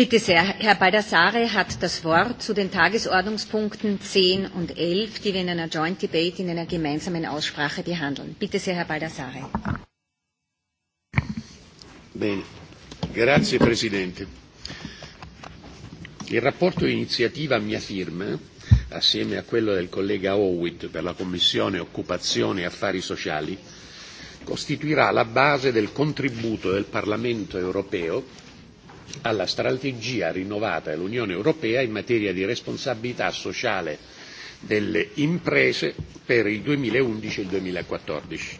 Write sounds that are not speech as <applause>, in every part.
Bitte sehr, Herr Baldassare hat das Wort zu den Tagesordnungspunkten 10 und 11, die wir in einer Joint Debate, in einer gemeinsamen Aussprache behandeln. Bitte sehr, Herr Baldassare. Bene. Grazie Presidente. Il rapporto iniziativa a mia firma, assieme a quello del collega Howitt per la Commissione Occupazione e Affari Sociali, costituirà la base del contributo del Parlamento europeo alla strategia rinnovata dell'Unione Europea in materia di responsabilità sociale delle imprese per il 2011 e il 2014.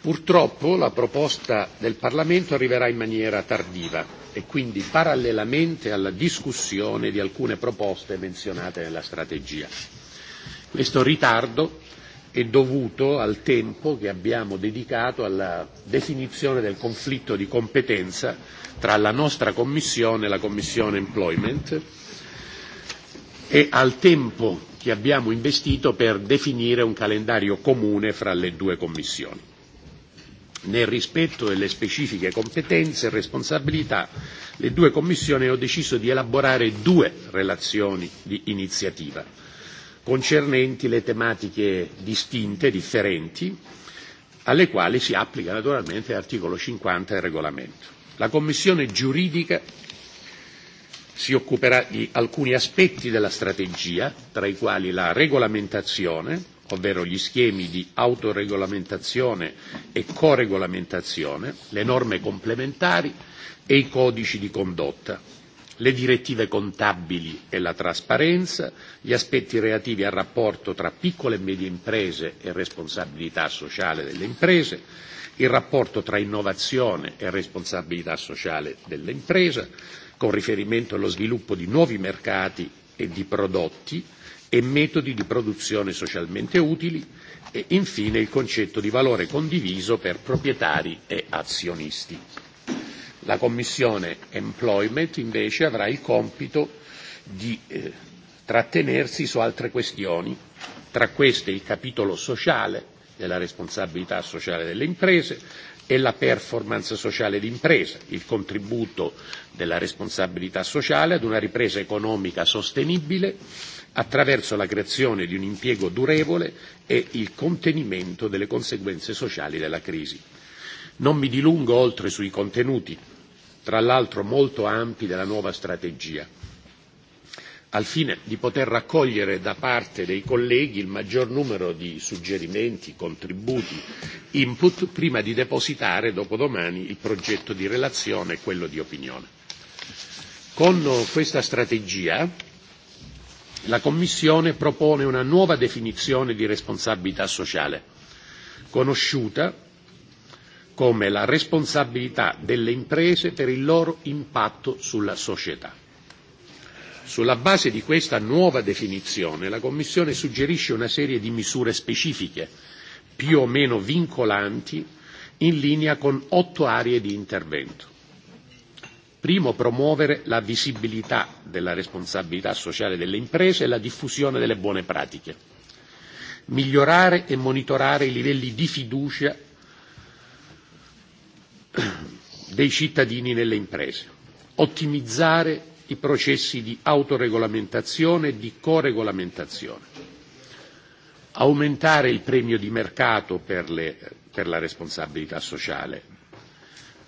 Purtroppo la proposta del Parlamento arriverà in maniera tardiva e quindi parallelamente alla discussione di alcune proposte menzionate nella strategia. Questo ritardo è dovuto al tempo che abbiamo dedicato alla definizione del conflitto di competenza tra la nostra Commissione e la Commissione Employment e al tempo che abbiamo investito per definire un calendario comune fra le due Commissioni, nel rispetto delle specifiche competenze e responsabilità le due commissioni hanno deciso di elaborare due relazioni di iniziativa concernenti le tematiche distinte, differenti, alle quali si applica naturalmente l'articolo 50 del regolamento. La Commissione giuridica si occuperà di alcuni aspetti della strategia, tra i quali la regolamentazione, ovvero gli schemi di autoregolamentazione e coregolamentazione, le norme complementari e i codici di condotta, le direttive contabili e la trasparenza, gli aspetti relativi al rapporto tra piccole e medie imprese e responsabilità sociale delle imprese, il rapporto tra innovazione e responsabilità sociale imprese, con riferimento allo sviluppo di nuovi mercati e di prodotti e metodi di produzione socialmente utili e infine il concetto di valore condiviso per proprietari e azionisti. La Commissione Employment invece avrà il compito di eh, trattenersi su altre questioni, tra queste il capitolo sociale della responsabilità sociale delle imprese e la performance sociale d'impresa, il contributo della responsabilità sociale ad una ripresa economica sostenibile attraverso la creazione di un impiego durevole e il contenimento delle conseguenze sociali della crisi. Non mi dilungo oltre sui contenuti tra l'altro molto ampi, della nuova strategia, al fine di poter raccogliere da parte dei colleghi il maggior numero di suggerimenti, contributi, input, prima di depositare dopodomani il progetto di relazione e quello di opinione. Con questa strategia la Commissione propone una nuova definizione di responsabilità sociale, conosciuta come la responsabilità delle imprese per il loro impatto sulla società. Sulla base di questa nuova definizione, la Commissione suggerisce una serie di misure specifiche, più o meno vincolanti, in linea con otto aree di intervento. Primo, promuovere la visibilità della responsabilità sociale delle imprese e la diffusione delle buone pratiche. Migliorare e monitorare i livelli di fiducia dei cittadini nelle imprese ottimizzare i processi di autoregolamentazione e di coregolamentazione aumentare il premio di mercato per, le, per la responsabilità sociale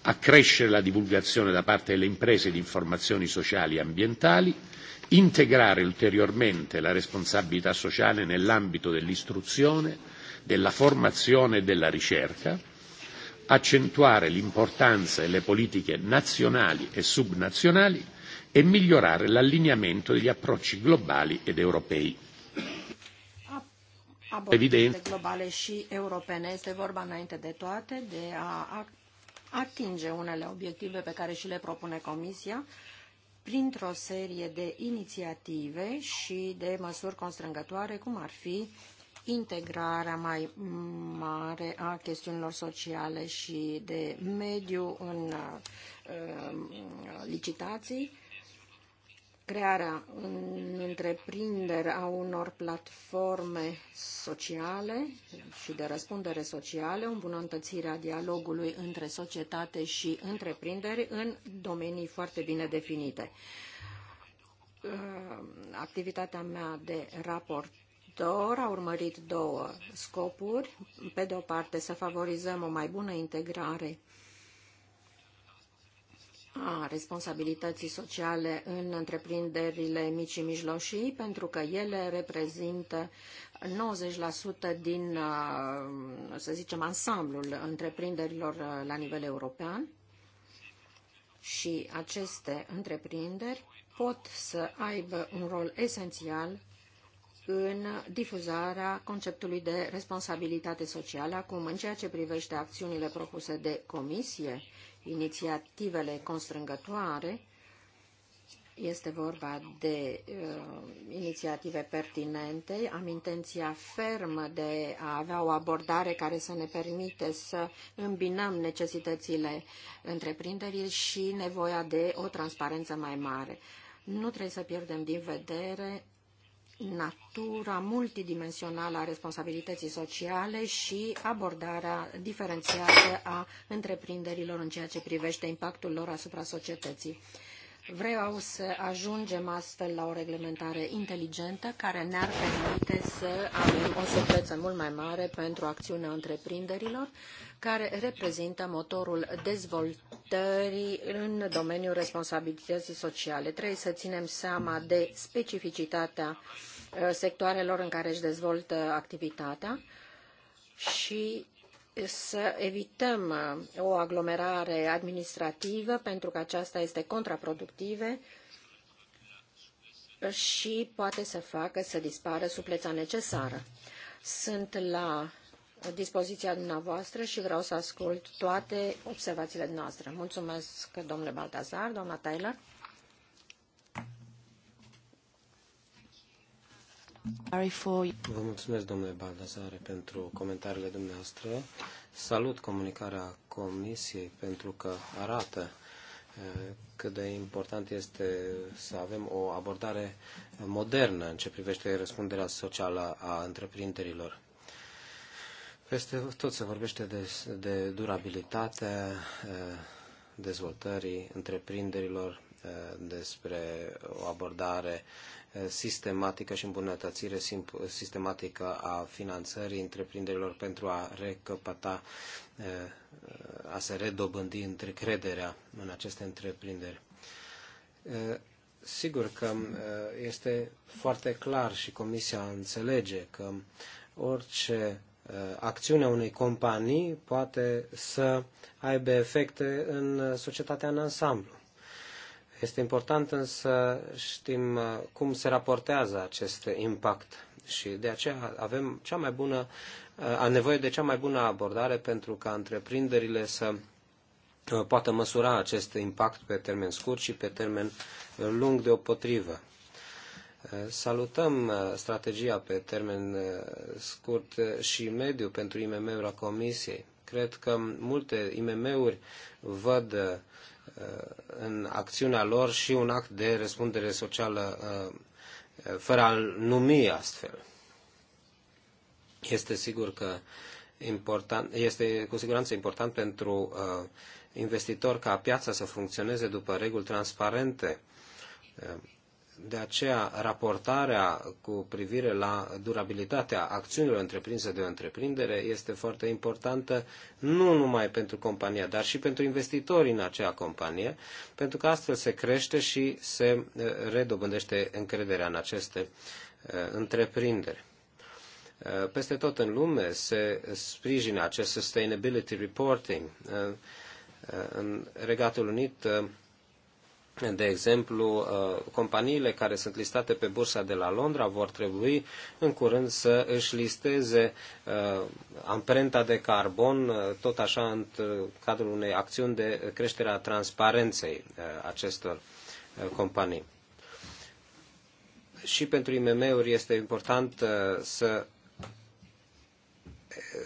accrescere la divulgazione da parte delle imprese di informazioni sociali e ambientali integrare ulteriormente la responsabilità sociale nell'ambito dell'istruzione della formazione e della ricerca accentuare l'importanza delle politiche nazionali e subnazionali e migliorare l'allineamento degli approcci globali ed europei. globale și europene este vorba înainte de toate de a atinge unele obiective pe care și le propune Comisia printr-o serie de inițiative și de măsuri constrângătoare, cum ar fi integrarea mai mare a chestiunilor sociale și de mediu în uh, uh, licitații, crearea în întreprinderi a unor platforme sociale și de răspundere sociale, îmbunătățirea dialogului între societate și întreprinderi în domenii foarte bine definite uh, activitatea mea de raport viitor a urmărit două scopuri. Pe de o parte, să favorizăm o mai bună integrare a responsabilității sociale în întreprinderile mici și mijloșii, pentru că ele reprezintă 90% din, uh, să zicem, ansamblul întreprinderilor uh, la nivel european și aceste întreprinderi pot să aibă un rol esențial în difuzarea conceptului de responsabilitate socială. Acum, în ceea ce privește acțiunile propuse de comisie, inițiativele constrângătoare, este vorba de uh, inițiative pertinente. Am intenția fermă de a avea o abordare care să ne permite să îmbinăm necesitățile întreprinderii și nevoia de o transparență mai mare. Nu trebuie să pierdem din vedere natura multidimensională a responsabilității sociale și abordarea diferențiată a întreprinderilor în ceea ce privește impactul lor asupra societății. Vreau să ajungem astfel la o reglementare inteligentă care ne-ar permite să avem o sufleță mult mai mare pentru acțiunea întreprinderilor, care reprezintă motorul dezvoltării în domeniul responsabilității sociale. Trebuie să ținem seama de specificitatea uh, sectoarelor în care își dezvoltă activitatea și să evităm uh, o aglomerare administrativă, pentru că aceasta este contraproductivă și poate să facă să dispară supleța necesară. Sunt la dispoziția dumneavoastră și vreau să ascult toate observațiile noastre. Mulțumesc, domnule Baltazar, doamna Taylor. Vă mulțumesc, domnule Baldazare, pentru comentariile dumneavoastră. Salut comunicarea Comisiei pentru că arată cât de important este să avem o abordare modernă în ce privește răspunderea socială a întreprinderilor. Peste tot se vorbește de, de durabilitatea dezvoltării întreprinderilor, despre o abordare Eh, sistematică și îmbunătățire sistematică a finanțării întreprinderilor pentru a recăpăta, eh, a se redobândi încrederea în aceste întreprinderi. Eh, sigur că este foarte clar și Comisia înțelege că orice acțiunea unei companii poate să aibă efecte în societatea în ansamblu. Este important însă știm uh, cum se raportează acest impact și de aceea avem cea mai bună, uh, a nevoie de cea mai bună abordare pentru ca întreprinderile să uh, poată măsura acest impact pe termen scurt și pe termen lung deopotrivă. Salutăm strategia pe termen scurt și mediu pentru IMM-uri a Comisiei. Cred că multe IMM-uri văd Uh, în acțiunea lor și un act de răspundere socială uh, uh, fără a numi astfel. Este sigur că important, este cu siguranță important pentru investitor ca piața să funcționeze după reguli transparente de aceea, raportarea cu privire la durabilitatea acțiunilor întreprinse de o întreprindere este foarte importantă, nu numai pentru compania, dar și pentru investitorii în acea companie, pentru că astfel se crește și se eh, redobândește încrederea în aceste eh, întreprinderi. Eh, peste tot în lume se sprijină acest sustainability reporting. În Regatul Unit de exemplu, uh, companiile care sunt listate pe bursa de la Londra vor trebui în curând să își listeze uh, amprenta de carbon, uh, tot așa în cadrul unei acțiuni de creștere a transparenței acestor companii. Și pentru IMM-uri este important să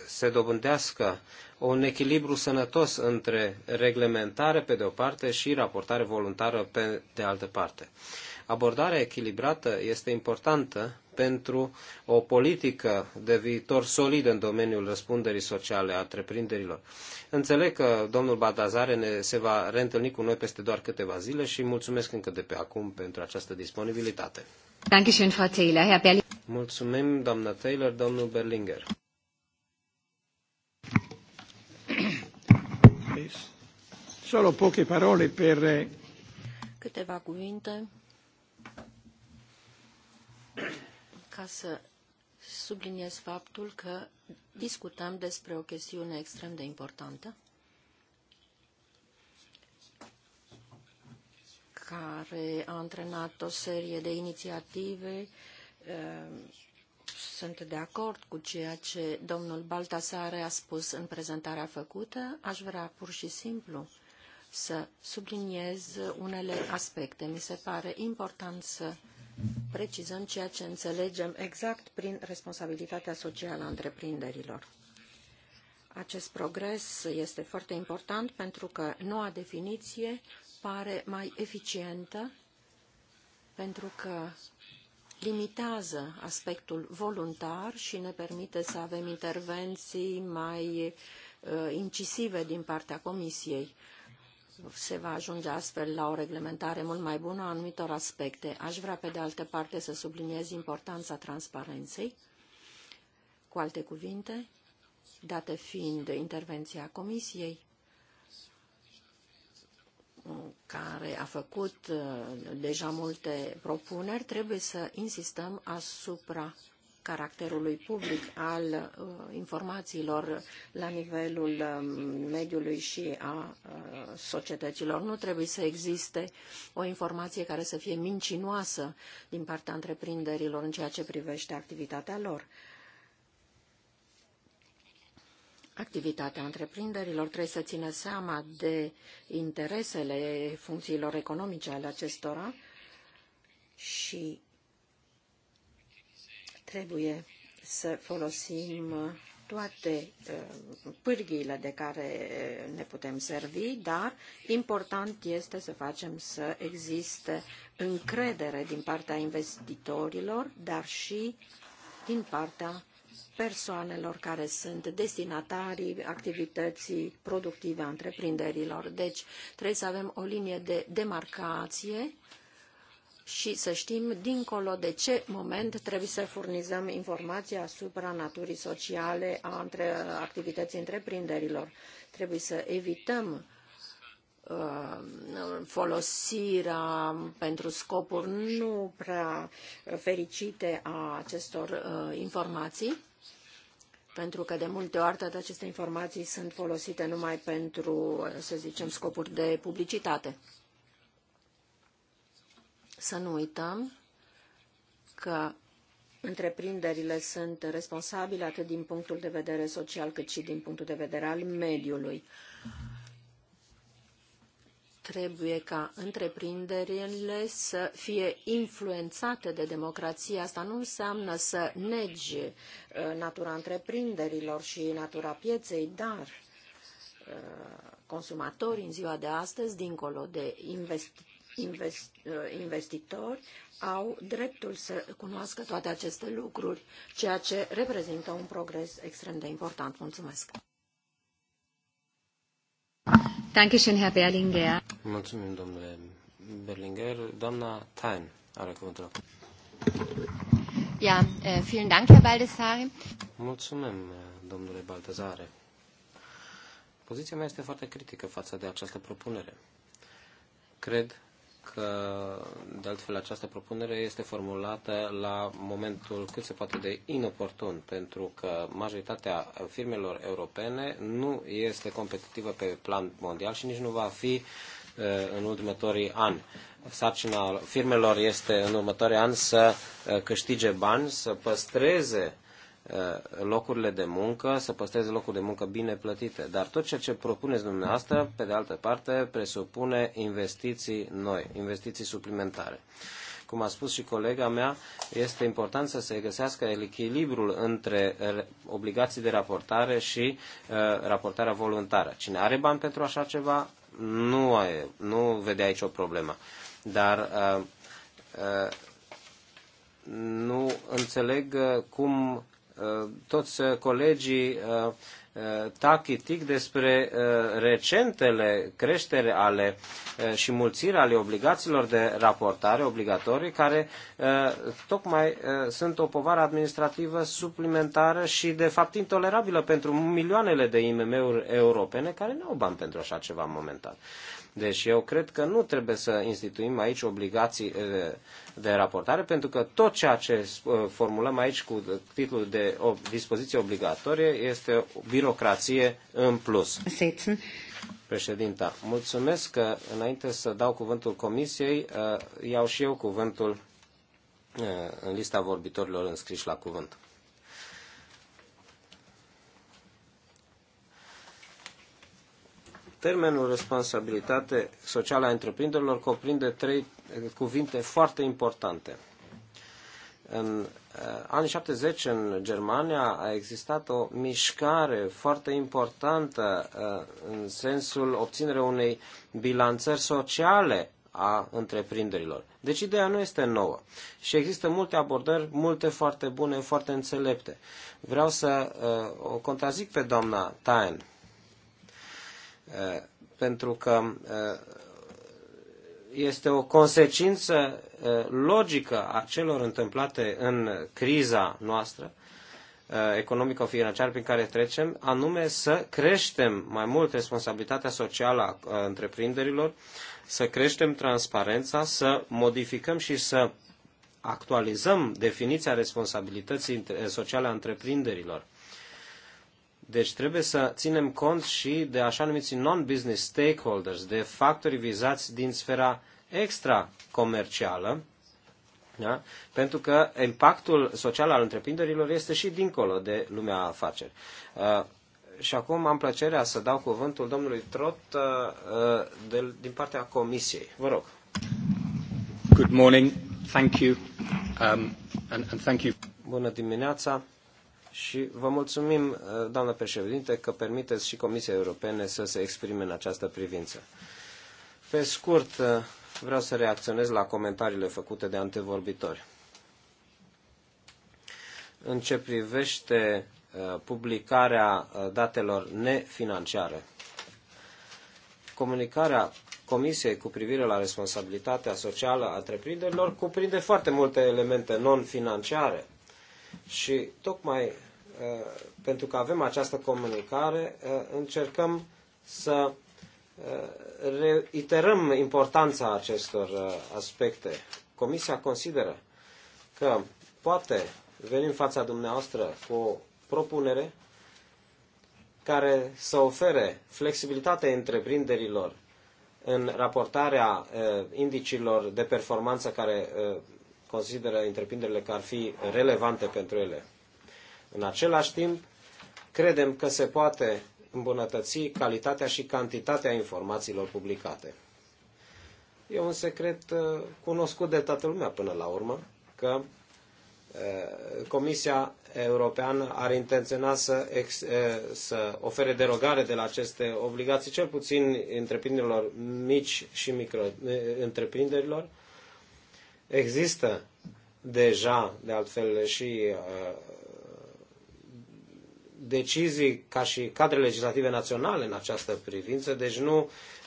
se dobândească un echilibru sănătos între reglementare pe de o parte și raportare voluntară pe de altă parte. Abordarea echilibrată este importantă pentru o politică de viitor solidă în domeniul răspunderii sociale a întreprinderilor. Înțeleg că domnul Badazare ne, se va reîntâlni cu noi peste doar câteva zile și mulțumesc încă de pe acum pentru această disponibilitate. Mulțumim, doamnă Taylor, domnul Berlinger. Solo poche parole per... Eh, Câteva cuvinte ca să subliniez faptul că discutăm despre o chestiune extrem de importantă care a antrenat o serie de inițiative. Ehm, sunt de acord cu ceea ce domnul Baltasare a spus în prezentarea făcută. Aș vrea pur și simplu să subliniez unele aspecte. Mi se pare important să precizăm ceea ce înțelegem exact prin responsabilitatea socială a întreprinderilor. Acest progres este foarte important pentru că noua definiție pare mai eficientă pentru că limitează aspectul voluntar și ne permite să avem intervenții mai uh, incisive din partea Comisiei se va ajunge astfel la o reglementare mult mai bună a anumitor aspecte. Aș vrea, pe de altă parte, să subliniez importanța transparenței. Cu alte cuvinte, date fiind intervenția Comisiei, care a făcut uh, deja multe propuneri, trebuie să insistăm asupra caracterului public al uh, informațiilor la nivelul uh, mediului și a uh, societăților. Nu trebuie să existe o informație care să fie mincinoasă din partea întreprinderilor în ceea ce privește activitatea lor. Activitatea întreprinderilor trebuie să țină seama de interesele funcțiilor economice ale acestora și Trebuie să folosim toate uh, pârghiile de care ne putem servi, dar important este să facem să existe încredere din partea investitorilor, dar și din partea persoanelor care sunt destinatarii activității productive a întreprinderilor. Deci trebuie să avem o linie de demarcație și să știm dincolo de ce moment trebuie să furnizăm informații asupra naturii sociale a între, activității întreprinderilor. Trebuie să evităm uh, folosirea pentru scopuri nu prea fericite a acestor uh, informații, pentru că de multe ori toate aceste informații sunt folosite numai pentru, să zicem, scopuri de publicitate. Să nu uităm că întreprinderile sunt responsabile atât din punctul de vedere social cât și din punctul de vedere al mediului. Trebuie ca întreprinderile să fie influențate de democrație. Asta nu înseamnă să negi uh, natura întreprinderilor și natura pieței, dar uh, consumatorii în ziua de astăzi, dincolo de investi Uh, investitori au dreptul să cunoască toate aceste lucruri, ceea ce reprezintă un progres extrem de important. Mulțumesc! Dankeschön, Herr Berlinger. Mulțumim, domnule Berlinger. Doamna Tain are cuvântul acum. Ja, eh, vielen Dank, Herr Baldessari. Mulțumim, domnule Baldessare. Poziția mea este foarte critică față de această propunere. Cred că, de altfel, această propunere este formulată la momentul cât se poate de inoportun, pentru că majoritatea firmelor europene nu este competitivă pe plan mondial și nici nu va fi uh, în următorii ani. Sarcina firmelor este în următorii ani să uh, câștige bani, să păstreze Uh, locurile de muncă, să păstreze locuri de muncă bine plătite. Dar tot ceea ce propuneți dumneavoastră, pe de altă parte, presupune investiții noi, investiții suplimentare. Cum a spus și colega mea, este important să se găsească echilibrul între uh, obligații de raportare și uh, raportarea voluntară. Cine are bani pentru așa ceva, nu, are, nu vede aici o problemă. Dar nu înțeleg cum Uh, toți uh, colegii uh, tachitic despre recentele creștere ale și mulțiri ale obligațiilor de raportare obligatorii, care tocmai sunt o povară administrativă suplimentară și, de fapt, intolerabilă pentru milioanele de IMM-uri europene care nu au bani pentru așa ceva momentan. Deci eu cred că nu trebuie să instituim aici obligații eh, de raportare, pentru că tot ceea ce eh, formulăm aici cu titlul de o dispoziție obligatorie este o birocrație în plus. Președinta, mulțumesc că înainte să dau cuvântul comisiei, eh, iau și eu cuvântul în lista vorbitorilor înscriși la cuvânt. Termenul responsabilitate socială a întreprinderilor cuprinde trei eh, cuvinte foarte importante. În eh, anii 70 în Germania a existat o mișcare foarte importantă eh, în sensul obținerea unei bilanțări sociale a întreprinderilor. Deci ideea nu este nouă și există multe abordări, multe foarte bune, foarte înțelepte. Vreau să uh, o contrazic pe doamna Tain. Uh, pentru că uh, este o consecință uh, logică a celor întâmplate în criza noastră economico-financiară prin care trecem, anume să creștem mai mult responsabilitatea socială a întreprinderilor, să creștem transparența, să modificăm și să actualizăm definiția responsabilității sociale a întreprinderilor deci trebuie să ținem cont și de așa numiți non-business stakeholders, de factorii vizați din sfera extracomercială, da? pentru că impactul social al întreprinderilor este și dincolo de lumea afaceri. Uh, și acum am plăcerea să dau cuvântul domnului Trot uh, uh de, din partea Comisiei. Vă rog. Good morning. Thank you. Um, and, and thank you. Bună dimineața și vă mulțumim, uh, doamnă președinte, că permiteți și Comisiei Europene să se exprime în această privință. Pe scurt, uh, vreau să reacționez la comentariile făcute de antevorbitori. În ce privește uh, publicarea datelor nefinanciare, comunicarea Comisiei cu privire la responsabilitatea socială a întreprinderilor cuprinde foarte multe elemente non-financiare și tocmai uh, pentru că avem această comunicare, uh, încercăm să uh, reiterăm importanța acestor aspecte. Comisia consideră că poate veni în fața dumneavoastră cu o propunere care să ofere flexibilitate întreprinderilor în raportarea indicilor de performanță care consideră întreprinderile că ar fi relevante pentru ele. În același timp, credem că se poate îmbunătăți calitatea și cantitatea informațiilor publicate. E un secret uh, cunoscut de toată lumea până la urmă, că uh, Comisia Europeană are intenționa să, ex, uh, să ofere derogare de la aceste obligații, cel puțin întreprinderilor mici și micro întreprinderilor, Există deja, de altfel, și uh, decizii ca și cadre legislative naționale în această privință, deci nu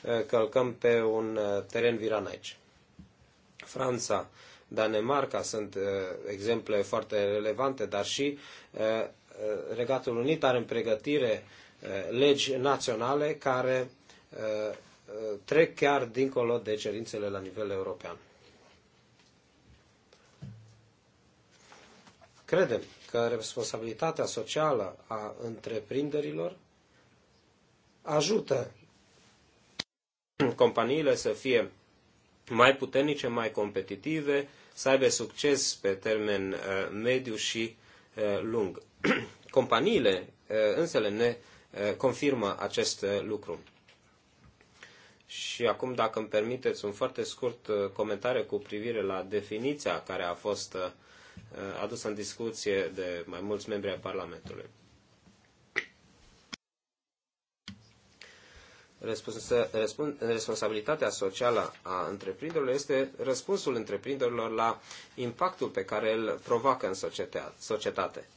uh, călcăm pe un uh, teren viran aici. Franța, Danemarca sunt exemple foarte relevante, dar și Regatul Unit are în pregătire legi naționale care trec chiar dincolo de cerințele la nivel european. Credem că responsabilitatea socială a întreprinderilor ajută companiile să fie mai puternice, mai competitive, să aibă succes pe termen uh, mediu și uh, lung. <clears throat> Companiile uh, însele ne confirmă acest lucru. Și acum, dacă îmi permiteți un foarte scurt comentariu cu privire la definiția care a fost Uh, adusă în discuție de mai mulți membri ai Parlamentului. responsabilitatea socială a întreprinderilor este răspunsul întreprinderilor la impactul pe care îl provoacă în societate.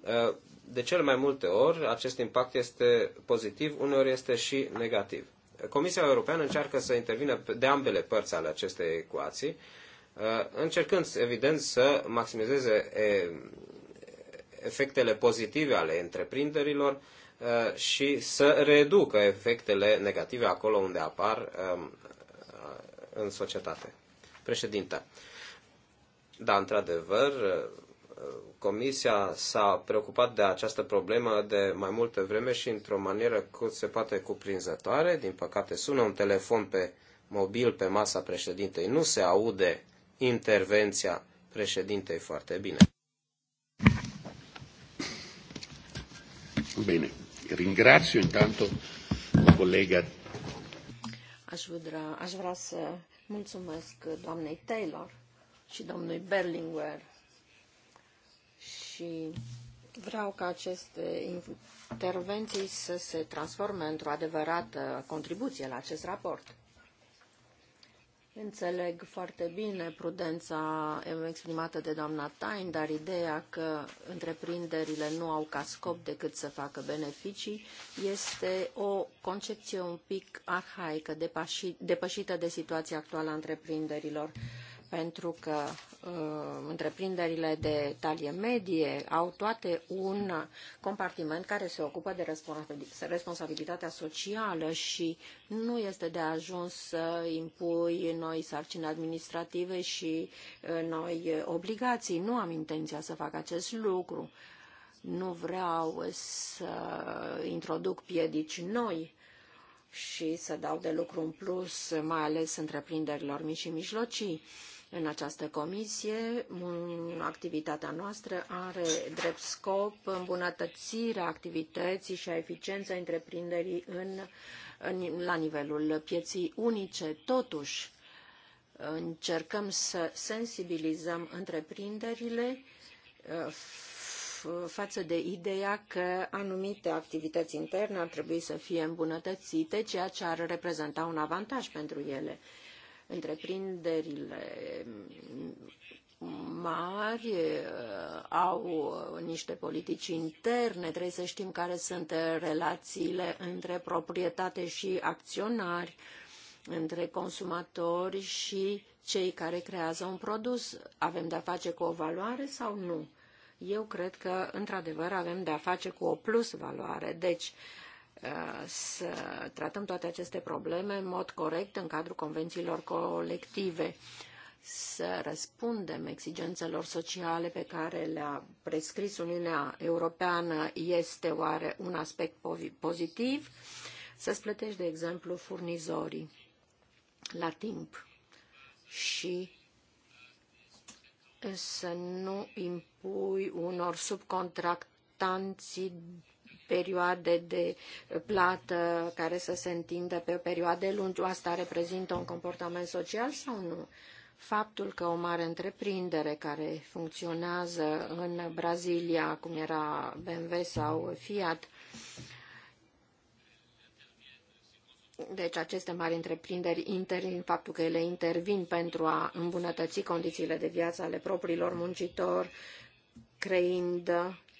Uh, de cele mai multe ori, acest impact este pozitiv, uneori este și negativ. Comisia Europeană încearcă să intervină de ambele părți ale acestei ecuații Uh, încercând, evident, să maximizeze efectele pozitive ale întreprinderilor uh, și să reducă efectele negative acolo unde apar um, uh, în societate. Președinte, da, într-adevăr, Comisia s-a preocupat de această problemă de mai multă vreme și într-o manieră cât se poate cuprinzătoare. Din păcate, sună un telefon pe mobil pe masa președintei, nu se aude uh, intervenția președintei foarte bine. Bine, ringrazio intanto colega. Aș vrea, aș vrea să mulțumesc doamnei Taylor și domnului Berlinguer și vreau ca aceste intervenții să se transforme într-o adevărată contribuție la acest raport. Înțeleg foarte bine prudența exprimată de doamna Tain, dar ideea că întreprinderile nu au ca scop decât să facă beneficii este o concepție un pic arhaică, depășită de situația actuală a întreprinderilor pentru că uh, întreprinderile de talie medie au toate un compartiment care se ocupă de responsabilitatea socială și nu este de ajuns să impui noi sarcini administrative și uh, noi obligații. Nu am intenția să fac acest lucru. Nu vreau să introduc piedici noi și să dau de lucru în plus, mai ales întreprinderilor mici și mijlocii. Uh, în această comisie. Activitatea noastră are drept scop îmbunătățirea activității și a eficienței întreprinderii în, în, la nivelul pieții unice. Totuși, încercăm să sensibilizăm întreprinderile uh, față de ideea că anumite activități interne ar trebui să fie îmbunătățite, ceea ce ar reprezenta un avantaj pentru ele. Întreprinderile mari eh, au niște politici interne, trebuie să știm care sunt relațiile între proprietate și acționari, între consumatori și cei care creează un produs. Avem de-a face cu o valoare sau nu? Eu cred că, într-adevăr, avem de-a face cu o plus valoare. Deci, uh, Uh, să tratăm toate aceste probleme în mod corect în cadrul convențiilor colective, să răspundem exigențelor sociale pe care le-a prescris Uniunea Europeană este oare un aspect pozitiv, să-ți de exemplu, furnizorii la timp și să nu impui unor subcontractanții perioade de plată care să se întindă pe perioade lungi, asta reprezintă un comportament social sau nu? Faptul că o mare întreprindere care funcționează în Brazilia, cum era BMW sau Fiat, deci aceste mari întreprinderi, inter, faptul că ele intervin pentru a îmbunătăți condițiile de viață ale propriilor muncitori, creând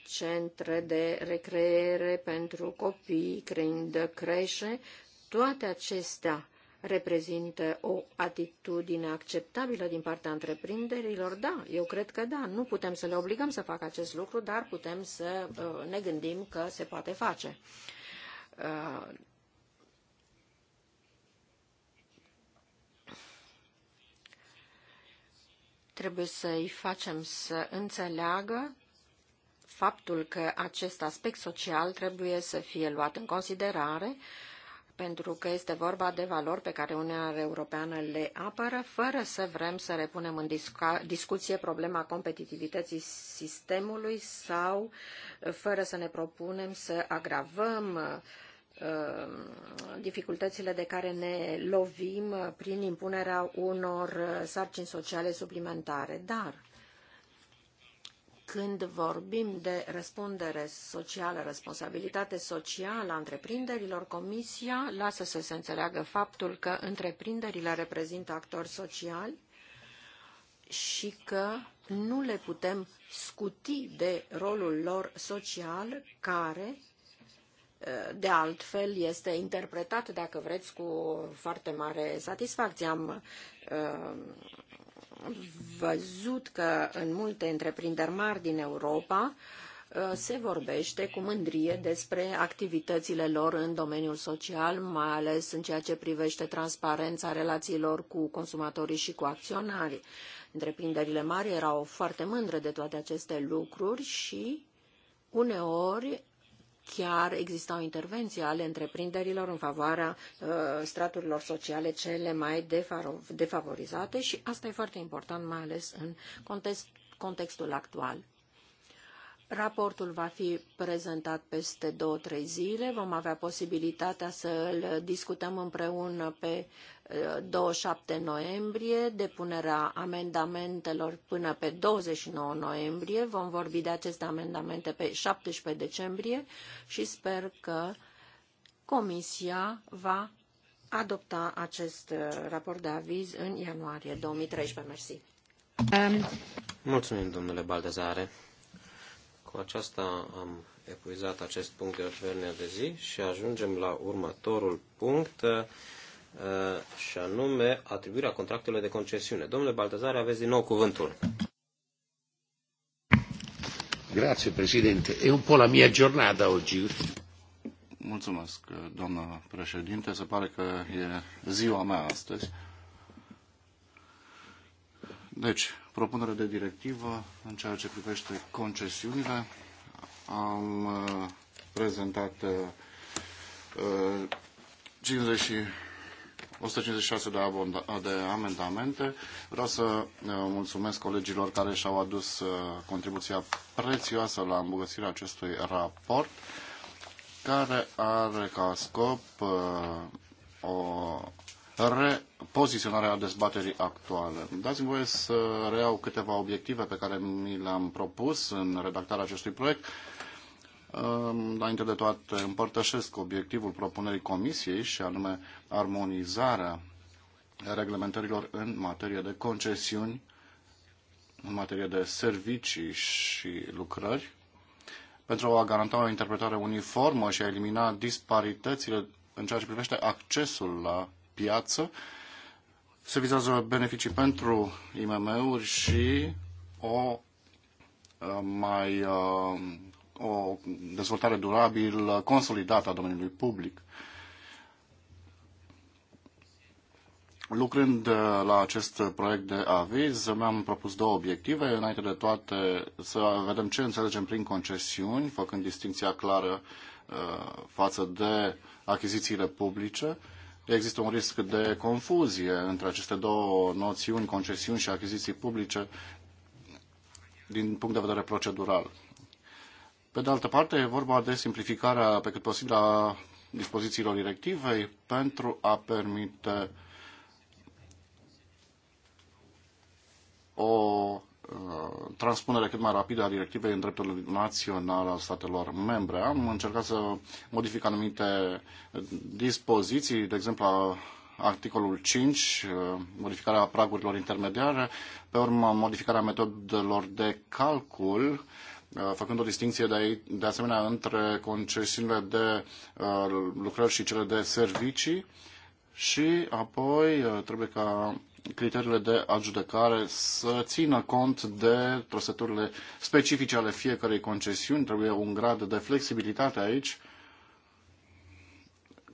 centre de recreere pentru copii, creând creșe, toate acestea reprezintă o atitudine acceptabilă din partea întreprinderilor? Da, eu cred că da. Nu putem să le obligăm să facă acest lucru, dar putem să uh, ne gândim că se poate face. Uh, trebuie să-i facem să înțeleagă faptul că acest aspect social trebuie să fie luat în considerare pentru că este vorba de valori pe care Uniunea Europeană le apără, fără să vrem să repunem în discuție problema competitivității sistemului sau uh, fără să ne propunem să agravăm uh, dificultățile de care ne lovim prin impunerea unor uh, sarcini sociale suplimentare. Dar când vorbim de răspundere socială, responsabilitate socială a întreprinderilor, Comisia lasă să se înțeleagă faptul că întreprinderile reprezintă actori sociali și că nu le putem scuti de rolul lor social, care, eh, de altfel, este interpretat, dacă vreți, cu foarte mare satisfacție. Am eh, văzut că în multe întreprinderi mari din Europa uh, se vorbește cu mândrie despre activitățile lor în domeniul social, mai ales în ceea ce privește transparența relațiilor cu consumatorii și cu acționarii. Întreprinderile mari erau foarte mândre de toate aceste lucruri și uneori chiar existau intervenții ale întreprinderilor în favoarea uh, straturilor sociale cele mai defavorizate și asta e foarte important, mai ales în context, contextul actual. Raportul va fi prezentat peste două-trei zile. Vom avea posibilitatea să îl discutăm împreună pe 27 uh, noiembrie, depunerea amendamentelor până pe 29 noiembrie. Vom vorbi de aceste amendamente pe 17 decembrie și sper că Comisia va adopta acest uh, raport de aviz în ianuarie 2013. Mersi. Mulțumim, domnule Baldazare. Cu aceasta am epuizat acest punct de ordine de zi și ajungem la următorul punct uh, și anume atribuirea contractelor de concesiune. Domnule Baltazar, aveți din nou cuvântul. Grazie, președinte. E un po' la mia giornata oggi. Mulțumesc, doamnă președinte. Se pare că e ziua mea astăzi. Deci, propunere de directivă în ceea ce privește concesiunile. Am uh, prezentat 50 uh, 156 uh, de, de amendamente. Vreau să mulțumesc colegilor care și-au adus contribuția prețioasă la îmbogățirea acestui raport, care are ca scop o repoziționarea dezbaterii actuale. Dați-mi voie să reiau câteva obiective pe care mi le-am propus în redactarea acestui proiect. Înainte de toate, împărtășesc obiectivul propunerii Comisiei și anume armonizarea reglementărilor în materie de concesiuni, în materie de servicii și lucrări, pentru a garanta o interpretare uniformă și a elimina disparitățile în ceea ce privește accesul la piață. Se vizează beneficii pentru IMM-uri și o uh, mai uh, o dezvoltare durabilă, consolidată a domeniului public. Lucrând la acest proiect de aviz, mi-am propus două obiective. Înainte de toate, să vedem ce înțelegem prin concesiuni, făcând distinția clară uh, față de achizițiile publice există un risc de confuzie între aceste două noțiuni, concesiuni și achiziții publice, din punct de vedere procedural. Pe de altă parte, e vorba de simplificarea pe cât posibil a dispozițiilor directivei pentru a permite o Uh, transpunere cât mai rapidă a directivei în dreptul național al statelor membre. Am încercat să modific anumite uh, dispoziții, de exemplu articolul 5, uh, modificarea pragurilor intermediare, pe urmă modificarea metodelor de calcul, făcând o distinție de, de asemenea între concesiunile de lucrări și cele de servicii și apoi trebuie ca criteriile de adjudecare să țină cont de trăsăturile specifice ale fiecarei concesiuni. Trebuie un grad de flexibilitate aici,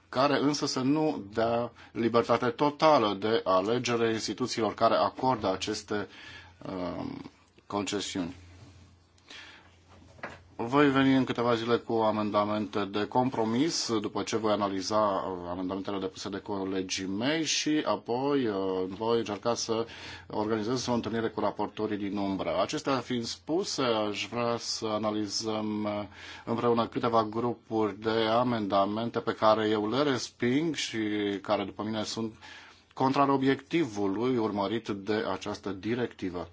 care însă să nu dea libertate totală de alegere instituțiilor care acordă aceste uh, concesiuni. Voi veni în câteva zile cu amendamente de compromis, după ce voi analiza uh, amendamentele depuse de colegii mei și apoi uh, voi încerca să organizez o întâlnire cu raportorii din umbră. Acestea fiind spuse, aș vrea să analizăm uh, împreună câteva grupuri de amendamente pe care eu le resping și care, după mine, sunt contrar obiectivului urmărit de această directivă.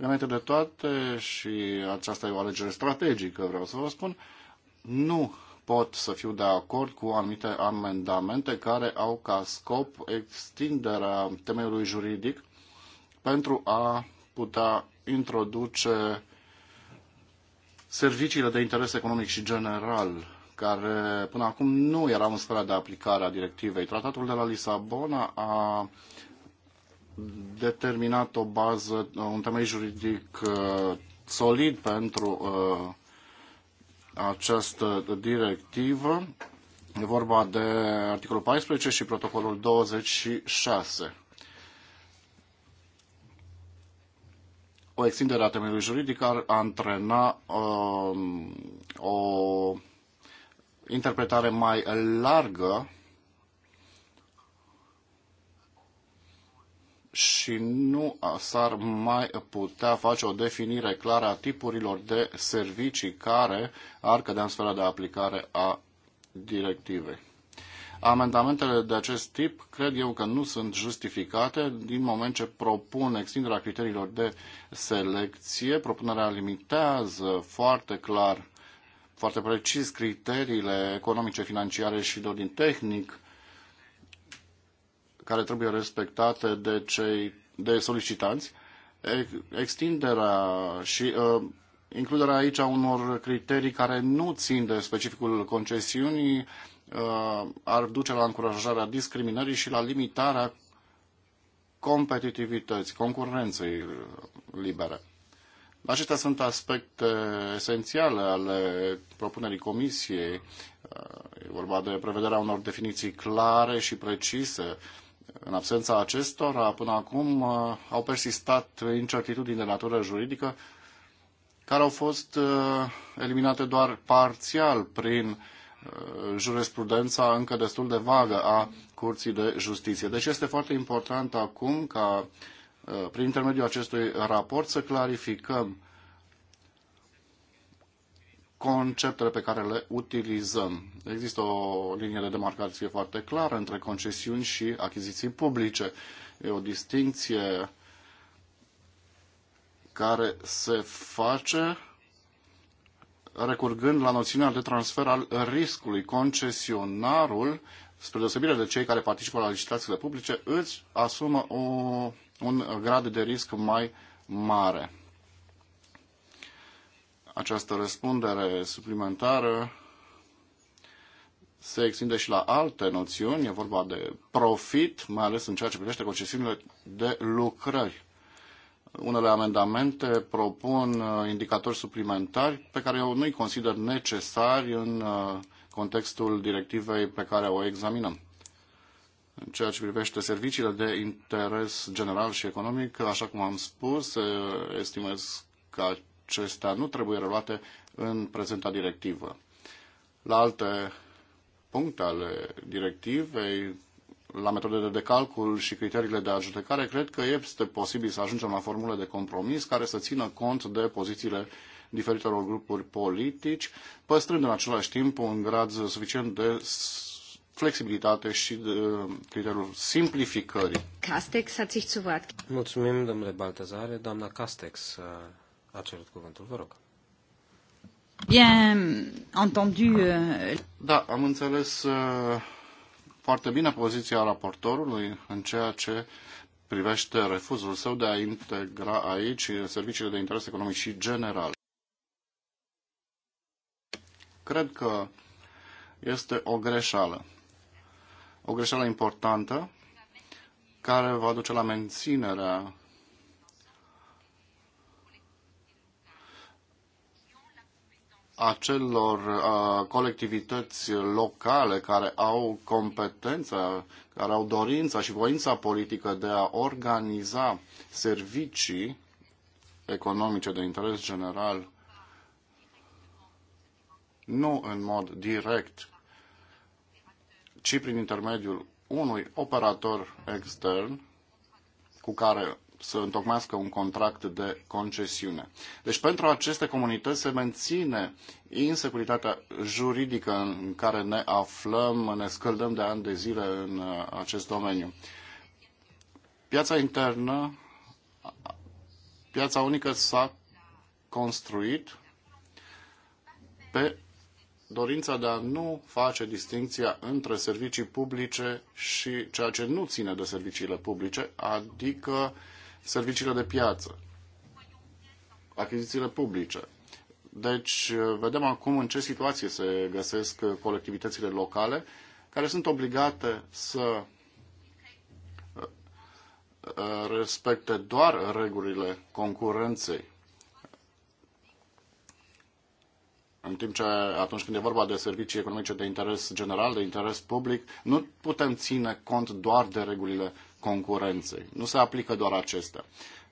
Înainte de toate, și aceasta e o alegere strategică, vreau să vă spun, nu pot să fiu de acord cu anumite amendamente care au ca scop extinderea temeiului juridic pentru a putea introduce serviciile de interes economic și general, care până acum nu erau în sfera de aplicare a directivei. Tratatul de la Lisabona a determinat o bază, un temei juridic uh, solid pentru uh, această directivă. E vorba de articolul 14 și protocolul 26. O extindere a temeiului juridic ar antrena uh, o interpretare mai largă și nu s-ar mai putea face o definire clară a tipurilor de servicii care ar cădea în sfera de aplicare a directivei. Amendamentele de acest tip cred eu că nu sunt justificate din moment ce propun extinderea criteriilor de selecție. Propunerea limitează foarte clar, foarte precis criteriile economice, financiare și de ordin tehnic care trebuie respectate de cei de solicitanți, extinderea și uh, includerea aici a unor criterii care nu țin de specificul concesiunii uh, ar duce la încurajarea discriminării și la limitarea competitivității, concurenței libere. Acestea sunt aspecte esențiale ale propunerii Comisiei. E vorba de prevederea unor definiții clare și precise în absența acestora, până acum uh, au persistat incertitudini de natură juridică care au fost uh, eliminate doar parțial prin uh, jurisprudența încă destul de vagă a Curții de Justiție. Deci este foarte important acum ca prin intermediul acestui raport să clarificăm conceptele pe care le utilizăm. Există o linie de demarcație foarte clară între concesiuni și achiziții publice. E o distinție care se face recurgând la noțiunea de transfer al riscului. Concesionarul, spre deosebire de cei care participă la licitațiile publice, îți asumă o, un grad de risc mai mare. Această răspundere suplimentară se extinde și la alte noțiuni, e vorba de profit, mai ales în ceea ce privește concesiunile de lucrări. Unele amendamente propun uh, indicatori suplimentari pe care eu nu-i consider necesari în uh, contextul directivei pe care o examinăm. În ceea ce privește serviciile de interes general și economic, așa cum am spus, uh, estimez că acestea nu trebuie reluate în prezenta directivă. La alte puncte ale directivei, la metodele de calcul și criteriile de ajutecare, cred că este posibil să ajungem la formule de compromis care să țină cont de pozițiile diferitelor grupuri politici, păstrând în același timp un grad suficient de flexibilitate și de criteriul simplificării. Castex a sich Mulțumim, domnule Baltazare. Doamna Castex a cerut cuvântul. Vă rog. Bien entendu. Euh, da, am înțeles uh, foarte bine poziția raportorului în ceea ce privește refuzul său de a integra aici serviciile de interes economic și general. Cred că este o greșeală. O greșeală importantă care va duce la menținerea acelor uh, colectivități locale care au competența, care au dorința și voința politică de a organiza servicii economice de interes general, nu în mod direct, ci prin intermediul unui operator extern cu care să întocmească un contract de concesiune. Deci pentru aceste comunități se menține insecuritatea juridică în care ne aflăm, ne scăldăm de ani de zile în uh, acest domeniu. Piața internă, piața unică s-a construit pe dorința de a nu face distinția între servicii publice și ceea ce nu ține de serviciile publice, adică serviciile de piață, achizițiile publice. Deci, vedem acum în ce situație se găsesc colectivitățile locale care sunt obligate să uh, uh, respecte doar regulile concurenței. În timp ce atunci când e vorba de servicii economice de interes general, de interes public, nu putem ține cont doar de regulile concurenței. Nu se aplică doar acestea.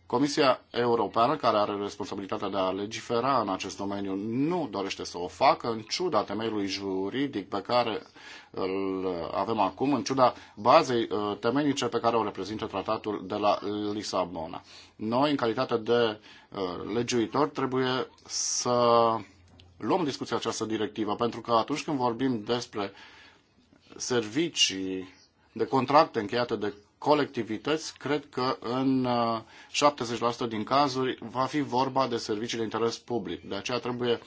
Comisia Europeană, care are responsabilitatea de a legifera în acest domeniu, nu dorește să o facă în ciuda temeiului juridic pe care îl avem acum, în ciuda bazei uh, temenice pe care o reprezintă tratatul de la Lisabona. Noi, în calitate de uh, legiuitor, trebuie să luăm discuția această directivă, pentru că atunci când vorbim despre servicii de contracte încheiate de colectivități, cred că în 70% uh, din cazuri va fi vorba de servicii de interes public. De aceea trebuie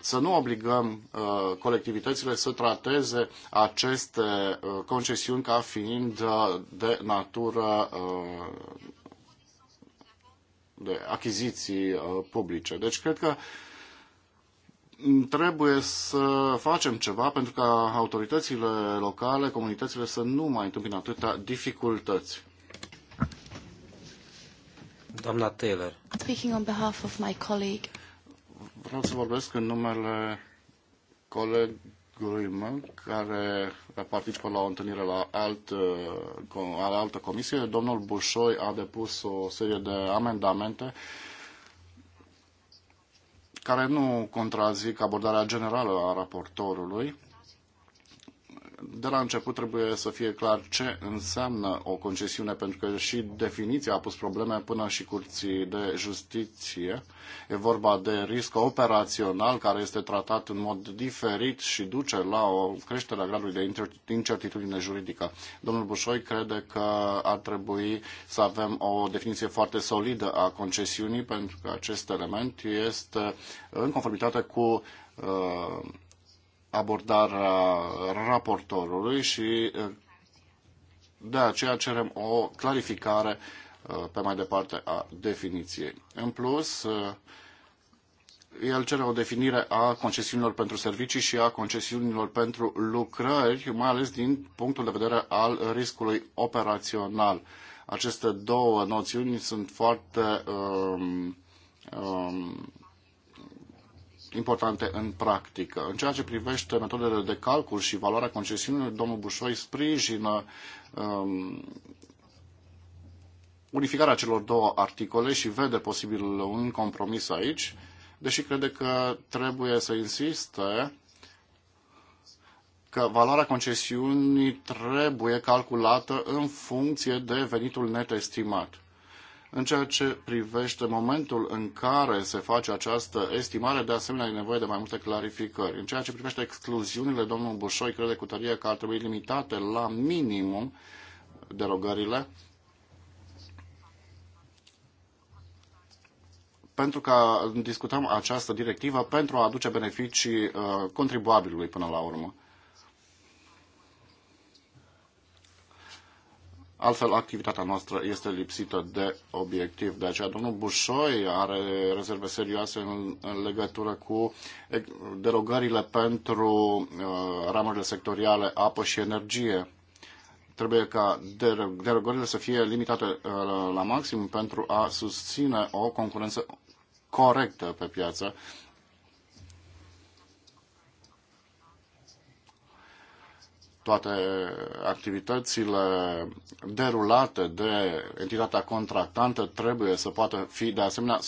să nu obligăm uh, colectivitățile să trateze aceste uh, concesiuni ca fiind uh, de natură uh, de achiziții uh, publice. Deci cred că trebuie să facem ceva pentru ca autoritățile locale, comunitățile să nu mai întâmpină atâtea dificultăți. Doamna Taylor. Speaking on behalf of my colleague. Vreau să vorbesc în numele colegului meu care participă la o întâlnire la altă, uh, la altă comisie. Domnul Bușoi a depus o serie de amendamente uh, care nu contrazic abordarea generală a raportorului de la început trebuie să fie clar ce înseamnă o concesiune, pentru că și definiția a pus probleme până și curții de justiție. E vorba de risc operațional care este tratat în mod diferit și duce la o creștere a gradului de incertitudine juridică. Domnul Bușoi crede că ar trebui să avem o definiție foarte solidă a concesiunii, pentru că acest element este în conformitate cu uh, abordarea raportorului și uh, de aceea cerem o clarificare uh, pe mai departe a definiției. În plus, uh, el cere o definire a concesiunilor pentru servicii și a concesiunilor pentru lucrări, mai ales din punctul de vedere al riscului operațional. Aceste două noțiuni sunt foarte um, um, importante în practică. În ceea ce privește metodele de calcul și valoarea concesiunilor, domnul Bușoi sprijină um, unificarea celor două articole și vede posibil un compromis aici, deși crede că trebuie să insiste că valoarea concesiunii trebuie calculată în funcție de venitul net estimat. În ceea ce privește momentul în care se face această estimare, de asemenea, e nevoie de mai multe clarificări. În ceea ce privește excluziunile, domnul Bușoi crede cu tărie că ar trebui limitate la minimum derogările pentru că discutăm această directivă pentru a aduce beneficii uh, contribuabilului până la urmă. Altfel, activitatea noastră este lipsită de obiectiv. De aceea, domnul Bușoi are rezerve serioase în, în legătură cu derogările pentru uh, ramurile sectoriale apă și energie. Trebuie ca derogările să fie limitate uh, la maxim pentru a susține o concurență corectă pe piață toate activitățile derulate de entitatea contractantă trebuie să poată fi de asemenea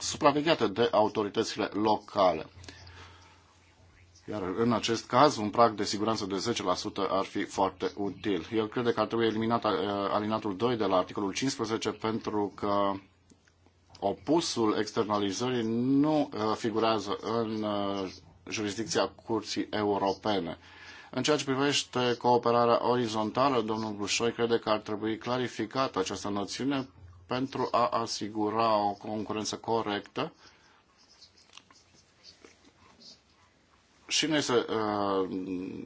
supravegheate de autoritățile locale. Iar în acest caz, un prag de siguranță de 10% ar fi foarte util. El crede că ar trebui eliminat uh, alinatul 2 de la articolul 15 pentru că opusul externalizării nu uh, figurează în uh, jurisdicția Curții Europene. În ceea ce privește cooperarea orizontală, domnul Bușoi crede că ar trebui clarificată această noțiune pentru a asigura o concurență corectă și nu este uh,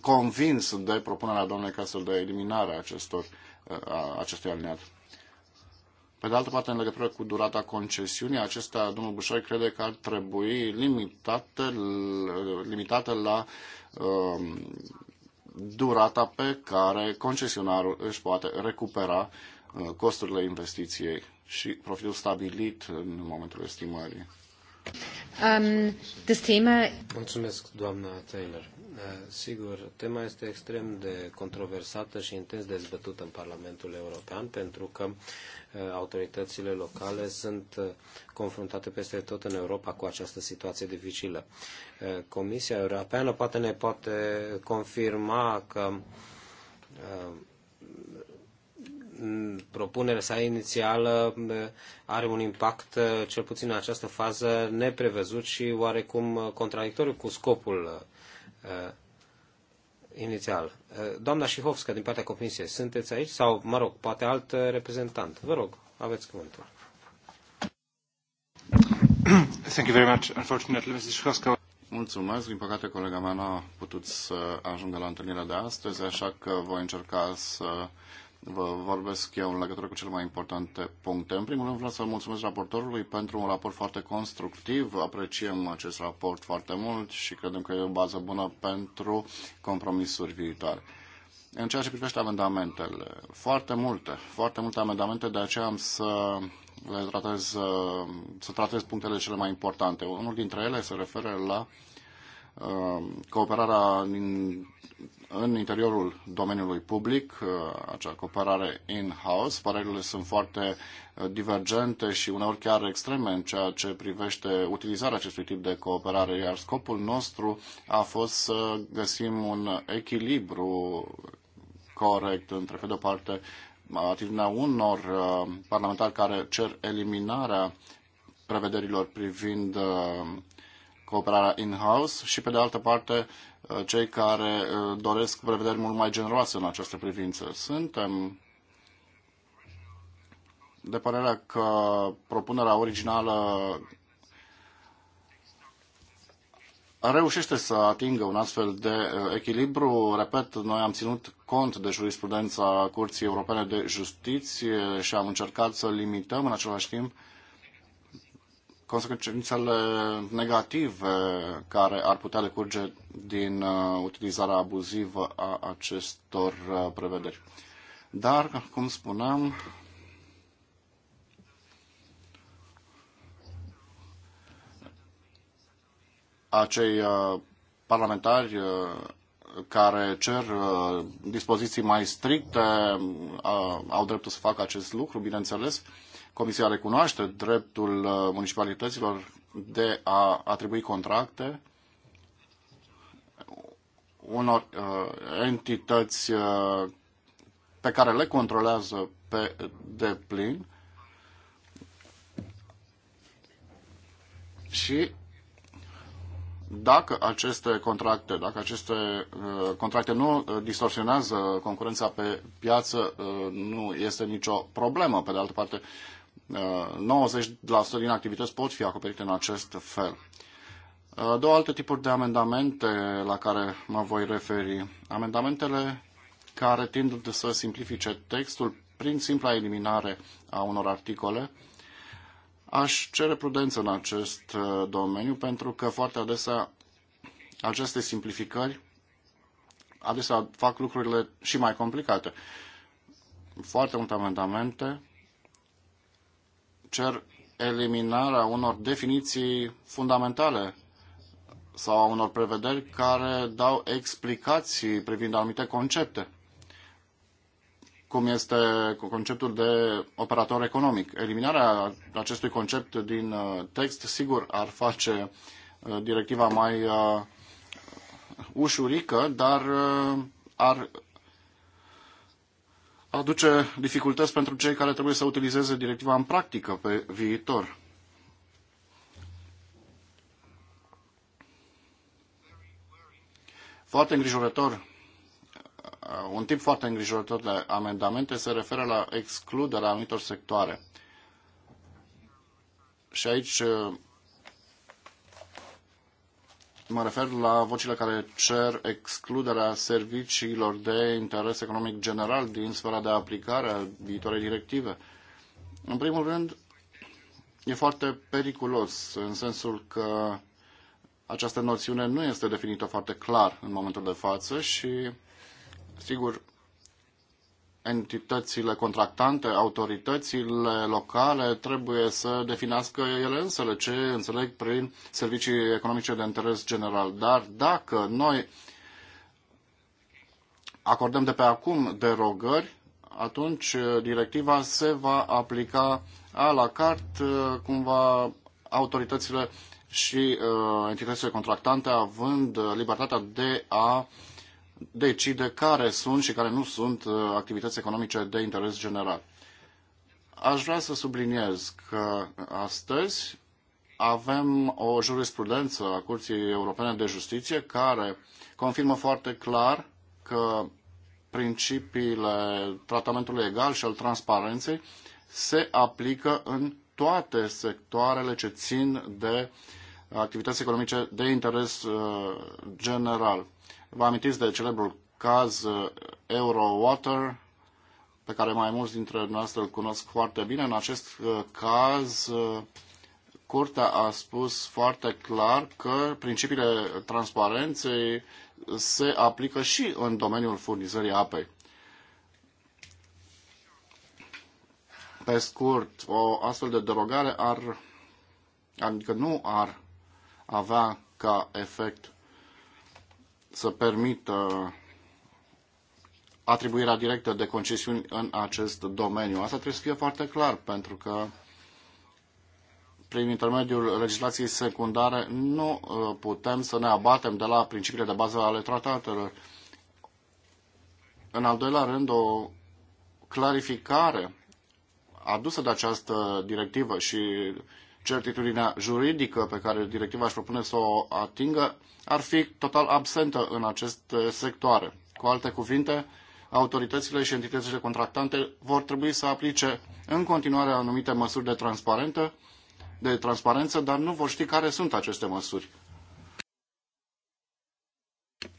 convins de propunerea domnului Castel de eliminare a acestor, uh, acestui alineat. Pe de altă parte, în legătură cu durata concesiunii, acestea, domnul Bușoi crede că ar trebui limitate, limitate la Um, durata pe care concesionarul își poate recupera uh, costurile investiției și profitul stabilit în momentul estimării. Um, this theme... Mulțumesc, doamna Taylor. Da, sigur, tema este extrem de controversată și intens dezbătută în Parlamentul European, pentru că uh, autoritățile locale sunt uh, confruntate peste tot în Europa cu această situație dificilă. Uh, Comisia Europeană poate ne poate confirma că propunerea sa inițială are un impact, cel puțin în această fază, neprevăzut și oarecum contradictoriu cu scopul uh, inițial. Uh, doamna Șihovska, din partea Comisiei, sunteți aici? Sau, mă rog, poate alt uh, reprezentant. Vă rog, aveți cuvântul. <clears throat> Thank you very much. Unfortunately, Mrs. Șihovska... Mulțumesc. Din păcate, colega mea n-a putut să ajungă la întâlnirea de astăzi, așa că voi încerca să vă vorbesc eu în legătură cu cele mai importante puncte. În primul rând vreau să mulțumesc raportorului pentru un raport foarte constructiv. Apreciem acest raport foarte mult și credem că e o bază bună pentru compromisuri viitoare. În ceea ce privește amendamentele, foarte multe, foarte multe amendamente, de aceea am să le tratez, să tratez punctele cele mai importante. Unul dintre ele se referă la uh, cooperarea din în interiorul domeniului public, uh, acea cooperare in-house. Părerile sunt foarte uh, divergente și uneori chiar extreme în ceea ce privește utilizarea acestui tip de cooperare, iar scopul nostru a fost să găsim un echilibru corect între, pe de-o parte, atitudinea unor uh, parlamentari care cer eliminarea prevederilor privind cooperarea in-house și, pe de altă parte, cei care uh, doresc prevederi mult mai generoase în această privință. Suntem de părerea că propunerea originală reușește să atingă un astfel de uh, echilibru. Repet, noi am ținut cont de jurisprudența Curții Europene de Justiție și am încercat să limităm în același timp consecințele negative care ar putea decurge din uh, utilizarea abuzivă a acestor uh, prevederi. Dar, cum spuneam, acei uh, parlamentari care cer dispoziții mai stricte au dreptul să facă acest lucru, bineînțeles, Comisia recunoaște dreptul uh, municipalităților de a atribui contracte unor uh, entități uh, pe care le controlează pe deplin și dacă aceste contracte, dacă aceste uh, contracte nu uh, distorsionează concurența pe piață, uh, nu este nicio problemă. Pe de altă parte, 90% uh, din activități pot fi acoperite în acest fel. Uh, două alte tipuri de amendamente la care mă voi referi. Amendamentele care tind să simplifice textul prin simpla eliminare a unor articole. Aș cere prudență în acest uh, domeniu pentru că foarte adesea aceste simplificări adesea fac lucrurile și mai complicate. Foarte multe amendamente cer eliminarea unor definiții fundamentale sau a unor prevederi care dau explicații privind anumite concepte, cum este conceptul de operator economic. Eliminarea acestui concept din uh, text, sigur, ar face uh, directiva mai uh, ușurică, dar ar aduce dificultăți pentru cei care trebuie să utilizeze directiva în practică pe viitor. Foarte îngrijorător, uh, un tip foarte îngrijorător de amendamente se referă la excluderea anumitor sectoare. Și aici uh, mă refer la vocile care cer excluderea serviciilor de interes economic general din sfera de aplicare a viitoarei directive. În primul rând, e foarte periculos în sensul că această noțiune nu este definită foarte clar în momentul de față și, sigur, entitățile contractante, autoritățile locale trebuie să definească ele însele ce înțeleg prin servicii economice de interes general. Dar dacă noi acordăm de pe acum derogări, atunci uh, directiva se va aplica a la carte uh, cumva autoritățile și uh, entitățile contractante având uh, libertatea de a uh, decide care sunt și care nu sunt uh, activități economice de interes general. Aș vrea să subliniez că astăzi avem o jurisprudență a Curții Europene de Justiție care confirmă foarte clar că principiile tratamentului egal și al transparenței se aplică în toate sectoarele ce țin de activități economice de interes uh, general. Vă amintiți de celebrul caz uh, Eurowater, pe care mai mulți dintre noastre îl cunosc foarte bine. În acest uh, caz, uh, Curtea a spus foarte clar că principiile transparenței se aplică și în domeniul furnizării apei. Pe scurt, o astfel de derogare ar, adică nu ar avea ca efect să permită atribuirea directă de concesiuni în acest domeniu. Asta trebuie să fie foarte clar, pentru că prin intermediul legislației secundare nu uh, putem să ne abatem de la principiile de bază ale tratatelor. În al doilea rând, o clarificare adusă de această directivă și certitudinea juridică pe care directiva își propune să o atingă ar fi total absentă în aceste uh, sectoare. Cu alte cuvinte, autoritățile și entitățile contractante vor trebui să aplice în continuare anumite măsuri de, de transparență, dar nu vor ști care sunt aceste măsuri.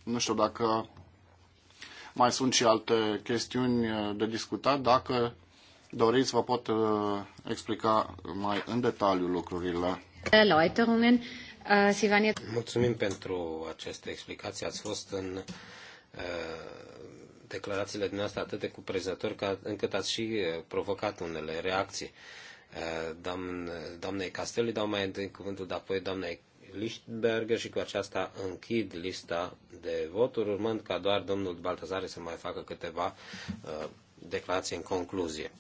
Nu știu dacă mai sunt și alte chestiuni uh, de discutat, dacă doriți, vă pot uh, explica mai în detaliu lucrurile. Äh, Mulțumim pentru această explicație. Ați fost în uh, declarațiile dumneavoastră atât de cuprinzători ca, încât ați și uh, provocat unele reacții. doamnei Castelli dau mai întâi cuvântul, dar apoi doamnei Lichtberger și cu aceasta închid lista de voturi, urmând ca doar domnul Baltazare să mai facă câteva uh, declarații în concluzie.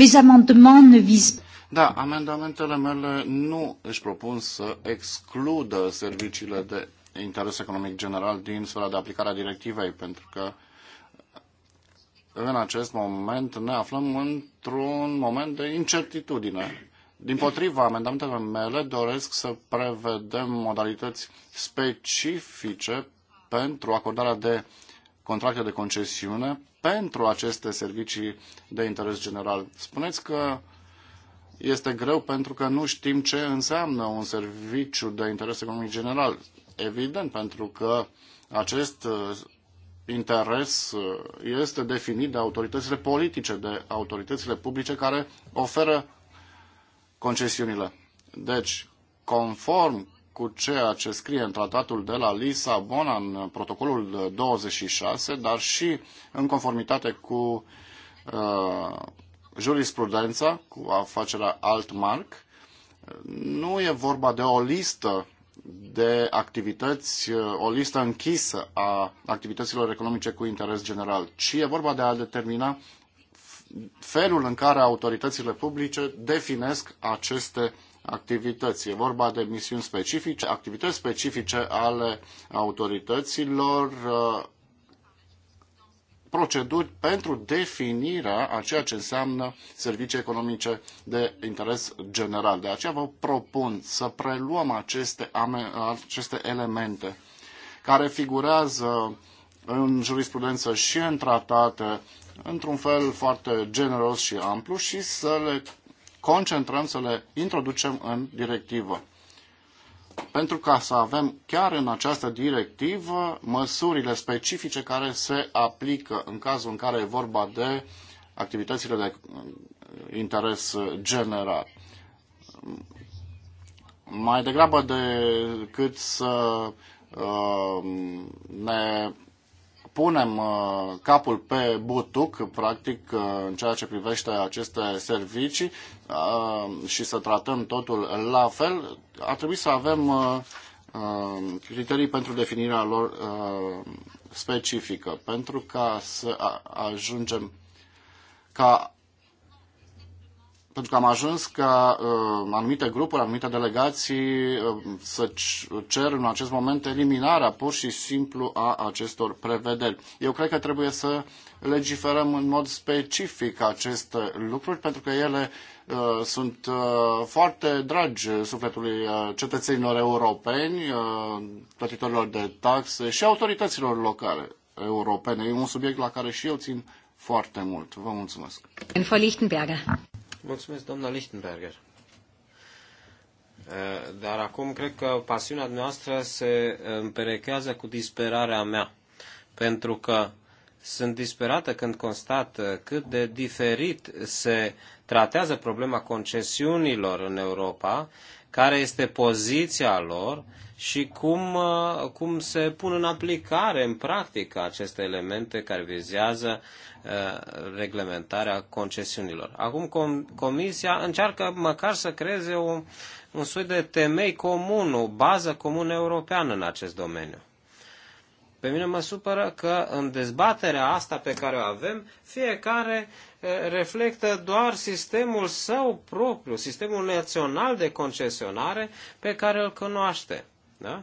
Mes amendements ne visent da, amendamentele mele nu își propun să excludă serviciile de interes economic general din sfera de aplicare a directivei, pentru că în acest moment ne aflăm într-un moment de incertitudine. Din potriva, amendamentele mele doresc să prevedem modalități specifice pentru acordarea de uh, contracte de concesiune pentru aceste servicii de interes general. Spuneți că este greu pentru că nu știm ce înseamnă un serviciu de interes economic general. Evident, pentru că acest uh, interes uh, este definit de autoritățile politice, de autoritățile publice care oferă concesiunile. Deci, conform cu ceea ce scrie în tratatul de la Lisabona, în protocolul 26, dar și în conformitate cu uh, jurisprudența, cu afacerea Altmark. Nu e vorba de o listă de activități, uh, o listă închisă a activităților economice cu interes general, ci e vorba de a determina felul în care autoritățile publice definesc aceste activități. E vorba de misiuni specifice, activități specifice ale autorităților, uh, proceduri pentru definirea a ceea ce înseamnă servicii economice de interes general. De aceea vă propun să preluăm aceste, aceste elemente care figurează în jurisprudență și în tratate într-un fel foarte generos și amplu și să le concentrăm, să le introducem în directivă. Pentru ca să avem chiar în această directivă măsurile specifice care se aplică în cazul în care e vorba de activitățile de uh, interes general. Mai degrabă decât să uh, ne punem uh, capul pe butuc, practic, uh, în ceea ce privește aceste servicii uh, și să tratăm totul la fel, ar trebui să avem criterii pentru definirea lor specifică, pentru ca să ajungem ca pentru că am ajuns ca uh, anumite grupuri, anumite delegații uh, să cer în acest moment eliminarea pur și simplu a acestor prevederi. Eu cred că trebuie să legiferăm în mod specific aceste lucruri pentru că ele uh, sunt uh, foarte dragi sufletului uh, cetățenilor europeni, uh, plătitorilor de taxe și autorităților locale europene. E un subiect la care și eu țin foarte mult. Vă mulțumesc. Frau Lichtenberger. Mulțumesc, doamna Lichtenberger. Eh, dar acum cred că pasiunea noastră se împerechează cu disperarea mea. Pentru că sunt disperată când constat eh, cât de diferit se tratează problema concesiunilor în Europa care este poziția lor și cum, uh, cum se pun în aplicare, în practică, aceste elemente care vizează uh, reglementarea concesiunilor. Acum Comisia încearcă măcar să creeze un, un soi de temei comun, o bază comună europeană în acest domeniu. Pe mine mă supără că în dezbaterea asta pe care o avem, fiecare reflectă doar sistemul său propriu, sistemul național de concesionare pe care îl cunoaște. Da?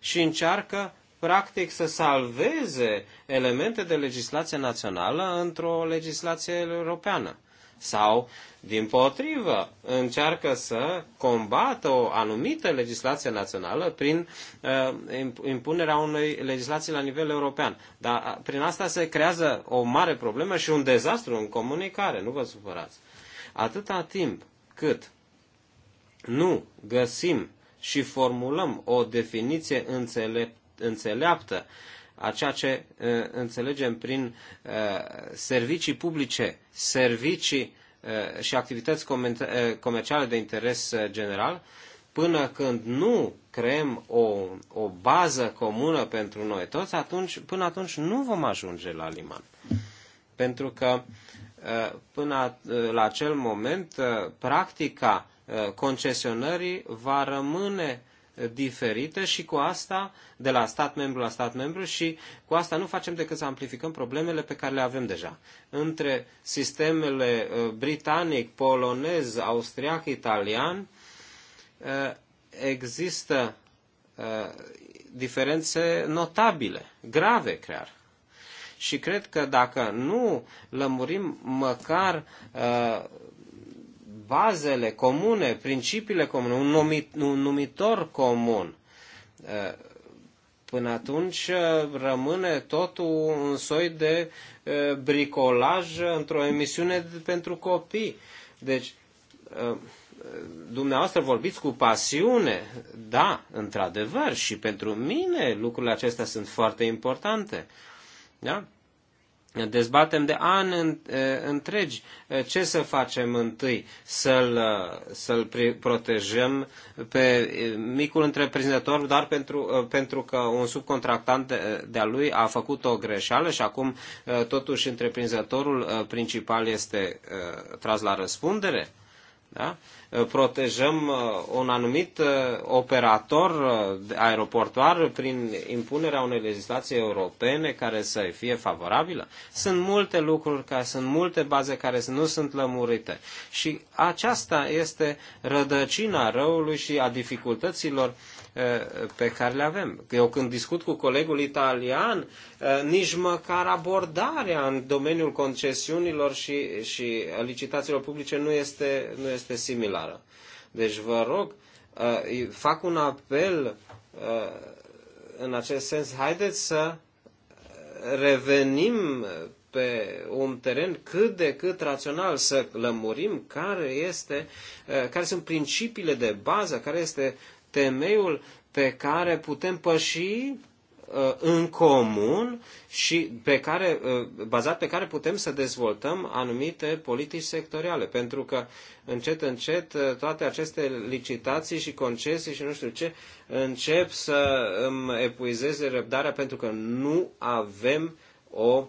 Și încearcă, practic, să salveze elemente de legislație națională într-o legislație europeană sau, din potrivă, încearcă să combată o anumită legislație națională prin uh, impunerea unei legislații la nivel european. Dar uh, prin asta se creează o mare problemă și un dezastru în comunicare, nu vă supărați. Atâta timp cât nu găsim și formulăm o definiție înțelept, înțeleaptă a ceea ce uh, înțelegem prin uh, servicii publice, servicii uh, și activități comerciale de interes general, până când nu creăm o, o bază comună pentru noi toți, atunci, până atunci nu vom ajunge la liman. Pentru că până la acel moment practica concesionării va rămâne diferite și cu asta, de la stat membru la stat membru și cu asta nu facem decât să amplificăm problemele pe care le avem deja. Între sistemele uh, britanic, polonez, austriac, italian, uh, există uh, diferențe notabile, grave chiar. Și cred că dacă nu lămurim măcar bazele comune, principiile comune, un, numit, un numitor comun. Până atunci rămâne totul un soi de bricolaj într-o emisiune pentru copii. Deci, dumneavoastră vorbiți cu pasiune, da, într-adevăr, și pentru mine lucrurile acestea sunt foarte importante. Da? dezbatem de ani întregi ce să facem întâi, să-l, să-l protejăm pe micul întreprinzător, dar pentru, pentru că un subcontractant de-a lui a făcut o greșeală și acum totuși întreprinzătorul principal este tras la răspundere? Da? Protejăm uh, un anumit uh, operator uh, aeroportuar prin impunerea unei legislații europene care să fie favorabilă. Sunt multe lucruri, care, sunt multe baze care nu sunt lămurite. Și aceasta este rădăcina răului și a dificultăților uh, Eh, pe care le avem. Eu când discut cu colegul italian, eh, nici măcar abordarea în domeniul concesiunilor și, și licitațiilor publice nu este, nu este similară. Deci vă rog, eh, fac un apel în acest sens, haideți să revenim pe un teren cât de cât rațional, să lămurim care, este, care sunt principiile de bază, care este temeiul pe care putem păși uh, în comun și pe care, uh, bazat pe care putem să dezvoltăm anumite politici sectoriale. Pentru că încet, încet uh, toate aceste licitații și concesii și nu știu ce încep să îmi epuizeze răbdarea pentru că nu avem o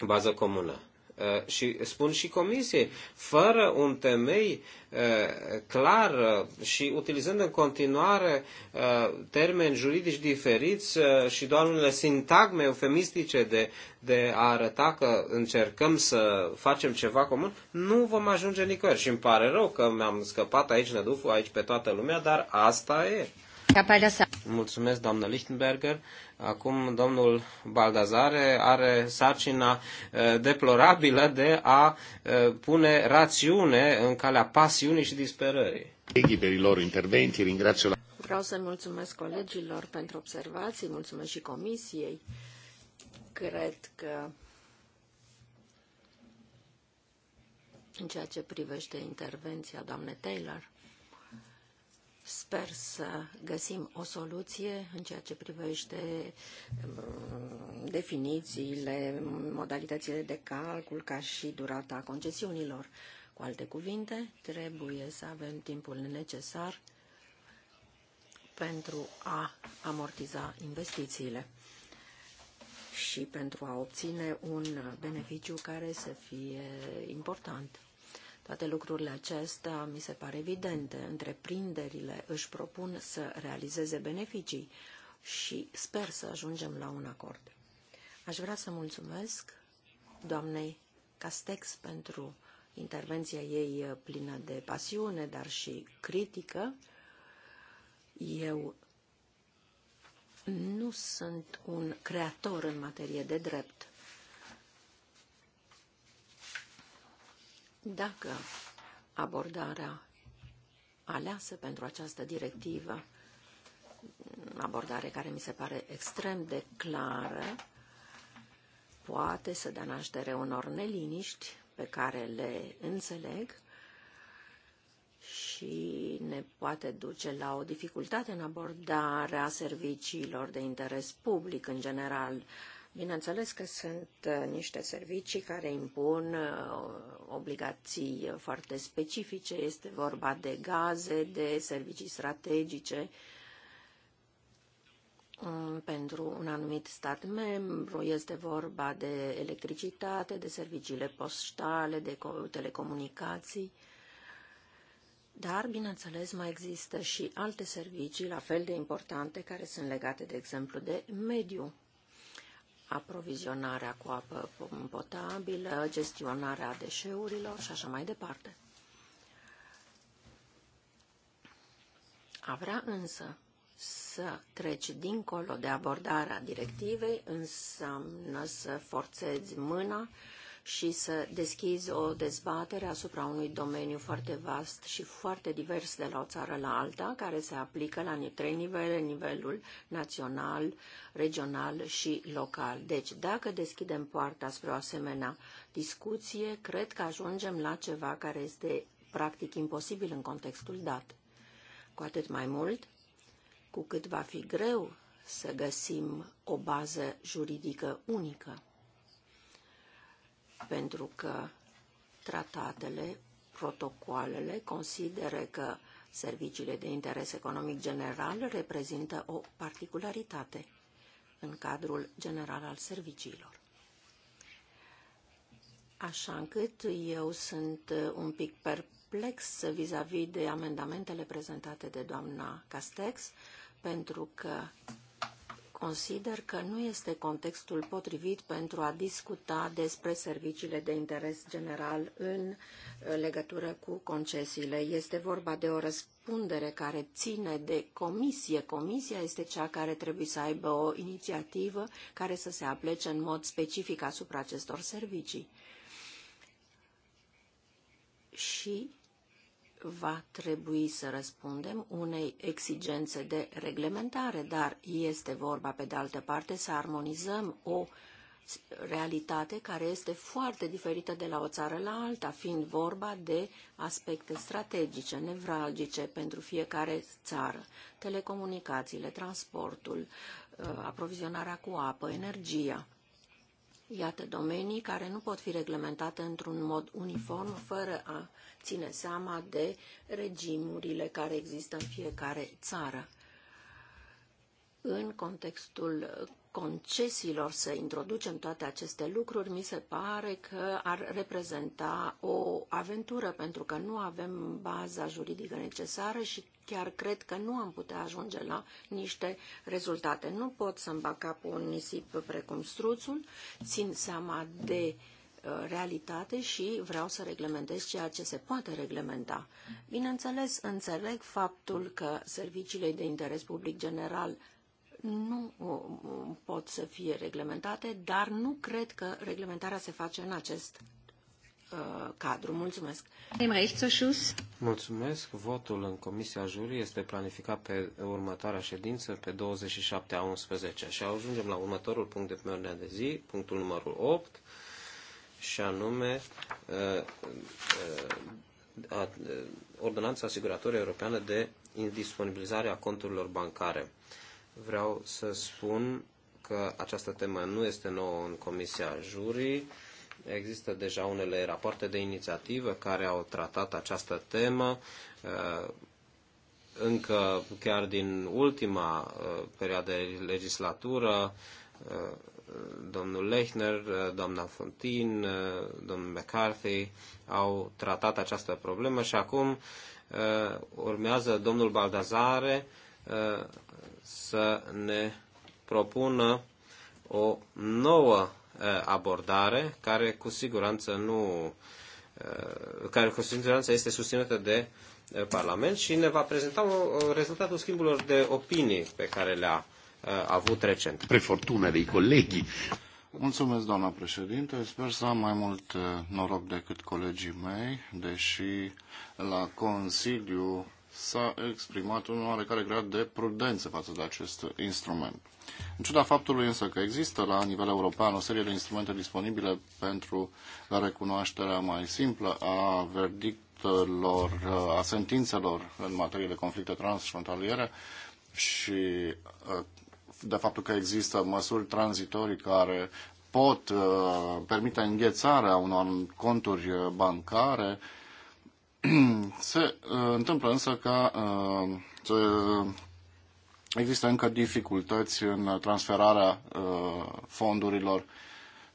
bază comună. Eh, și spun și comisie, fără un temei eh, clar eh, și utilizând în continuare termeni juridici diferiți și doar unele sintagme eufemistice de, de a arăta că încercăm să facem ceva comun, nu vom ajunge nicăieri. Și îmi pare rău că mi-am scăpat aici năduful, aici pe toată lumea, dar asta e. Mulțumesc, doamnă Lichtenberger. Acum domnul Baldazare are sarcina deplorabilă de a pune rațiune în calea pasiunii și disperării. Vreau să mulțumesc colegilor pentru observații, mulțumesc și comisiei. Cred că în ceea ce privește intervenția doamnei Taylor, Sper să găsim o soluție în ceea ce privește mm, definițiile, modalitățile de calcul, ca și durata concesiunilor. Cu alte cuvinte, trebuie să avem timpul necesar pentru a amortiza investițiile și pentru a obține un beneficiu care să fie important. Toate lucrurile acestea mi se par evidente. Întreprinderile își propun să realizeze beneficii și sper să ajungem la un acord. Aș vrea să mulțumesc doamnei Castex pentru intervenția ei plină de pasiune, dar și critică. Eu nu sunt un creator în materie de drept. Dacă abordarea aleasă pentru această directivă, abordare care mi se pare extrem de clară, poate să dea naștere unor neliniști pe care le înțeleg și ne poate duce la o dificultate în abordarea serviciilor de interes public în general Bineînțeles că sunt uh, niște servicii care impun uh, obligații foarte specifice, este vorba de gaze, de servicii strategice um, pentru un anumit stat membru, este vorba de electricitate, de serviciile poștale, de telecomunicații. Dar, bineînțeles, mai există și alte servicii la fel de importante care sunt legate, de exemplu, de mediu aprovizionarea cu apă potabilă, gestionarea deșeurilor și așa mai departe. A vrea însă să treci dincolo de abordarea directivei înseamnă să forțezi mâna și să deschizi o dezbatere asupra unui domeniu foarte vast și foarte divers de la o țară la alta, care se aplică la trei nivele, nivelul național, regional și local. Deci, dacă deschidem poarta spre o asemenea discuție, cred că ajungem la ceva care este practic imposibil în contextul dat. Cu atât mai mult, cu cât va fi greu să găsim o bază juridică unică pentru că tratatele, protocoalele consideră că serviciile de interes economic general reprezintă o particularitate în cadrul general al serviciilor. Așa încât eu sunt un pic perplex vis-a-vis -vis de amendamentele prezentate de doamna Castex, pentru că Consider că nu este contextul potrivit pentru a discuta despre serviciile de interes general în uh, legătură cu concesiile. Este vorba de o răspundere care ține de comisie. Comisia este cea care trebuie să aibă o inițiativă care să se aplece în mod specific asupra acestor servicii. Și va trebui să răspundem unei exigențe de reglementare, dar este vorba, pe de altă parte, să armonizăm o realitate care este foarte diferită de la o țară la alta, fiind vorba de aspecte strategice, nevralgice pentru fiecare țară. Telecomunicațiile, transportul, uh, aprovizionarea cu apă, energia. Iată domenii care nu pot fi reglementate într-un mod uniform fără a ține seama de regimurile care există în fiecare țară. În contextul concesiilor, să introducem toate aceste lucruri, mi se pare că ar reprezenta o aventură, pentru că nu avem baza juridică necesară și chiar cred că nu am putea ajunge la niște rezultate. Nu pot să-mi bag capul un nisip precum struțul, țin seama de uh, realitate și vreau să reglementez ceea ce se poate reglementa. Bineînțeles, înțeleg faptul că serviciile de interes public general nu um, pot să fie reglementate, dar nu cred că reglementarea se face în acest uh, cadru. Mulțumesc. Mulțumesc. Votul în Comisia Jurii este planificat pe următoarea ședință, pe 27 a 11. Și ajungem la următorul punct de pe ordinea de zi, punctul numărul 8, și anume uh, uh, uh Ordonanța Asiguratorie Europeană de Indisponibilizare a Conturilor Bancare vreau să spun că această temă nu este nouă în Comisia Jurii. Există deja unele rapoarte de inițiativă care au tratat această temă. Uh, încă chiar din ultima uh, perioadă de legislatură, uh, domnul Lechner, doamna Fontin, domnul McCarthy au tratat această problemă și acum urmează domnul Baldazare să ne propună o nouă abordare care cu siguranță nu care cu siguranță este susținută de Parlament și ne va prezenta rezultatul schimburilor de opinii pe care le-a avut recent. Prefortuna dei colegi. Mulțumesc, doamna președinte. Sper să am mai mult noroc decât colegii mei, deși la Consiliu s-a exprimat un oarecare grad de prudență față de acest instrument. În ciuda faptului însă că există la nivel european o serie de instrumente disponibile pentru la recunoașterea mai simplă a verdictelor, a sentințelor în materie de conflicte transfrontaliere și eh, de faptul că există măsuri tranzitorii care pot eh, permite înghețarea unor conturi bancare, <clears throat> Se uh, întâmplă însă că uh, există încă dificultăți în transferarea uh, fondurilor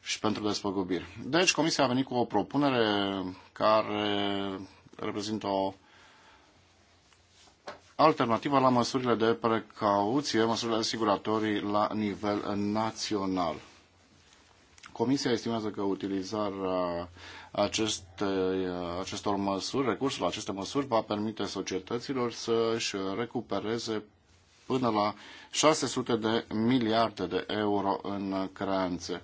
și pentru despăgubiri. Deci Comisia a venit cu o propunere care reprezintă o alternativă la măsurile de precauție, măsurile asiguratorii la nivel național. Comisia estimează că utilizarea aceste, acestor măsuri, recursul la aceste măsuri va permite societăților să își recupereze până la 600 de miliarde de euro în creanțe.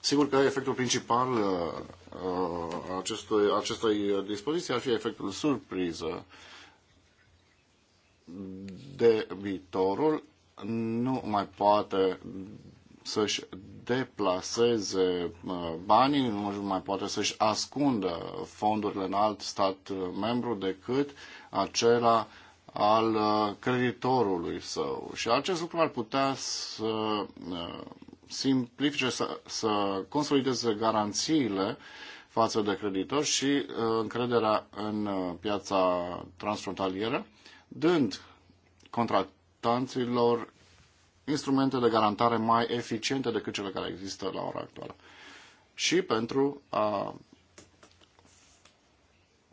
Sigur că efectul principal al uh, uh, acestui, acestei dispoziții ar fi efectul surpriză. viitorul nu mai poate să-și deplaseze uh, banii, nu mai poate să-și ascundă fondurile în alt stat uh, membru decât acela al uh, creditorului său. Și acest lucru ar putea să simplifice, să, să consolideze garanțiile față de creditor și încrederea în piața transfrontalieră, dând contractanților instrumente de garantare mai eficiente decât cele care există la ora actuală. Și pentru a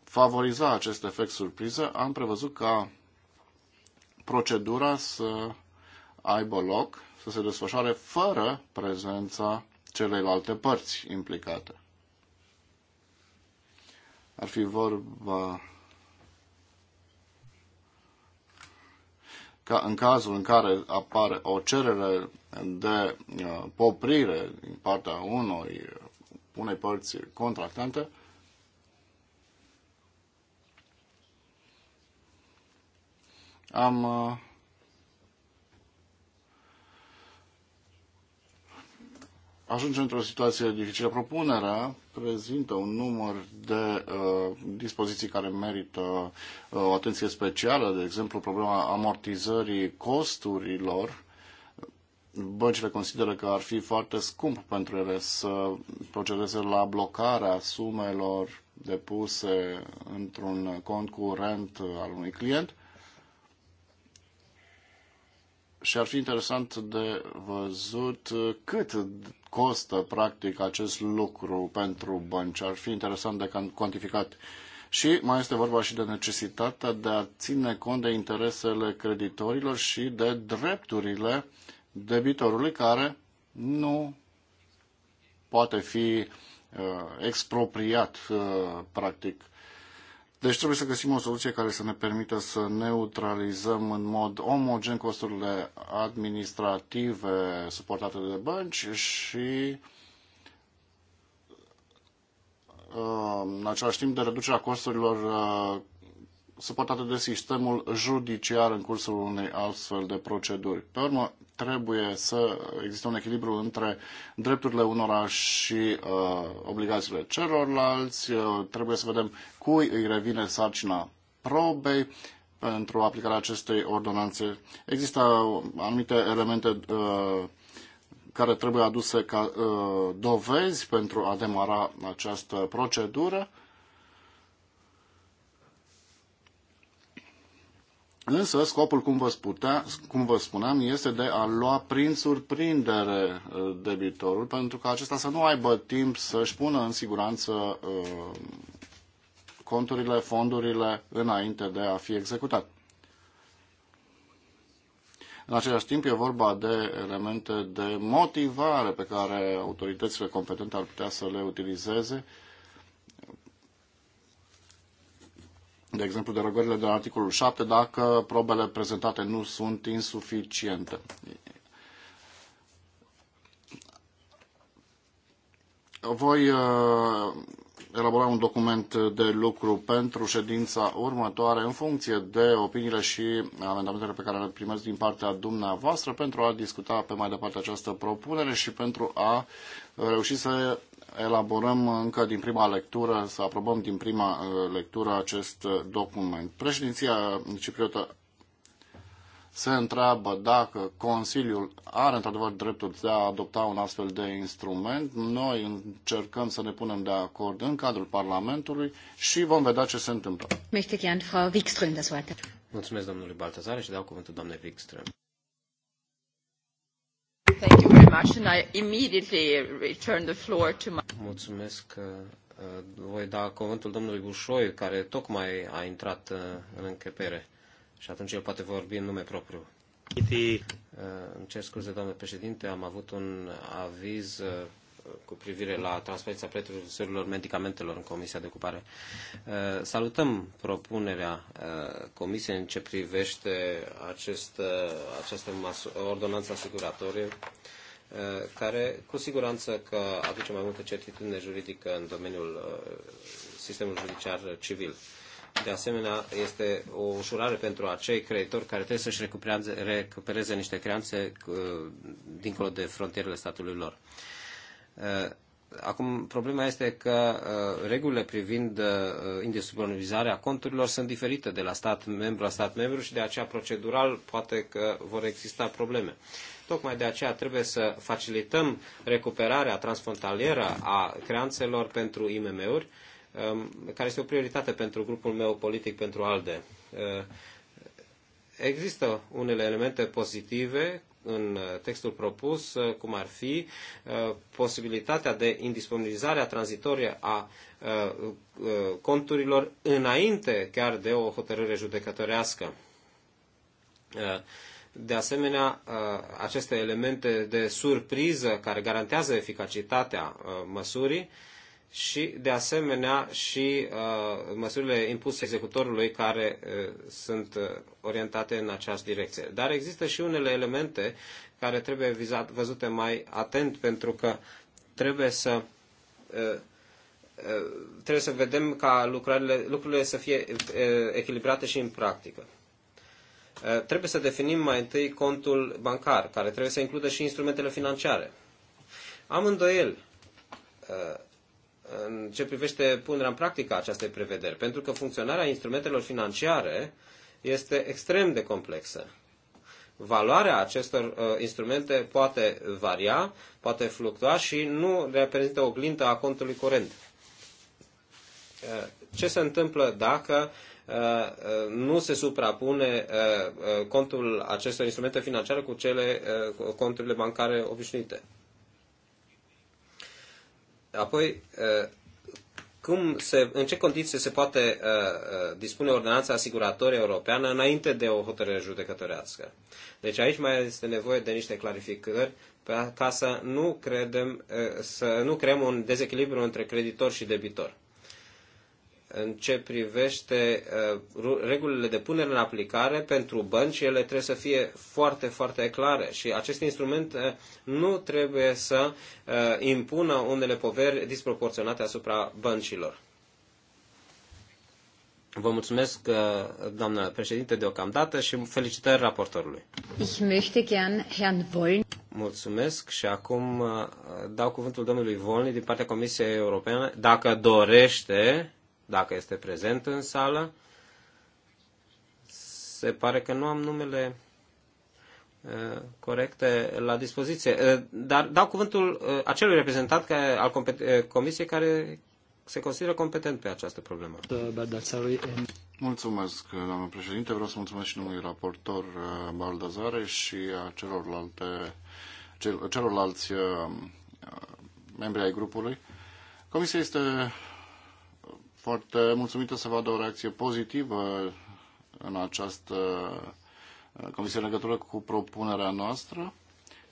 favoriza acest efect surpriză, am prevăzut ca procedura să aibă loc, să se desfășoare fără prezența celelalte părți implicate. Ar fi vorba ca în cazul în care apare o cerere de uh, poprire din partea unui, unei părți contractante, am uh, ajunge într-o situație dificilă. Propunerea prezintă un număr de uh, dispoziții care merită uh, o atenție specială, de exemplu problema amortizării costurilor. Băncile consideră că ar fi foarte scump pentru ele să procedeze la blocarea sumelor depuse într-un cont curent al unui client și ar fi interesant de văzut uh, cât costă practic acest lucru pentru bănci. Ar fi interesant de cuantificat. Și mai este vorba și de necesitatea de a ține cont de interesele creditorilor și de drepturile debitorului care nu poate fi uh, expropriat uh, practic deci trebuie să găsim o soluție care să ne permită să neutralizăm în mod omogen costurile administrative suportate de bănci și uh, în același timp de reducerea costurilor uh, suportate de sistemul judiciar în cursul unei astfel de proceduri. Pe urmă, trebuie să existe un echilibru între drepturile unora și uh, obligațiile celorlalți. Uh, trebuie să vedem cui îi revine sarcina probei pentru aplicarea acestei ordonanțe. Există anumite elemente uh, care trebuie aduse ca uh, dovezi pentru a demara această procedură. Însă scopul, cum vă, cum vă spuneam, este de a lua prin surprindere uh, debitorul, pentru că acesta să nu aibă timp să-și pună în siguranță uh, conturile, fondurile, înainte de a fi executat. În același timp, e vorba de elemente de motivare pe care autoritățile competente ar putea să le utilizeze de exemplu, derogările de la articolul 7 dacă probele prezentate nu sunt insuficiente. Voi uh, elabora un document de lucru pentru ședința următoare în funcție de opiniile și amendamentele pe care le primesc din partea dumneavoastră pentru a discuta pe mai departe această propunere și pentru a reuși să elaborăm încă din prima lectură, să aprobăm din prima uh, lectură acest uh, document. Președinția cipriotă se întreabă dacă Consiliul are într-adevăr dreptul de a adopta un astfel de instrument. Noi încercăm să ne punem de acord în cadrul Parlamentului și vom vedea ce se întâmplă. Mulțumesc domnului Baltazar și dau cuvântul doamnei Wikström. Thank you very much and I immediately return the floor to my... Mulțumesc uh, voi da cuvântul domnului Bușoi, care tocmai a intrat uh, în încăpere și atunci el poate vorbi în nume propriu. Uh, îmi cer scuze, doamnă președinte, am avut un aviz cu privire la transparența prețurilor medicamentelor în Comisia de Ocupare. Uh, salutăm propunerea uh, Comisiei în ce privește acest, uh, această ordonanță asiguratorie care cu siguranță că aduce mai multă certitudine juridică în domeniul sistemului judiciar civil. De asemenea, este o ușurare pentru acei creditori care trebuie să-și recupereze niște creanțe dincolo de frontierele statului lor. Uh, acum, problema este că uh, regulile privind uh, indisponibilizarea conturilor sunt diferite de la stat membru la stat membru și de aceea procedural poate că vor exista probleme. Tocmai de aceea trebuie să facilităm recuperarea transfrontalieră a creanțelor pentru IMM-uri, um, care este o prioritate pentru grupul meu politic, pentru ALDE. Există unele elemente pozitive în textul propus, uh, cum ar fi uh, posibilitatea de indisponibilizare a tranzitorie a uh, conturilor înainte chiar de o hotărâre judecătorească. De asemenea, aceste elemente de surpriză care garantează eficacitatea măsurii și, de asemenea, și uh, măsurile impuse executorului care uh, sunt uh, orientate în această direcție. Dar există și unele elemente care trebuie vizat, văzute mai atent pentru că trebuie să uh, uh, trebuie să vedem ca lucrările, lucrurile să fie uh, echilibrate și în practică. Uh, trebuie să definim mai întâi contul bancar, care trebuie să includă și instrumentele financiare. Am îndoieli uh, în ce privește punerea în practică a acestei prevederi, pentru că funcționarea instrumentelor financiare este extrem de complexă. Valoarea acestor uh, instrumente poate varia, poate fluctua și nu reprezintă o glindă a contului curent. Uh, ce se întâmplă dacă uh, uh nu se suprapune uh, uh, contul acestor instrumente financiare cu cele uh, conturile bancare obișnuite? Apoi, uh, cum se, în ce condiții se poate uh, uh, dispune ordonanța asiguratorie europeană înainte de o hotărâre judecătorească. Deci aici mai este nevoie de niște clarificări ca să nu, credem, să nu creăm un dezechilibru între creditor și debitor în ce privește uh, regulile de punere în aplicare pentru bănci, ele trebuie să fie foarte, foarte clare și acest instrument uh, nu trebuie să uh, impună unele poveri disproporționate asupra băncilor. Vă mulțumesc, doamnă președinte, deocamdată și felicitări raportorului. Ich möchte gern Herrn Wollen. Mulțumesc și acum dau cuvântul domnului Volni din partea Comisiei Europene, dacă dorește dacă este prezent în sală. Se pare că nu am numele uh, corecte la dispoziție. Uh, dar dau cuvântul uh, acelui reprezentant care, al comisiei care se consideră competent pe această problemă. Da, da, da, mulțumesc, doamnă președinte. Vreau să mulțumesc și numai raportor Baldazare și a celorlalte, celorlalți membri ai grupului. Comisia este foarte mulțumită să vadă o reacție pozitivă în această uh, comisie în legătură cu propunerea noastră.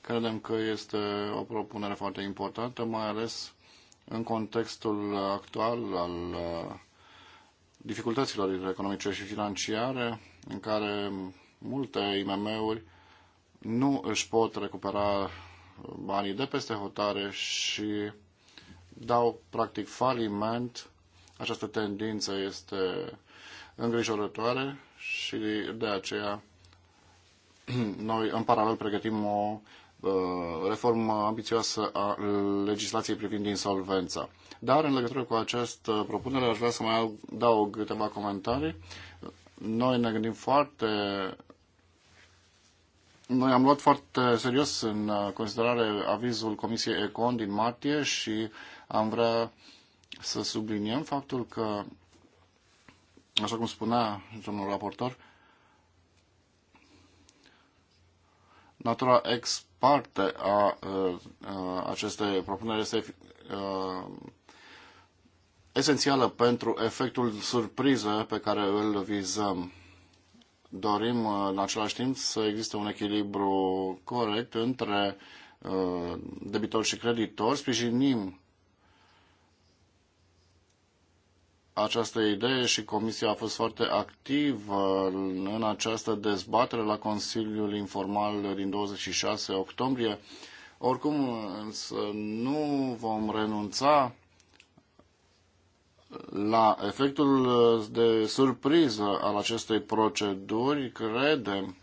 Credem că este o propunere foarte importantă, mai ales în contextul actual al uh, dificultăților economice și financiare, în care multe IMM-uri nu își pot recupera banii de peste hotare și dau practic faliment această tendință este îngrijorătoare și de aceea <clears throat> noi în paralel pregătim o uh, reformă ambițioasă a legislației privind insolvența. Dar în legătură cu această propunere aș vrea să mai dau câteva comentarii. Noi ne gândim foarte noi am luat foarte serios în considerare avizul Comisiei Econ din martie și am vrea să subliniem faptul că, așa cum spunea domnul raportor, natura ex parte a, a acestei propuneri este a, esențială pentru efectul surpriză pe care îl vizăm. Dorim în același timp să existe un echilibru corect între debitori și creditori, sprijinim această idee și Comisia a fost foarte activă în această dezbatere la Consiliul Informal din 26 octombrie. Oricum, însă, nu vom renunța la efectul de surpriză al acestei proceduri. Credem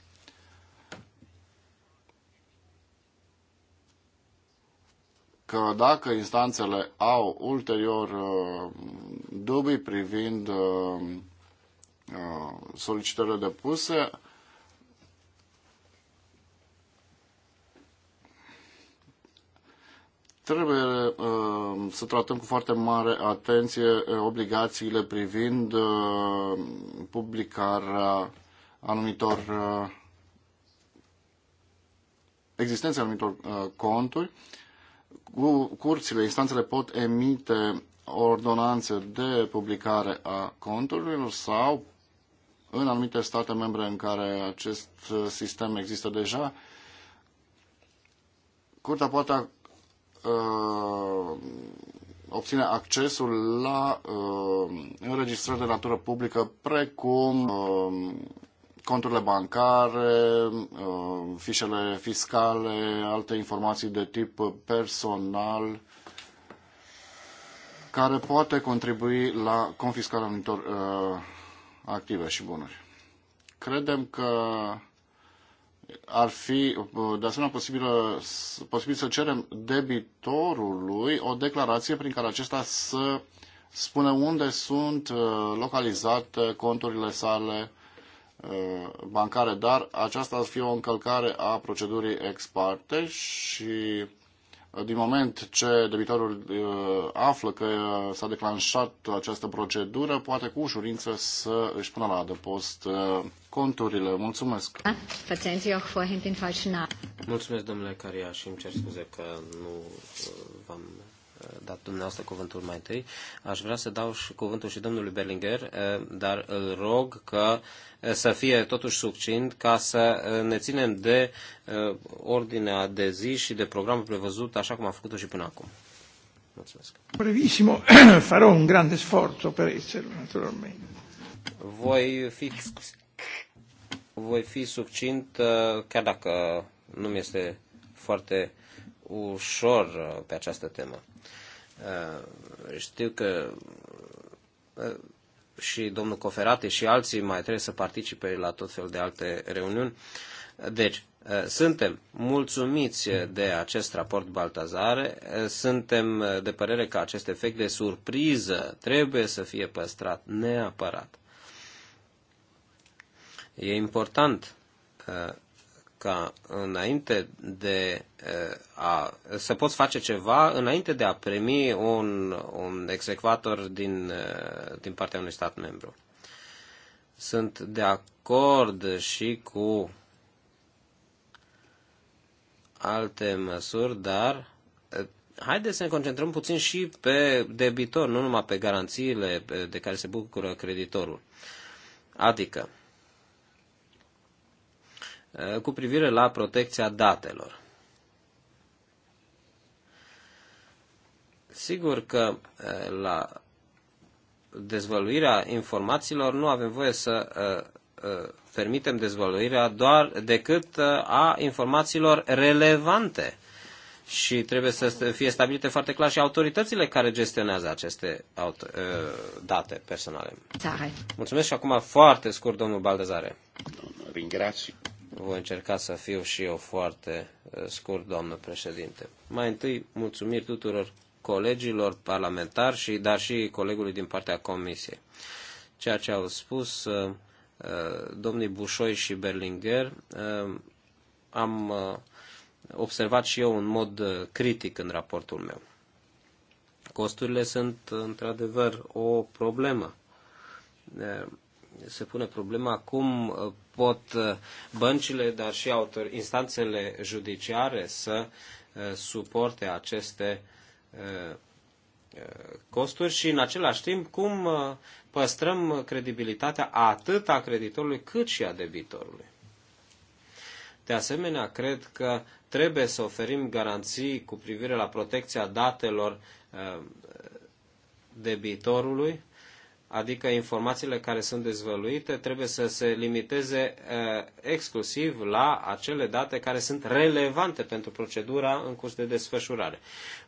că dacă instanțele au ulterior uh, dubii privind uh, uh, solicitările depuse, trebuie să tratăm cu foarte mare atenție obligațiile privind publicarea anumitor existența anumitor conturi curțile, instanțele pot emite ordonanțe de publicare a conturilor sau în anumite state membre în care acest uh, sistem există deja, curtea poate uh, obține accesul la uh, înregistrări de natură publică precum uh, conturile bancare, uh, fișele fiscale, alte informații de tip personal care poate contribui la confiscarea anumitor uh, active și bunuri. Credem că ar fi uh, de asemenea posibilă, posibil să cerem debitorului o declarație prin care acesta să spune unde sunt uh, localizate conturile sale Uh, bancare, dar aceasta ar fi o încălcare a procedurii ex parte și uh, din moment ce debitorul uh, află că s-a declanșat această procedură, poate cu ușurință să își pună la adăpost conturile. Mulțumesc! Ah, Mulțumesc, domnule Caria, și îmi cer scuze că nu v-am dat dumneavoastră cuvântul mai întâi. Aș vrea să dau și cuvântul și domnului Berlinger, eh, dar îl rog că eh, să fie totuși succint ca să eh, ne ținem de ordinea de zi și de programul prevăzut așa cum am făcut-o și până acum. Mulțumesc. Brevissimo, <clears throat> farò un grande sforzo per essere, naturalmente. Voi fi, voi fi succint, chiar dacă nu mi este foarte ușor pe această temă. Uh, știu că uh, și domnul Coferate și alții mai trebuie să participe la tot fel de alte reuniuni. Uh, deci, suntem mulțumiți de acest raport Baltazare, suntem de părere că acest efect de surpriză trebuie să fie păstrat neapărat. E important ca înainte de eh, a, să poți face ceva înainte de a primi un, un execvator din, eh, din partea unui stat membru. Sunt de acord și cu alte măsuri, dar eh, haideți să ne concentrăm puțin și pe debitor, nu numai pe garanțiile de care se bucură creditorul. Adică, Uh, cu privire la protecția datelor. Sigur că uh, la dezvăluirea informațiilor nu avem voie să uh, permitem dezvăluirea doar decât a informațiilor relevante și trebuie să fie stabilite foarte clar și autoritățile care gestionează aceste date personale. Mulțumesc și acum foarte scurt, domnul Baldezare. Ringrazio. Voi încerca să fiu și eu foarte uh, scurt, doamnă președinte. Mai întâi, mulțumiri tuturor colegilor parlamentari, și, dar și colegului din partea comisiei. Ceea ce au spus uh, uh, domnii Bușoi și Berlinger, am observat și eu în mod critic în raportul meu. Costurile sunt într-adevăr o problemă. Se pune problema cum pot uh, băncile, dar și autor- instanțele judiciare să uh, suporte aceste uh, costuri și în același timp cum păstrăm credibilitatea atât a creditorului cât și a debitorului. De asemenea, cred că trebuie să oferim garanții cu privire la protecția datelor debitorului adică informațiile care sunt dezvăluite, trebuie să se limiteze uh, exclusiv la acele date care sunt relevante pentru procedura în curs de desfășurare.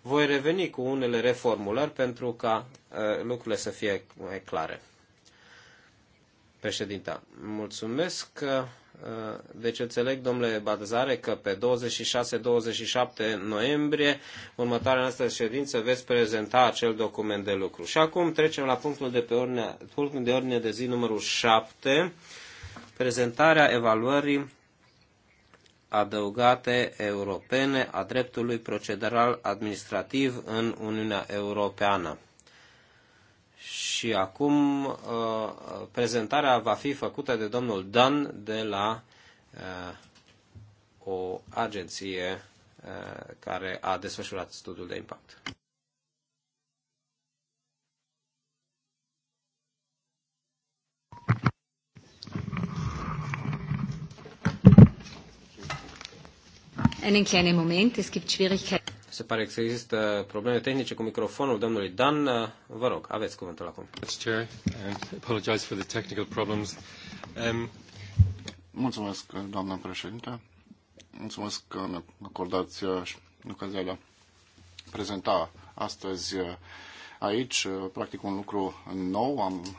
Voi reveni cu unele reformulări pentru ca uh, lucrurile să fie mai clare. Președinta, mulțumesc. Deci înțeleg, domnule Badzare, că pe 26-27 noiembrie, următoarea noastră ședință, veți prezenta acel document de lucru. Și acum trecem la punctul de, pe ordine, punctul de ordine de zi numărul 7, prezentarea evaluării adăugate europene a dreptului procedural administrativ în Uniunea Europeană și acum uh, prezentarea va fi făcută de domnul Dan de la uh, o agenție uh, care a desfășurat studiul de impact. Einen kleinen Moment, es gibt Schwierigkeiten. Se pare că există probleme tehnice cu microfonul domnului Dan. Vă rog, aveți cuvântul acum. Um, Mulțumesc, doamnă președinte. Mulțumesc că ne acordați uh, ocazia de a prezenta astăzi uh, aici, uh, practic, un lucru nou. Am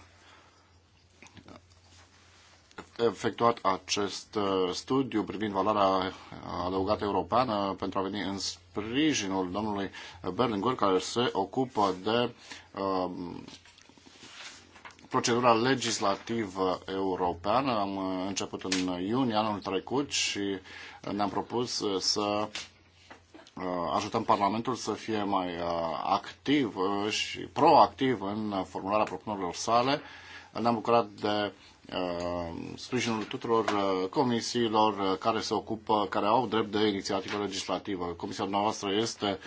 efectuat acest uh, studiu privind valoarea uh, adăugată europeană pentru a veni în sprijinul domnului Berlinguer, care se ocupă de um, procedura legislativă europeană. Am uh, început în iunie anul trecut și ne-am propus să ajutăm Parlamentul să fie mai activ și proactiv în formularea propunerilor sale. Ne-am bucurat de Uh, sprijinul tuturor uh, comisiilor uh, care se ocupă, care au drept de inițiativă legislativă. Comisia noastră este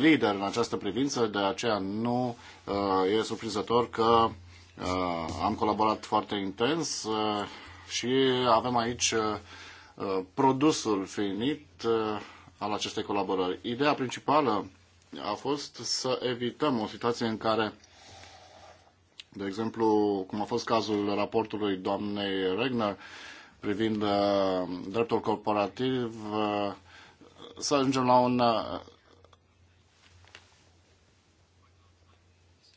lider în această privință, de aceea nu e surprinzător că am colaborat foarte intens și avem aici produsul finit al acestei colaborări. Ideea principală a fost să evităm o situație în care de exemplu, cum a fost cazul raportului doamnei Regner privind uh, dreptul corporativ, uh, să ajungem la un uh,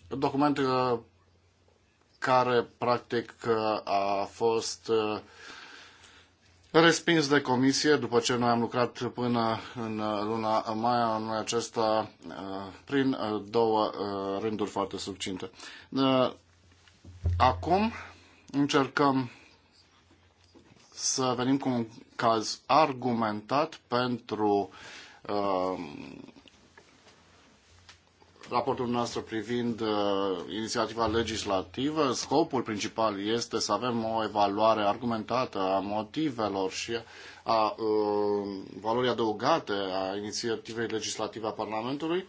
document uh, care practic uh, a fost uh, respins de comisie după ce noi am lucrat până în uh, luna mai anului acesta uh, prin uh, două rânduri foarte subținte. Acum încercăm să venim cu un caz argumentat pentru uh, raportul nostru privind uh, inițiativa legislativă. Scopul principal este să avem o evaluare argumentată a motivelor și a uh, valorii adăugate a inițiativei legislative a Parlamentului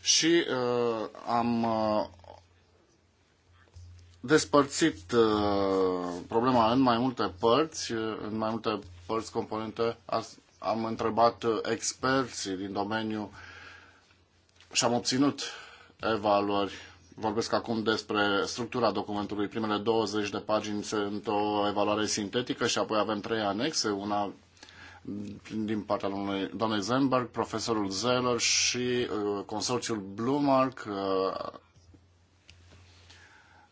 și uh, am uh, despărțit uh, problema în mai multe părți, uh, în mai multe părți componente. Am întrebat uh, experții din domeniu și am obținut evaluări. Vorbesc acum despre structura documentului. Primele 20 de pagini sunt o evaluare sintetică și apoi avem trei anexe, una din partea lui doamnei Zenberg, profesorul Zeller și uh, consorțiul Blumark, uh,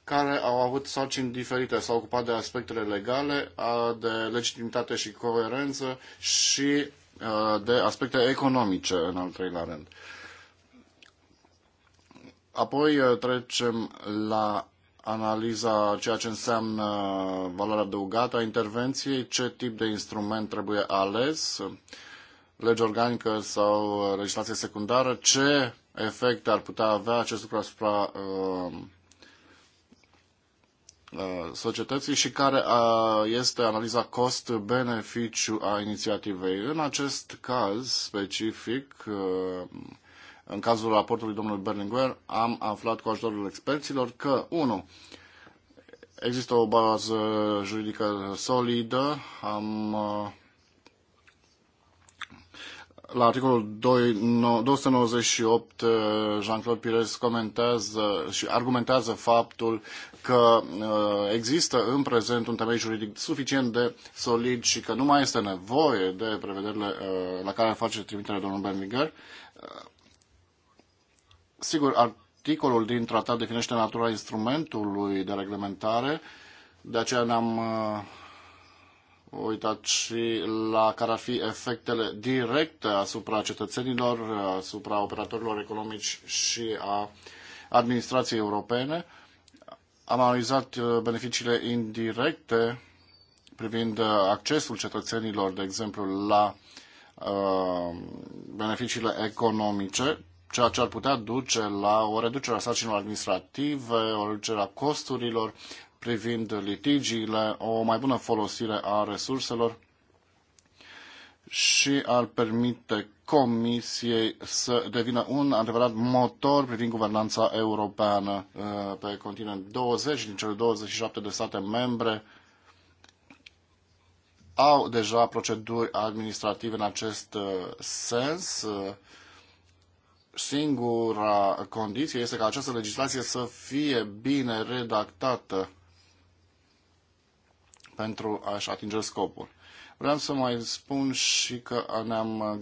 care au avut sarcini diferite, s-au ocupat de aspectele legale, de legitimitate și coerență și de aspecte economice, în al treilea rând. Apoi trecem la analiza ceea ce înseamnă valoarea adăugată a intervenției, ce tip de instrument trebuie ales, lege organică sau legislație secundară, ce efecte ar putea avea acest lucru asupra uh, Uh, societății și care uh, este analiza cost-beneficiu a inițiativei. În acest caz specific, uh, în cazul raportului domnului Berlinguer, am aflat cu ajutorul experților că, 1. Există o bază juridică solidă, am la articolul 298, eh, Jean-Claude Pires comentează și argumentează faptul că eh, există în prezent un temei juridic suficient de solid și că nu mai este nevoie de prevederile eh, la care face trimiterea domnul Benviger. Sigur, articolul din tratat definește natura instrumentului de reglementare, de aceea ne-am uitat și la care ar fi efectele directe asupra cetățenilor, asupra operatorilor economici și a administrației europene. Am analizat uh, beneficiile indirecte privind uh, accesul cetățenilor, de exemplu, la uh, beneficiile economice, ceea ce ar putea duce la o reducere a sarcinilor administrative, o reducere a costurilor privind litigiile, o mai bună folosire a resurselor și ar permite Comisiei să devină un adevărat motor privind guvernanța europeană uh, pe continent. 20 din cele 27 de state membre au deja proceduri administrative în acest uh, sens. Singura condiție este ca această legislație să fie bine redactată pentru a-și atinge scopul. Vreau să mai spun și că ne-am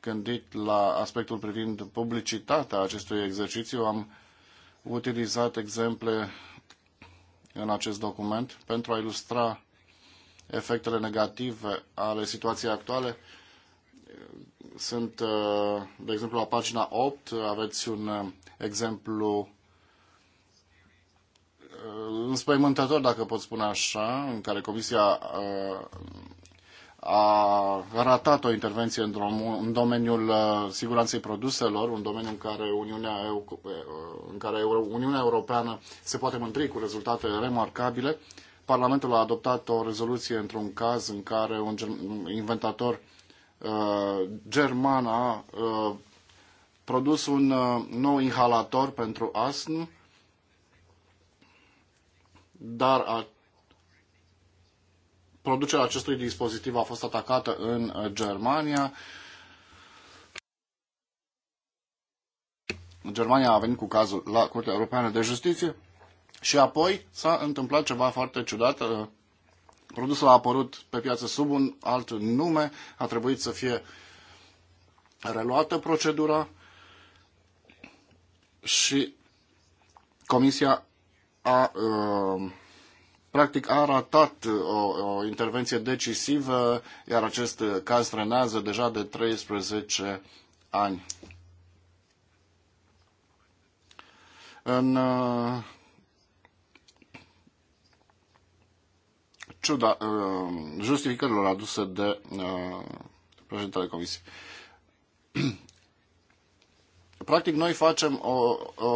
gândit la aspectul privind publicitatea acestui exercițiu. Am utilizat exemple în acest document pentru a ilustra efectele negative ale situației actuale. Sunt, de exemplu, la pagina 8 aveți un exemplu înspăimântător, dacă pot spune așa, în care Comisia uh, a ratat o intervenție în domeniul uh, siguranței produselor, un domeniu în care Uniunea, uh, în care Uniunea Europeană se poate mândri cu rezultate remarcabile. Parlamentul a adoptat o rezoluție într-un caz în care un inventator german a produs un nou inhalator pentru astm dar a, producerea acestui dispozitiv a fost atacată în uh, Germania. Germania a venit cu cazul la Curtea Europeană de Justiție și apoi s-a întâmplat ceva foarte ciudat. Uh, produsul a apărut pe piață sub un alt nume, a trebuit să fie reluată procedura și Comisia a uh, practic a ratat uh, o, o intervenție decisivă, iar acest caz trenează deja de 13 ani. În uh, ciuda justificărilor aduse de președintele Comisiei. Practic, noi facem o, o,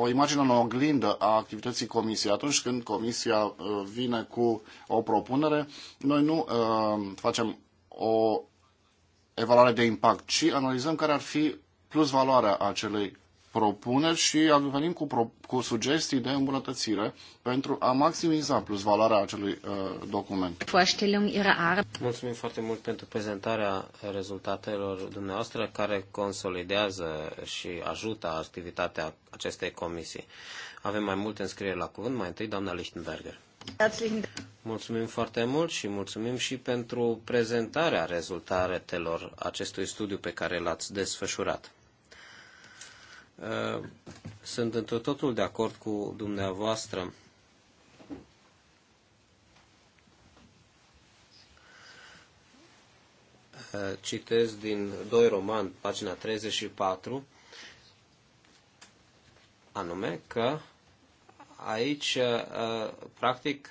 o imagine în oglindă a activității comisiei. Atunci când comisia uh, vine cu o propunere, noi nu uh, facem o evaluare de impact, ci analizăm care ar fi plus valoarea acelei propuneri și venim cu, pro, cu sugestii de îmbunătățire pentru a maximiza plus valoarea acelui uh, document. Mulțumim foarte mult pentru prezentarea rezultatelor dumneavoastră care consolidează și ajută activitatea acestei comisii. Avem mai multe înscrieri la cuvânt, mai întâi doamna Lichtenberger. Mulțumim foarte mult și mulțumim și pentru prezentarea rezultatelor acestui studiu pe care l-ați desfășurat. Uh, sunt într totul de acord cu dumneavoastră. Uh, citez din doi roman, pagina 34, anume că aici, uh, practic,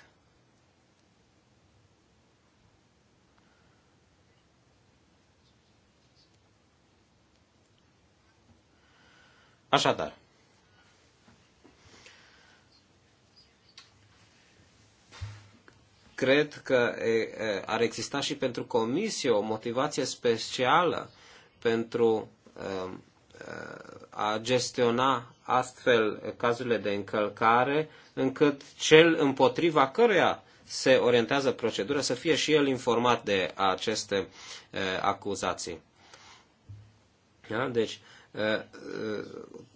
Așadar, cred că ar exista și pentru comisie o motivație specială pentru um, a gestiona astfel cazurile de încălcare, încât cel împotriva căruia se orientează procedura să fie și el informat de aceste uh, acuzații. Da? Deci, Uh, uh,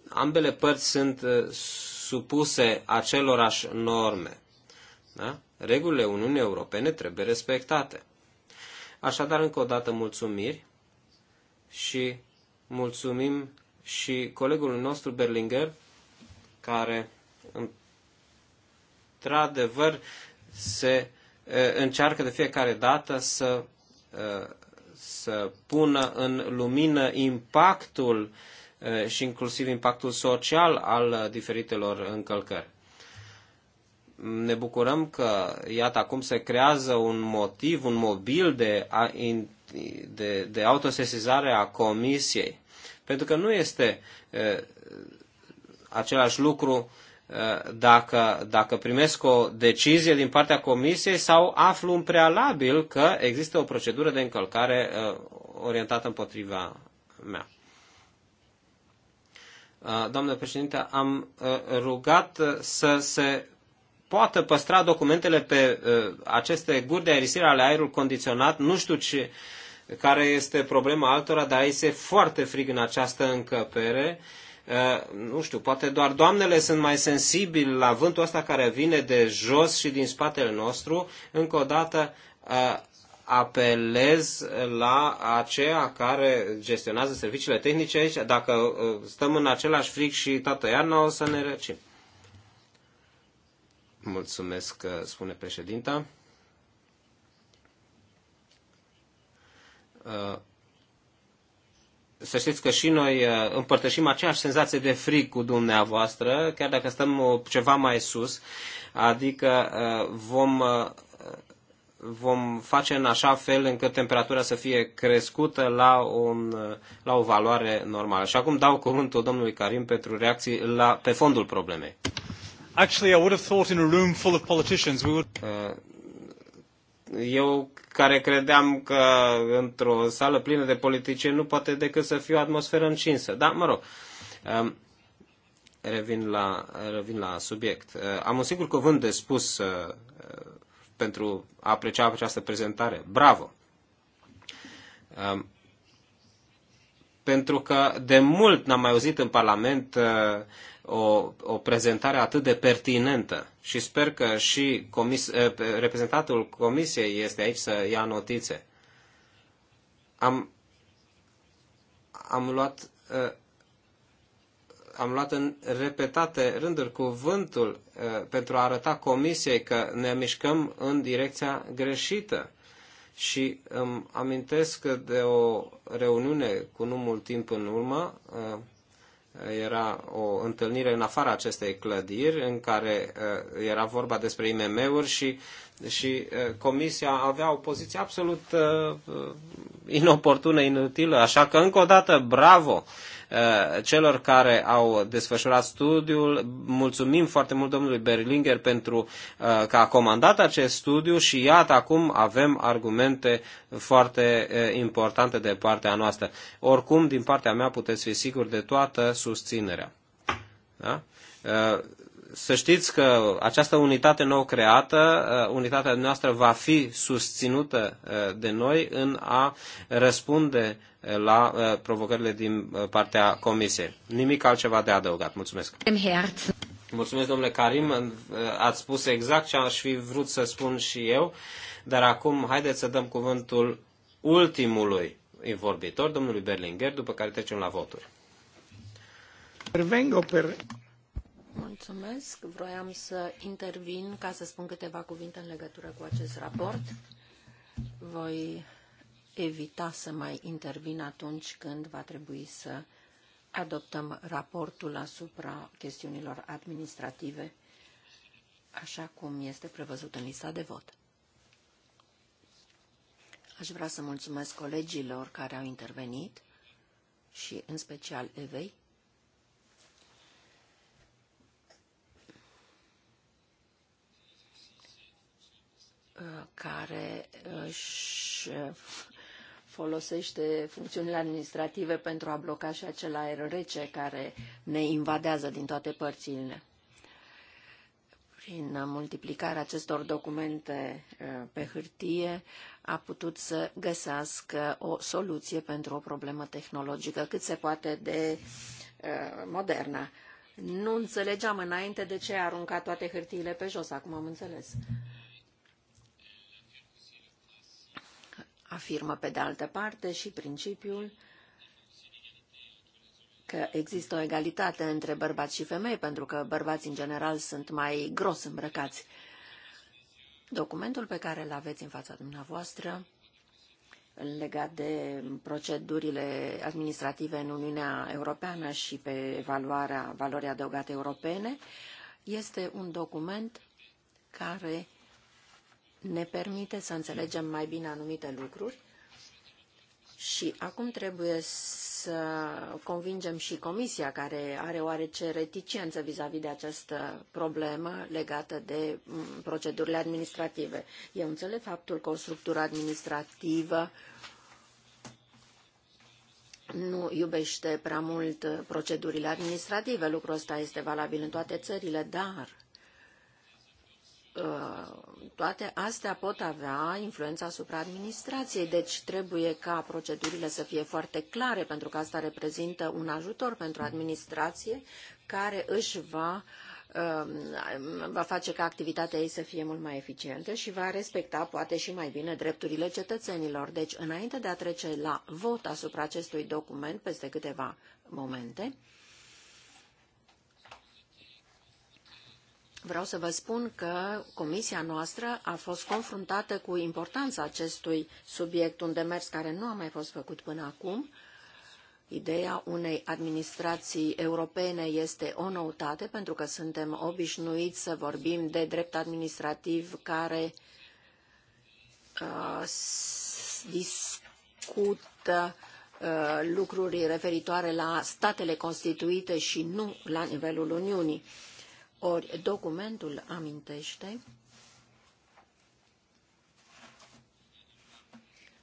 ambele părți sunt uh, supuse acelorași norme. Da? Regulile Uniunii Europene trebuie respectate. Așadar, încă o dată mulțumiri și mulțumim și colegului nostru Berlinger, care într-adevăr se încearcă de fiecare dată să să pună în lumină impactul și inclusiv impactul social al diferitelor încălcări. Ne bucurăm că, iată, acum se creează un motiv, un mobil de, de, de autosesizare a comisiei. Pentru că nu este același lucru dacă, dacă primesc o decizie din partea comisiei sau aflu în prealabil că există o procedură de încălcare uh, orientată împotriva mea. Uh, Doamne președinte, am uh, rugat să se poată păstra documentele pe aceste guri de aerisire ale aerul condiționat. Nu știu ce, care este problema altora, dar aici se foarte frig în această încăpere nu știu, poate doar doamnele sunt mai sensibili la vântul ăsta care vine de jos și din spatele nostru, încă o dată apelez la aceea care gestionează serviciile tehnice aici. Dacă stăm în același fric și toată iarna, o să ne răcim. Mulțumesc, spune președinta să știți că și noi uh, împărtășim aceeași senzație de frig cu dumneavoastră, chiar dacă stăm uh, ceva mai sus, adică uh, vom, vom face în așa fel încât temperatura să fie crescută la, un, la o valoare normală. Și acum dau cuvântul domnului Karim pentru reacții la, pe fondul problemei. Actually, I would have thought in a room full of politicians we would... Uh, eu care credeam că într-o sală plină de politicieni nu poate decât să fie o atmosferă încinsă. Da, mă rog. Ehm, revin la, revin la subiect. Ehm, am un singur cuvânt de spus ehm, pentru a aprecia această prezentare. Bravo! pentru că de mult n-am mai auzit în Parlament uh, o, o prezentare atât de pertinentă și sper că și comis, uh, reprezentantul Comisiei este aici să ia notițe. Am, am luat uh, am luat în repetate rânduri cuvântul pentru a arăta comisiei că ne mișcăm în direcția greșită și îmi amintesc de o reuniune cu nu mult timp în urmă, uh, era o întâlnire în afara acestei clădiri în care uh, era vorba despre IMM-uri și, și uh, comisia avea o poziție absolut inoportună, inutilă, așa că încă o dată bravo Eh, celor care au desfășurat studiul. Mulțumim foarte mult domnului Berlinger pentru eh, că a comandat acest studiu și iată acum avem argumente foarte eh, importante de partea noastră. Oricum, din partea mea puteți fi siguri de toată susținerea. Da? să știți că această unitate nou creată, uh, unitatea noastră va fi susținută uh, de noi în a răspunde uh, la provocările din partea Comisiei. Nimic altceva de adăugat. Mulțumesc. Mulțumesc, domnule Karim. Ați spus exact ce aș fi vrut să spun și eu, dar acum haideți să dăm cuvântul ultimului vorbitor, domnului Berlinger, după care trecem la voturi. vengo per Mulțumesc. Vroiam să intervin ca să spun câteva cuvinte în legătură cu acest raport. Voi evita să mai intervin atunci când va trebui să adoptăm raportul asupra chestiunilor administrative, așa cum este prevăzut în lista de vot. Aș vrea să mulțumesc colegilor care au intervenit și în special Evei Uh, care își uh, uh, folosește funcțiunile administrative pentru a bloca și acel aer rece care ne invadează din toate părțile. Prin multiplicarea acestor documente pe hârtie, a putut să găsească o soluție pentru o problemă tehnologică cât se poate de modernă. Nu înțelegeam înainte de ce a aruncat toate hârtiile pe jos, acum am înțeles. afirmă pe de altă parte și principiul că există o egalitate între bărbați și femei, pentru că bărbații în general sunt mai gros îmbrăcați. Documentul pe care îl aveți în fața dumneavoastră legat de procedurile administrative în Uniunea Europeană și pe evaluarea valorii adăugate europene, este un document care ne permite să înțelegem mai bine anumite lucruri și acum trebuie să convingem și Comisia, care are oarece reticență vis-a-vis -vis de această problemă legată de mm, procedurile administrative. Eu înțeleg faptul că o structură administrativă nu iubește prea mult procedurile administrative. Lucrul ăsta este valabil în toate țările, dar Uh, toate astea pot avea influența asupra administrației, deci trebuie ca procedurile să fie foarte clare, pentru că asta reprezintă un ajutor pentru administrație care își va um, va face ca activitatea ei să fie mult mai eficientă și va respecta poate și mai bine drepturile cetățenilor. Deci, înainte de a trece la vot asupra acestui document peste câteva momente, Vreau să vă spun că comisia noastră a fost confruntată cu importanța acestui subiect, un demers care nu a mai fost făcut până acum. Ideea unei administrații europene este o noutate pentru că suntem obișnuiți să vorbim de drept administrativ care uh, discută uh, lucruri referitoare la statele constituite și nu la nivelul Uniunii. Uh, ori documentul amintește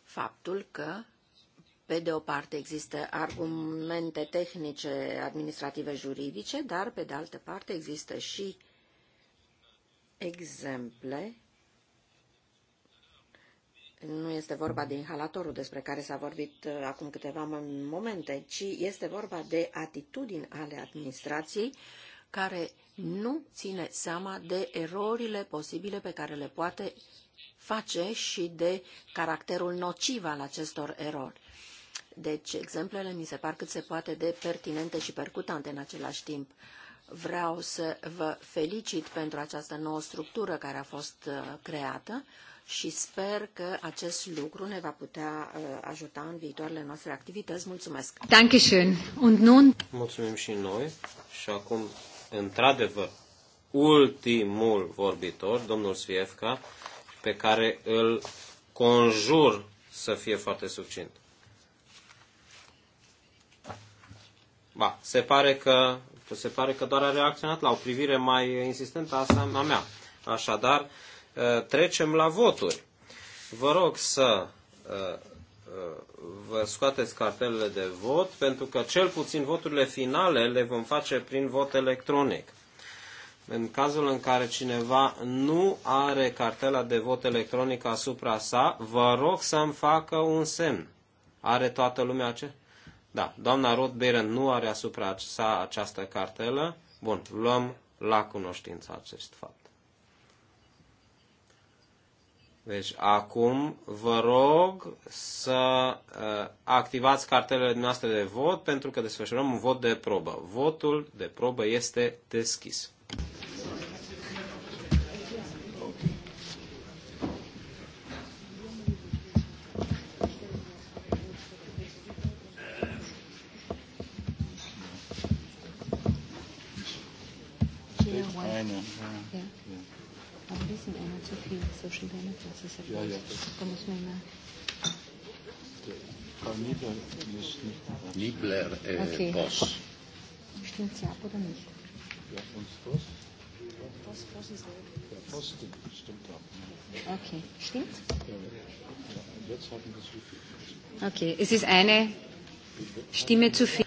faptul că, pe de o parte, există argumente tehnice, administrative, juridice, dar, pe de altă parte, există și exemple. Nu este vorba de inhalatorul despre care s-a vorbit uh, acum câteva momente, ci este vorba de atitudini ale administrației care nu ține seama de erorile posibile pe care le poate face și de caracterul nociv al acestor erori. Deci, exemplele mi se par cât se poate de pertinente și percutante în același timp. Vreau să vă felicit pentru această nouă structură care a fost uh, creată și sper că acest lucru ne va putea uh, ajuta în viitoarele noastre activități. Mulțumesc! Und nun... Mulțumim și noi și acum într-adevăr, ultimul vorbitor, domnul Sviefca, pe care îl conjur să fie foarte succint. Ba, se pare că, se pare că doar a reacționat la o privire mai insistentă a sa, mea. Așadar, trecem la voturi. Vă rog să Uh, vă scoateți cartelele de vot, pentru că cel puțin voturile finale le vom face prin vot electronic. În cazul în care cineva nu are cartela de vot electronic asupra sa, vă rog să-mi facă un semn. Are toată lumea ce? Da, doamna Ruth Beren nu are asupra sa această cartelă. Bun, luăm la cunoștință acest fapt. Deci acum vă rog să uh, activați cartelele noastre de vot pentru că desfășurăm un vot de probă. Votul de probă este deschis. Eine. Aber die sind immer zu viel, Social Benefits. Das ist ja, ja, Da muss man immer. Nibler ist nicht. Niebler äh, okay. Boss. Stimmt sie ab oder nicht? Ja, und Boss? Boss, Boss ist der. Ja, Boss stimmt, ab. Okay, stimmt? Ja, jetzt haben wir es Okay, es ist eine Stimme zu viel.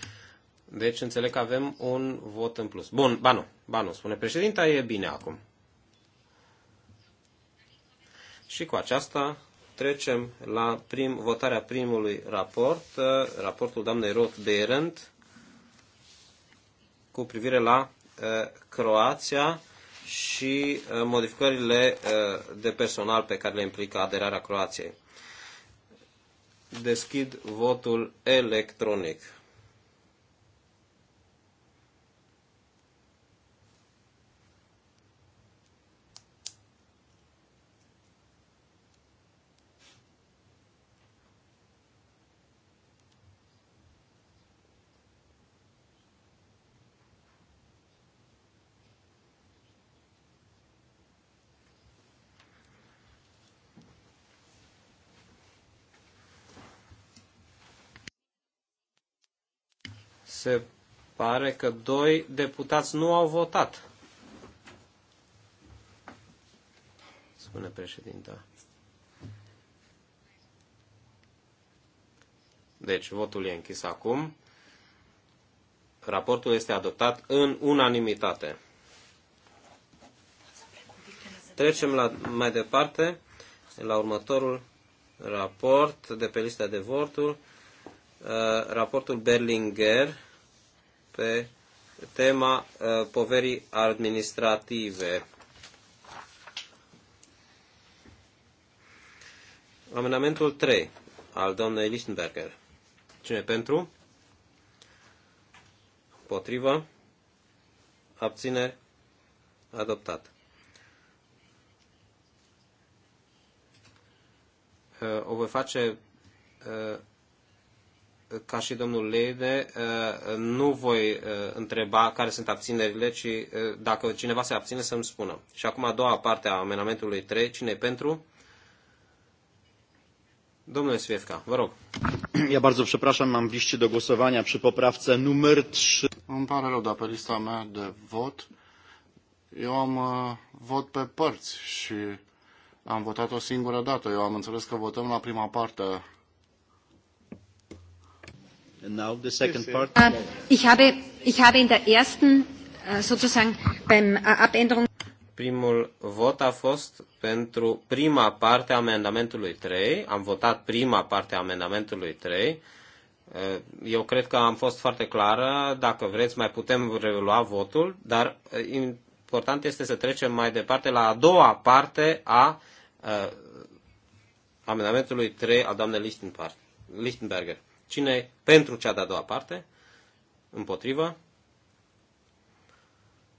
Deci înțeleg că avem un vot în plus. Bun, Banu, Banu, spune președinta, e bine acum. Și cu aceasta trecem la prim, votarea primului raport, uh, raportul doamnei Roth Berend cu privire la uh, Croația și uh, modificările de personal pe care le implică aderarea Croației. Deschid votul electronic. Se pare că doi deputați nu au votat. Spune președinta. Deci, votul e închis acum. Raportul este adoptat în unanimitate. Trecem la, mai departe la următorul raport de pe lista de voturi, uh, raportul Berlinger, pe tema uh, poverii administrative. Amendamentul 3 al doamnei Lichtenberger. Cine pentru? Potrivă? Abțineri? Adoptat. Uh, o voi face uh, ca și domnul Leide, uh, nu voi uh, întreba care sunt abținerile, ci uh, dacă cineva se abține să-mi spună. Și acum a doua parte a amenamentului 3, cine e pentru? Domnule Swiewka, vă rog. Ja bardzo przepraszam, mam w liście do głosowania przy poprawce numer 3. Îmi pare rău, dar pe lista mea de vot, eu am vot pe părți și am votat o singură dată. Eu am înțeles că votăm la prima parte Äh, ich habe, ich habe in der ersten äh, sozusagen beim äh, Abänderung Primul vot a fost pentru prima parte a amendamentului 3. Am votat prima parte a amendamentului 3. Eu cred că am fost foarte clară. Dacă vreți, mai putem relua votul, dar important este să trecem mai departe la a doua parte a amendamentului 3 a doamnei Lichtenberger. Cine pentru cea de-a doua parte? Împotrivă?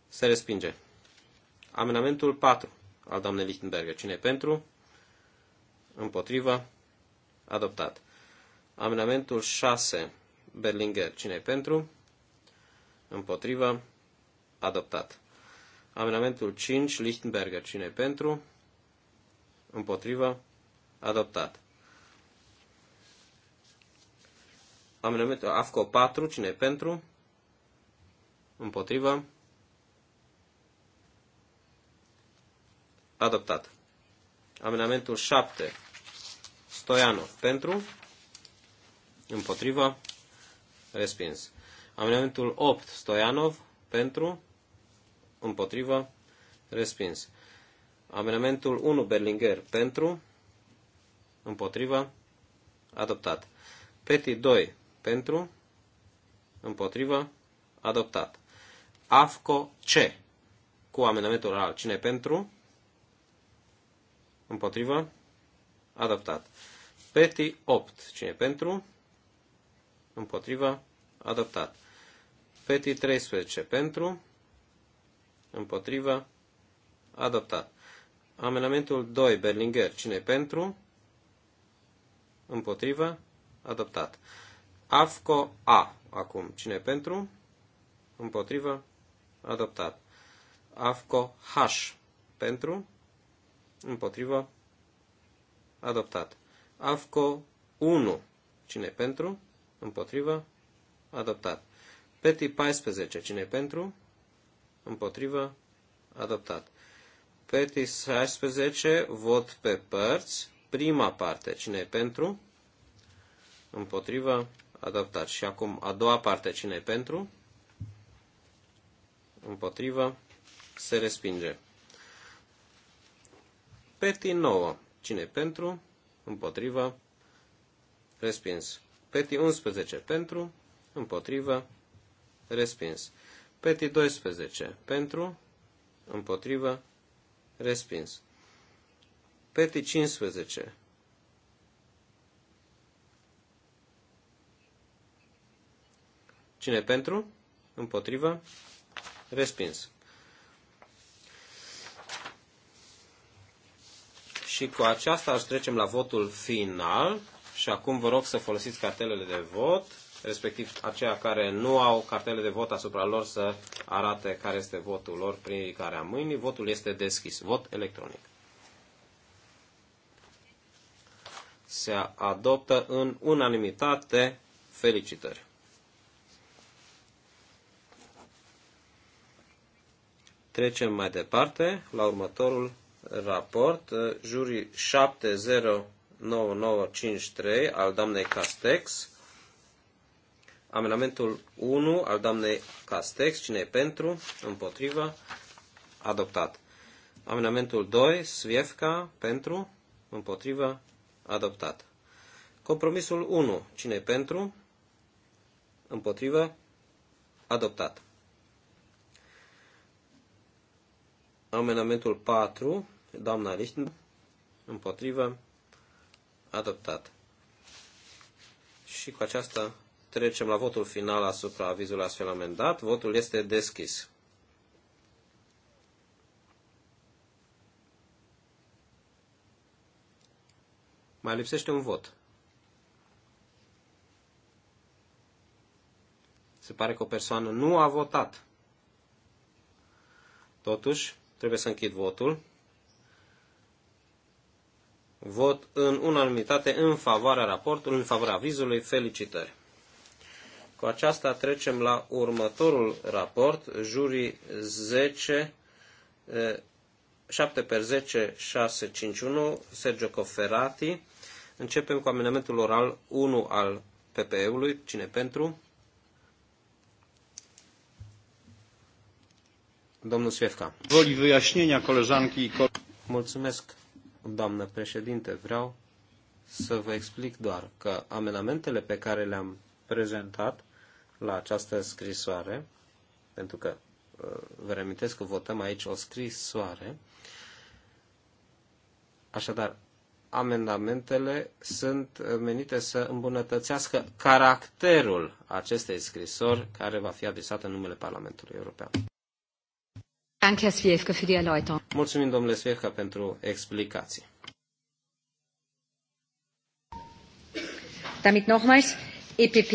Se respinge. Amenamentul 4 al doamnei Lichtenberger. Cine pentru? Împotrivă? Adoptat. Amenamentul 6 Berlinger. Cine pentru? Împotrivă? Adoptat. Amenamentul 5 Lichtenberger. Cine pentru? Împotrivă? Adoptat. Amendamentul AFCO 4, cine e pentru? Împotrivă. Adoptat. Amendamentul 7, Stoiano, pentru? Împotrivă. Respins. Amendamentul 8, Stoianov, pentru? Împotrivă. Respins. Amendamentul 1, Berlinger, pentru? Împotrivă. Adoptat. Peti 2, pentru, împotrivă, adoptat. AFCO C cu amendamentul oral. Cine pentru? Împotrivă? Adoptat. PETI 8. Cine pentru? Împotrivă? Adoptat. PETI 13. Pentru? Împotrivă? Adoptat. Amendamentul 2. Berlinger. Cine pentru? Împotrivă? Adoptat. AFCO A. Acum, cine pentru? Împotrivă? Adoptat. AFCO H. Pentru? Împotrivă? Adoptat. AFCO 1. Cine pentru? Împotrivă? Adoptat. PETI 14. Cine pentru? Împotrivă? Adoptat. PETI 16. Vot pe părți. Prima parte. Cine pentru? Împotrivă? adoptat. Și acum a doua parte, cine e pentru? Împotrivă, se respinge. Peti 9, cine e pentru? Împotrivă, respins. Peti 11, pentru? Împotrivă, respins. Peti 12, pentru? Împotrivă, respins. Peti 15, Cine pentru? Împotrivă? Respins. Și cu aceasta aș trecem la votul final și acum vă rog să folosiți cartelele de vot, respectiv aceia care nu au cartele de vot asupra lor să arate care este votul lor prin ridicarea mâinii. Votul este deschis. Vot electronic. Se adoptă în unanimitate. Felicitări! Trecem mai departe la următorul raport, eh, jurii 709953 al doamnei Castex, amenamentul 1 al doamnei Castex, cine e pentru, împotriva, adoptat. Amenamentul 2, Sviefca, pentru, împotriva, adoptat. Compromisul 1, cine e pentru, împotriva, adoptat. amenamentul 4, doamna Lichten, împotrivă, adoptat. Și cu aceasta trecem la votul final asupra avizului astfel amendat. Votul este deschis. Mai lipsește un vot. Se pare că o persoană nu a votat. Totuși, Trebuie să închid votul. Vot în unanimitate în favoarea raportului, în favoarea avizului. Felicitări! Cu aceasta trecem la următorul raport, jurii 10, 7 per 10, 6, 1, Sergio Coferati. Începem cu amendamentul oral 1 al PPE-ului. Cine pentru? Domnul Sviefca. Voli wyjaśnienia koleżanki Mulțumesc, doamnă președinte. Vreau să vă explic doar că amenamentele pe care le-am prezentat la această scrisoare, pentru că uh, vă reamintesc că votăm aici o scrisoare, așadar, amendamentele sunt uh, menite să îmbunătățească caracterul acestei scrisori care va fi adresată în numele Parlamentului European. Danke, Herr für die Mulțumim, domnule Sviefka, pentru explicații. Damit nochmals, EPP...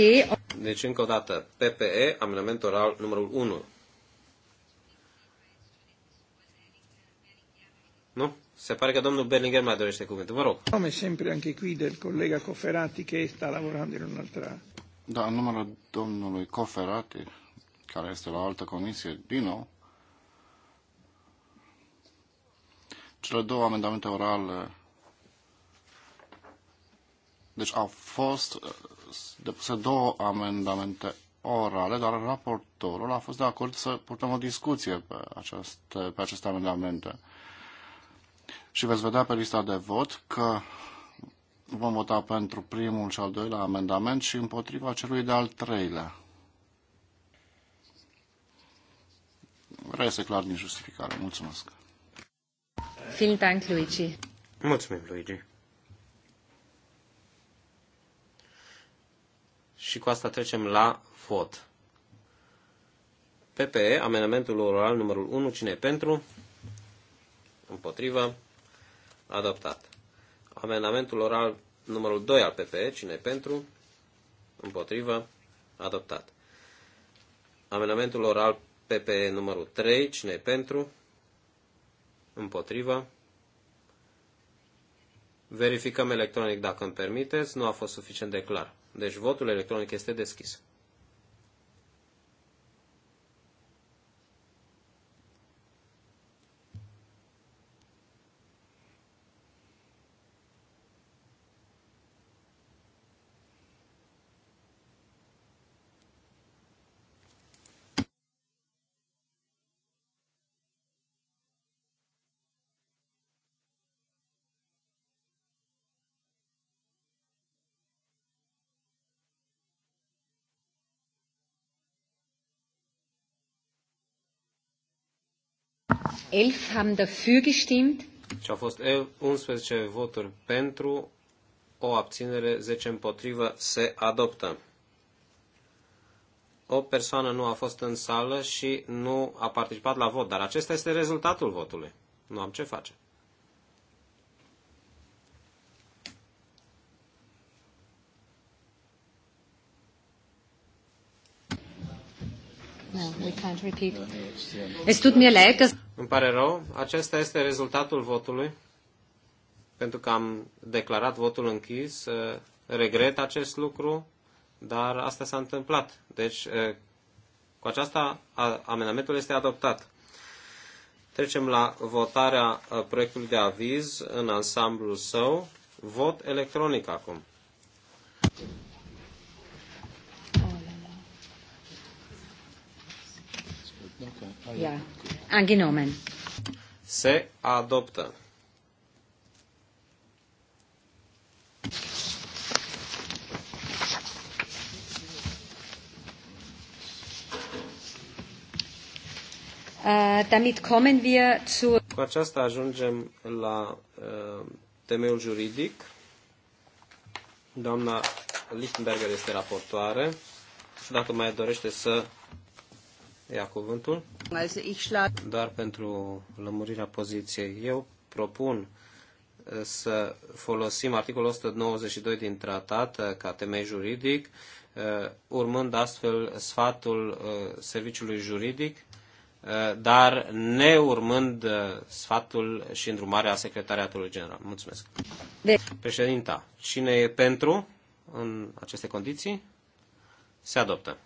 Deci, încă o dată, PPE, amendament oral numărul 1. Nu? Se pare că domnul Berlinger mai dorește cuvântul. Vă rog. Come sempre anche qui del collega Coferati che sta lavorando in un'altra... Da, în numele domnului Coferati, care este la altă comisie, din nou, Cele două amendamente orale deci au fost uh, depuse două amendamente orale, dar raportorul a fost de acord să purtăm o discuție pe aceste, pe aceste amendamente. Și veți vedea pe lista de vot că vom vota pentru primul și al doilea amendament și împotriva celui de-al treilea. Reiese clar din justificare. Mulțumesc. Vielen Dank, Luigi. Mulțumim, Luigi. Și cu asta trecem la vot. PPE, amendamentul oral numărul 1, cine e pentru? Împotrivă? Adoptat. Amendamentul oral numărul 2 al PPE, cine e pentru? Împotrivă? Adoptat. Amendamentul oral PPE numărul 3, cine e pentru? împotrivă. Verificăm electronic dacă îmi permiteți, nu a fost suficient de clar. Deci votul electronic este deschis. 11 haben dafür gestimmt. Și au fost 11 voturi pentru, o abținere, 10 împotrivă, se adoptă. O persoană nu a fost în sală și nu a participat la vot, dar acesta este rezultatul votului. Nu am ce face. No, we can't repeat. Es tut mir leid, dass îmi pare rău, acesta este rezultatul votului, pentru că am declarat votul închis. Eh, regret acest lucru, dar asta s-a întâmplat. Deci, eh, cu aceasta, amendamentul este adoptat. Trecem la votarea eh, proiectului de aviz în ansamblul său. Vot electronic acum. Ja. Oh, Angenommen. Se adoptă. Uh, damit kommen wir zu... Cu aceasta ajungem la uh, temeiul juridic. Doamna Lichtenberger este raportoare. Dacă mai dorește să ia cuvântul. Doar pentru lămurirea poziției. Eu propun uh, să folosim articolul 192 din tratat uh, ca temei juridic, uh, urmând astfel sfatul serviciului juridic, dar ne urmând sfatul și îndrumarea secretariatului general. Mulțumesc. De- Președinta, cine e pentru în aceste condiții? Se adoptă.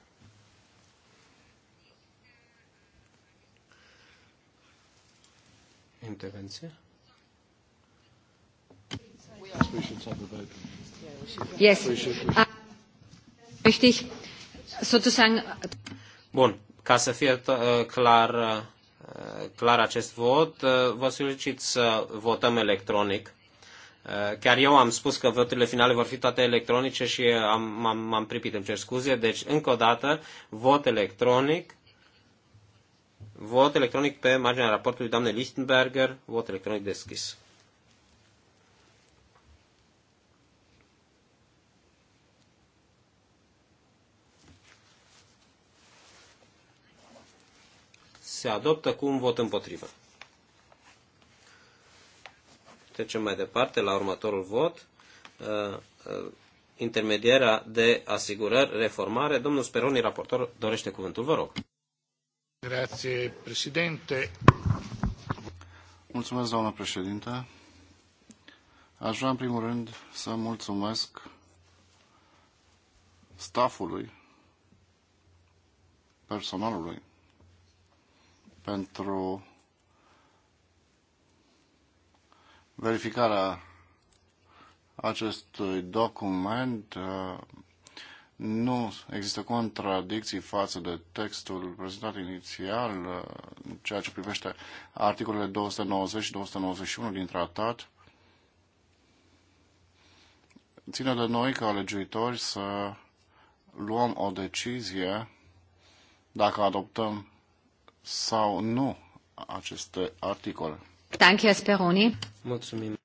intervenție. Yes. Uh, sozusagen... Bun, ca să fie uh, clar, uh, clar acest vot, vă solicit să votăm electronic. Chiar eu am spus că voturile finale vor fi toate electronice și am, m-am, m-am pripit, îmi cer scuze. Deci, încă o dată, vot electronic Vot electronic pe marginea raportului doamnei Lichtenberger. Vot electronic deschis. Se adoptă cu un vot împotrivă. Trecem mai departe la următorul vot. Uh, uh, intermediarea de asigurări, reformare. Domnul Speroni, raportor, dorește cuvântul. Vă rog. Mulțumesc, doamnă președinte. Aș vrea, în primul rând, să mulțumesc staffului, personalului, pentru verificarea acestui document nu există contradicții față de textul prezentat inițial uh, în ceea ce privește articolele 290 și 291 din tratat. Ține de noi ca legiuitori să luăm o decizie dacă adoptăm sau nu aceste articole. Danke, Speroni. Mulțumim.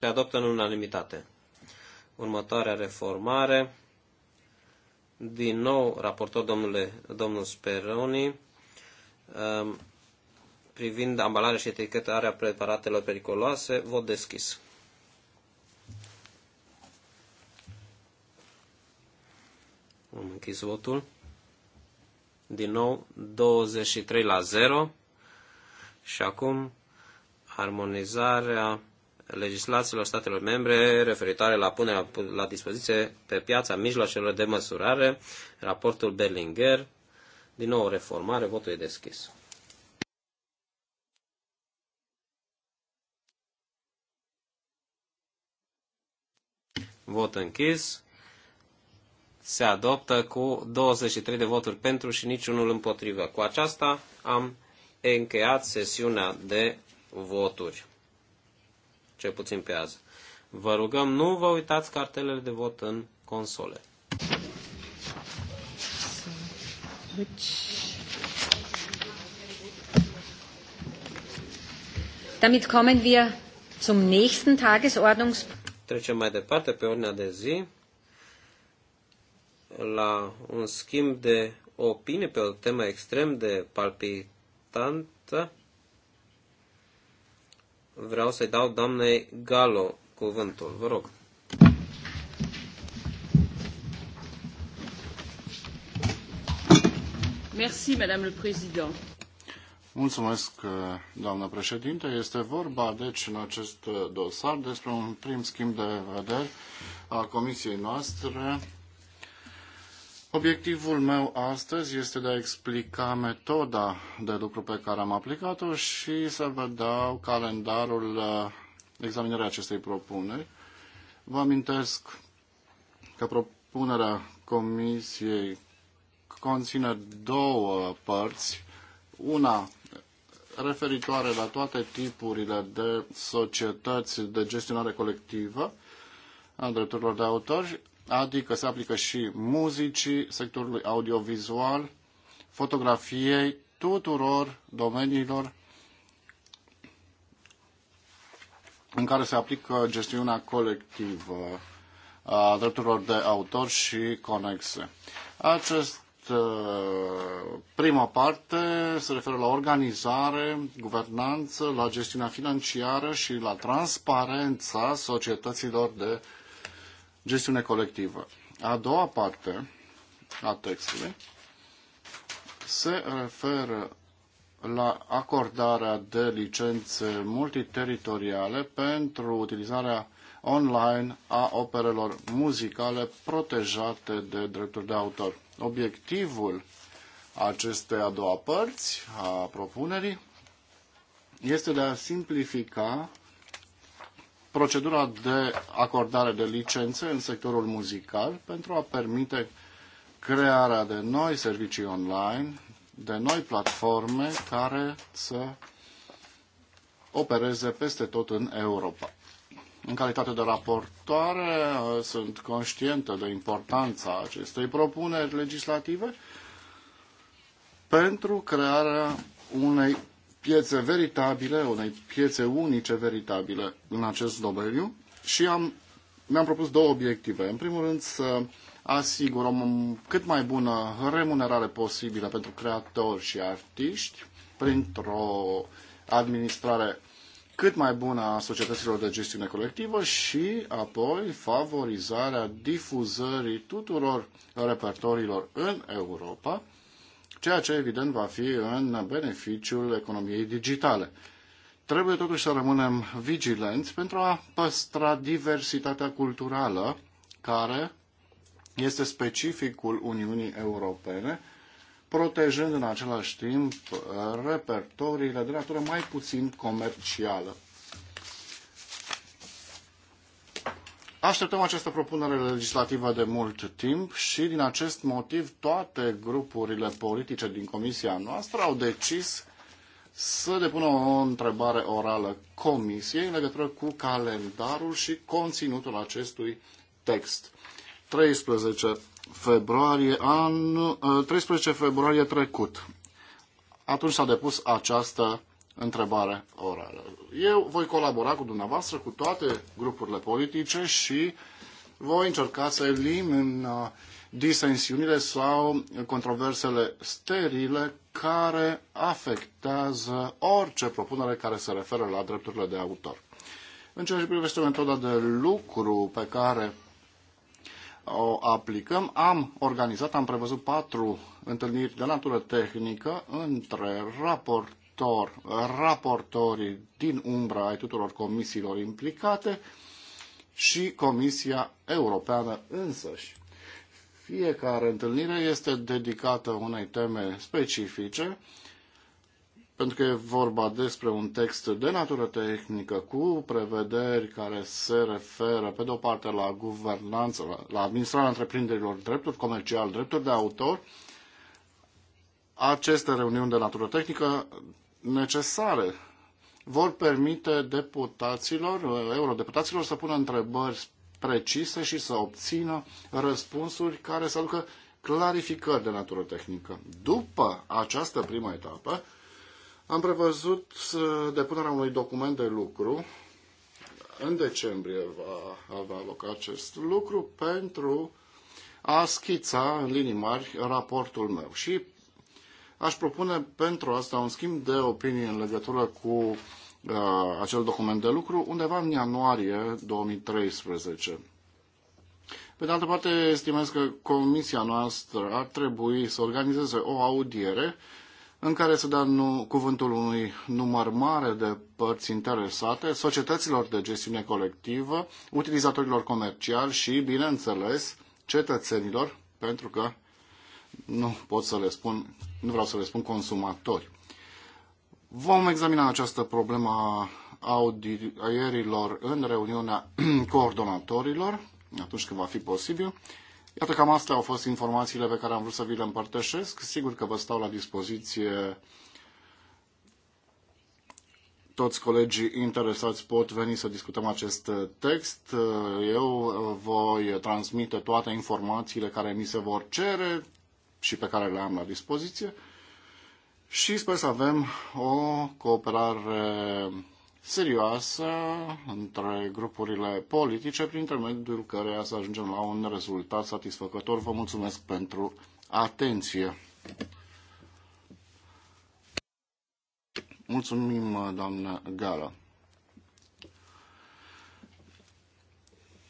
se adoptă în unanimitate. Următoarea reformare, din nou raportor domnule, domnul Speroni, um, privind ambalarea și etichetarea preparatelor periculoase, vot deschis. Am închis votul. Din nou, 23 la 0. Și acum, armonizarea legislațiilor statelor membre referitoare la punerea la dispoziție pe piața mijloacelor de măsurare, raportul Berlinger, din nou reformare, votul e deschis. Vot închis. Se adoptă cu 23 de voturi pentru și niciunul împotrivă. Cu aceasta am încheiat sesiunea de voturi cel puțin pe azi. Vă rugăm, nu vă uitați cartelele de vot în console. Deci, damit kommen wir zum nächsten Tagesordnungspunkt. Trecem mai departe pe ordinea de zi la un schimb de opinie pe o temă extrem de palpitantă vreau să-i dau doamnei Galo cuvântul. Vă rog. Merci, Madame le Président. Mulțumesc, doamnă președinte. Este vorba, deci, în acest dosar despre un prim schimb de vederi a comisiei noastre Obiectivul meu astăzi este de a explica metoda de lucru pe care am aplicat-o și să vă dau calendarul uh, examinării acestei propuneri. Vă amintesc că propunerea Comisiei conține două părți. Una referitoare la toate tipurile de societăți de gestionare colectivă a drepturilor de autor adică se aplică și muzicii, sectorului audiovizual, fotografiei, tuturor domeniilor în care se aplică gestiunea colectivă a drepturilor de autor și conexe. Acest uh, prima parte se referă la organizare, guvernanță, la gestiunea financiară și la transparența societăților de gestiune colectivă. A doua parte a textului se referă la acordarea de licențe multiteritoriale pentru utilizarea online a operelor muzicale protejate de drepturi de autor. Obiectivul acestei a doua părți a propunerii este de a simplifica procedura de acordare de licențe în sectorul muzical pentru a permite crearea de noi servicii online, de noi platforme care să opereze peste tot în Europa. În calitate de raportoare, uh, sunt conștientă de importanța acestei propuneri legislative pentru crearea unei piețe veritabile, unei piețe unice veritabile în acest domeniu și am, mi-am propus două obiective. În primul rând să asigurăm cât mai bună remunerare posibilă pentru creatori și artiști printr-o administrare cât mai bună a societăților de gestiune colectivă și apoi favorizarea difuzării tuturor repertoriilor în Europa, ceea ce evident va fi în beneficiul economiei digitale. Trebuie totuși să rămânem vigilenți pentru a păstra diversitatea culturală care este specificul Uniunii Europene, protejând în același timp repertoriile de natură mai puțin comercială. Așteptăm această propunere legislativă de mult timp și din acest motiv toate grupurile politice din comisia noastră au decis să depună o întrebare orală comisiei în legătură cu calendarul și conținutul acestui text. 13 februarie, an, 13 februarie trecut. Atunci s-a depus această întrebare orală. Eu voi colabora cu dumneavoastră, cu toate grupurile politice și voi încerca să elimin uh, disensiunile sau controversele sterile care afectează orice propunere care se referă la drepturile de autor. În ceea ce privește metoda de lucru pe care o aplicăm, am organizat, am prevăzut patru întâlniri de natură tehnică între raport raportor, raportorii din umbra ai tuturor comisiilor implicate și Comisia Europeană însăși. Fiecare întâlnire este dedicată unei teme specifice, pentru că e vorba despre un text de natură tehnică cu prevederi care se referă, pe de o parte, la guvernanță, la administrarea întreprinderilor, drepturi comercial, drepturi de autor. Aceste reuniuni de natură tehnică necesare vor permite deputaților, eurodeputaților să pună întrebări precise și să obțină răspunsuri care să aducă clarificări de natură tehnică. După această primă etapă, am prevăzut uh, depunerea unui document de lucru. În decembrie va avea loc acest lucru pentru a schița în linii mari raportul meu. Și Aș propune pentru asta un schimb de opinie în legătură cu uh, acel document de lucru undeva în ianuarie 2013. Pe de altă parte, estimez că comisia noastră ar trebui să organizeze o audiere în care să dea nu, cuvântul unui număr mare de părți interesate, societăților de gestiune colectivă, utilizatorilor comerciali și, bineînțeles, cetățenilor, pentru că nu pot să le spun, nu vreau să le spun consumatori. Vom examina această problemă a audierilor în reuniunea <clears throat> coordonatorilor, atunci când va fi posibil. Iată, cam astea au fost informațiile pe care am vrut să vi le împărtășesc. Sigur că vă stau la dispoziție toți colegii interesați pot veni să discutăm acest text. Eu voi transmite toate informațiile care mi se vor cere, și pe care le am la dispoziție și sper să avem o cooperare serioasă între grupurile politice prin intermediul căreia să ajungem la un rezultat satisfăcător. Vă mulțumesc pentru atenție. Mulțumim, doamnă Gala.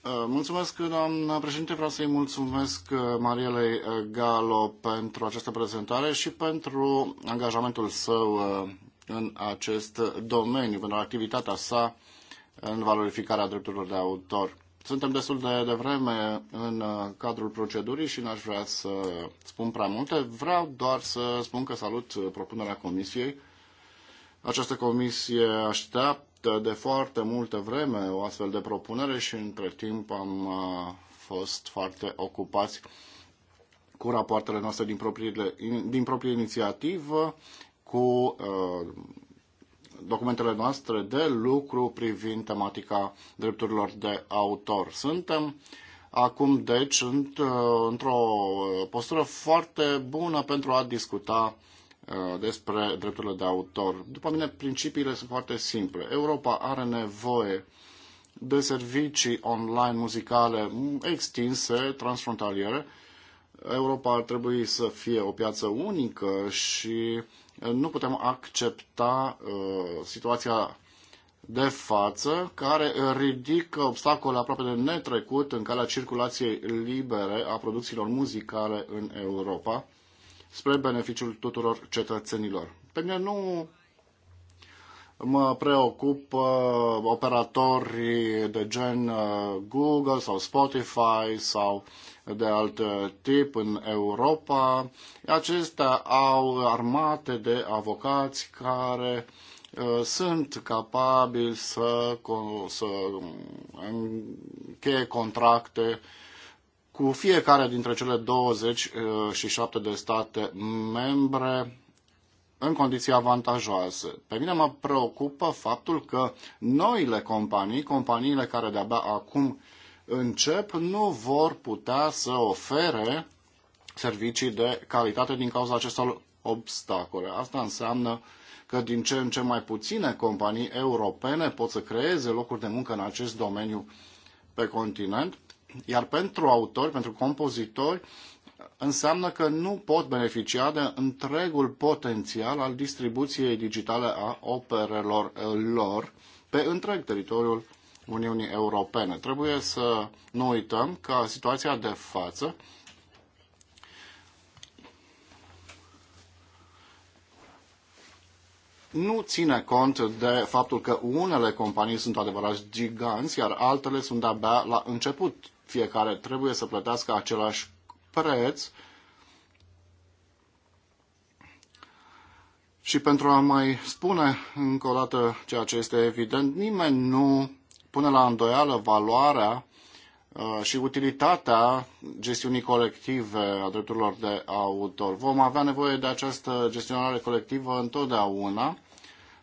Uh, mulțumesc, doamna președinte. Vreau să-i mulțumesc uh, Marielei uh, Galo pentru această prezentare și pentru angajamentul său în acest domeniu, pentru activitatea sa în valorificarea drepturilor de autor. Suntem destul de devreme în cadrul procedurii și n-aș vrea să spun prea multe. Vreau doar să spun că salut propunerea comisiei. Această comisie așteaptă de foarte multă vreme o astfel de propunere și între timp am uh, fost foarte ocupați cu rapoartele noastre din, propriile, din proprie inițiativă, cu uh, documentele noastre de lucru privind tematica drepturilor de autor. Suntem acum, deci, uh, într-o postură foarte bună pentru a discuta Uh, despre drepturile de autor. După mine, principiile sunt foarte simple. Europa are nevoie de servicii online muzicale extinse, transfrontaliere. Europa ar trebui să fie o piață unică și uh, nu putem accepta uh, situația de față care ridică obstacole aproape de netrecut în calea circulației libere a producțiilor muzicale în Europa spre beneficiul tuturor cetățenilor. Pe mine nu mă uh, operatorii de gen uh, Google sau Spotify sau de alt uh, tip în Europa. Acestea au armate de avocați care uh, sunt capabili să, să încheie contracte cu fiecare dintre cele 27 uh, de state membre în condiții avantajoase. Pe mine mă preocupă faptul că noile companii, companiile care de-abia acum încep, nu vor putea să ofere servicii de calitate din cauza acestor obstacole. Asta înseamnă că din ce în ce mai puține companii europene pot să creeze locuri de muncă în acest domeniu pe continent iar pentru autori, pentru compozitori, înseamnă că nu pot beneficia de întregul potențial al distribuției digitale a operelor eh, lor pe întreg teritoriul Uniunii Europene. Trebuie să nu uităm că situația de față nu ține cont de faptul că unele companii sunt adevărați giganți, iar altele sunt abia la început fiecare trebuie să plătească același preț și pentru a mai spune încă o dată ceea ce este evident, nimeni nu pune la îndoială valoarea uh, și utilitatea gestiunii colective a drepturilor de autor. Vom avea nevoie de această gestionare colectivă întotdeauna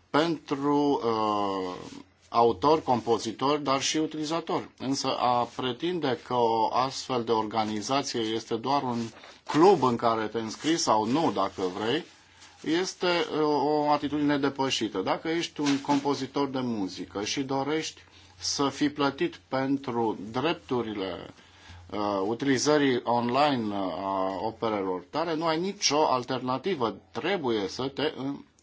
pentru uh, autor, compozitor, dar și utilizator. Însă a pretinde că o astfel de organizație este doar un club în care te înscrii sau nu, dacă vrei, este uh, o atitudine depășită. Dacă ești un compozitor de muzică și dorești să fii plătit pentru drepturile uh, utilizării online uh, a operelor tale, nu ai nicio alternativă. Trebuie să te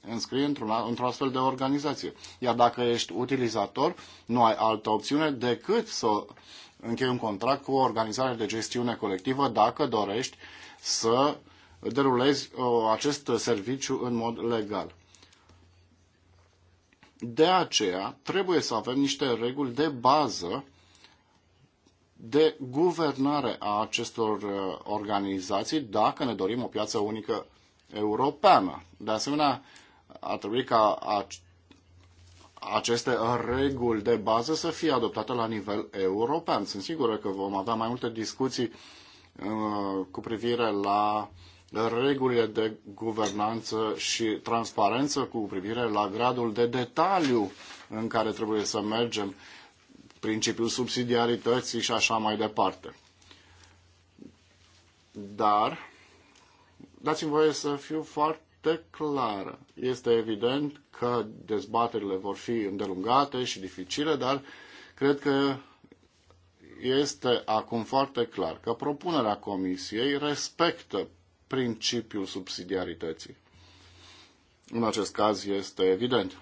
înscrie într-o într astfel de organizație. Iar dacă ești utilizator, nu ai altă opțiune decât să închei un contract cu o organizare de gestiune colectivă dacă dorești să derulezi uh, acest serviciu în mod legal. De aceea trebuie să avem niște reguli de bază de guvernare a acestor uh, organizații dacă ne dorim o piață unică europeană. De asemenea, ar trebui ca aceste reguli de bază să fie adoptate la nivel european. Sunt sigură că vom avea mai multe discuții uh, cu privire la regulile de guvernanță și transparență cu privire la gradul de detaliu în care trebuie să mergem, principiul subsidiarității și așa mai departe. Dar dați-mi voie să fiu foarte foarte clară. Este evident că dezbaterile vor fi îndelungate și dificile, dar cred că este acum foarte clar că propunerea Comisiei respectă principiul subsidiarității. În acest caz este evident.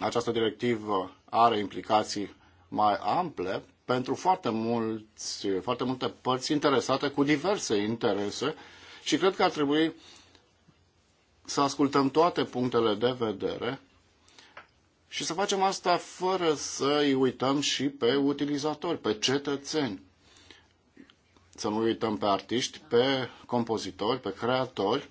Această directivă are implicații mai ample pentru foarte, mulți, foarte multe părți interesate cu diverse interese și cred că ar trebui să ascultăm toate punctele de vedere și să facem asta fără să îi uităm și pe utilizatori, pe cetățeni. Să nu uităm pe artiști, pe compozitori, pe creatori,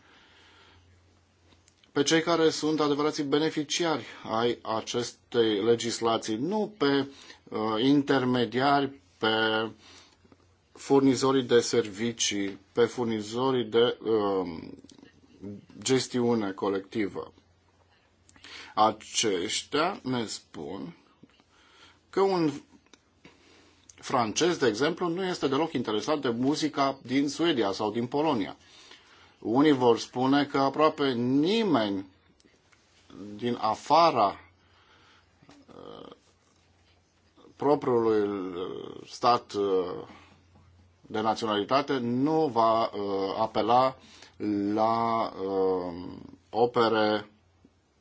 pe cei care sunt adevărații beneficiari ai acestei legislații, nu pe uh, intermediari, pe furnizorii de servicii, pe furnizorii de uh, gestiune colectivă. Aceștia ne spun că un francez, de exemplu, nu este deloc interesat de muzica din Suedia sau din Polonia. Unii vor spune că aproape nimeni din afara uh, propriului stat uh, de naționalitate nu va uh, apela la uh, opere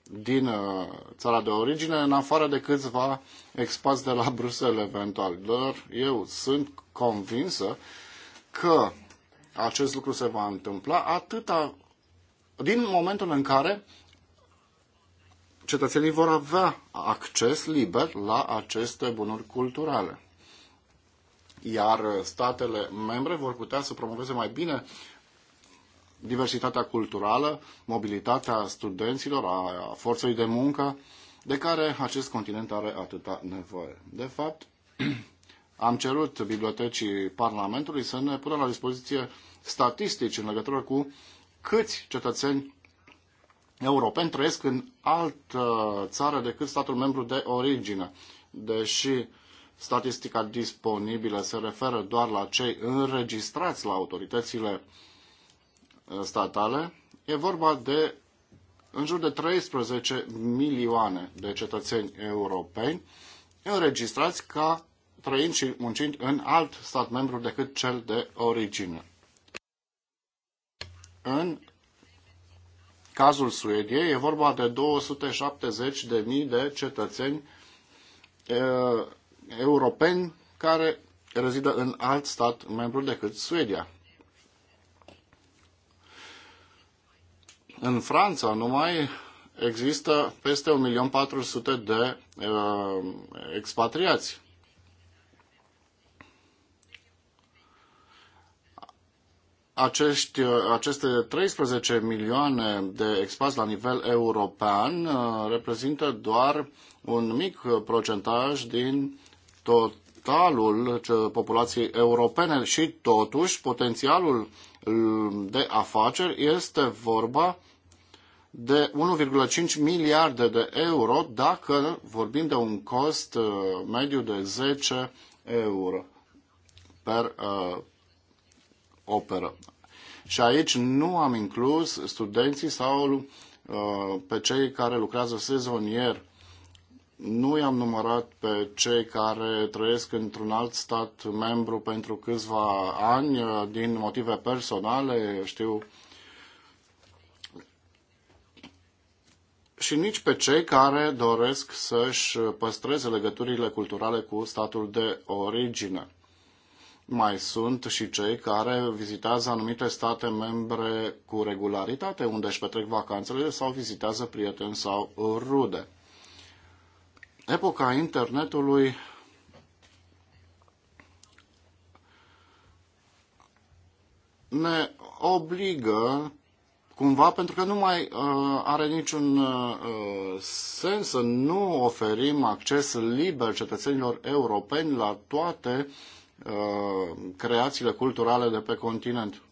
din uh, țara de origine, în afară de câțiva expați de la <laughs> Bruxelles eventual. Dar eu sunt convinsă că acest lucru se va întâmpla atâta din momentul în care cetățenii vor avea acces liber la aceste bunuri culturale. Iar statele membre vor putea să promoveze mai bine diversitatea culturală, mobilitatea studenților, a forței de muncă, de care acest continent are atâta nevoie. De fapt, <clears throat> am cerut Bibliotecii Parlamentului să ne pună la dispoziție statistici în legătură cu câți cetățeni europeni trăiesc în altă țară decât statul membru de origine. Deși statistica disponibilă se referă doar la cei înregistrați la autoritățile statale, e vorba de în jur de 13 milioane de cetățeni europeni înregistrați ca trăind și muncind în alt stat membru decât cel de origine. În cazul Suediei e vorba de 270.000 de de cetățeni europeni care rezidă în alt stat membru decât Suedia. În Franța numai există peste 1.400.000 de uh, expatriați. Acești, uh, aceste 13 milioane de expați la nivel european uh, reprezintă doar un mic procentaj din totalul populației europene și totuși potențialul uh, de afaceri este vorba de 1,5 miliarde de euro dacă vorbim de un cost uh, mediu de 10 euro per uh, operă. Și aici nu am inclus studenții sau uh, pe cei care lucrează sezonier. Nu i-am numărat pe cei care trăiesc într-un alt stat membru pentru câțiva ani uh, din motive personale, știu, uh, și nici pe cei care doresc să-și păstreze legăturile culturale cu statul de origine. Mai sunt și cei care vizitează anumite state membre cu regularitate, unde își petrec vacanțele sau vizitează prieteni sau rude. Epoca internetului ne obligă cumva pentru că nu mai uh, are niciun uh, uh, sens să nu oferim acces liber cetățenilor europeni la toate uh, creațiile culturale de pe continent.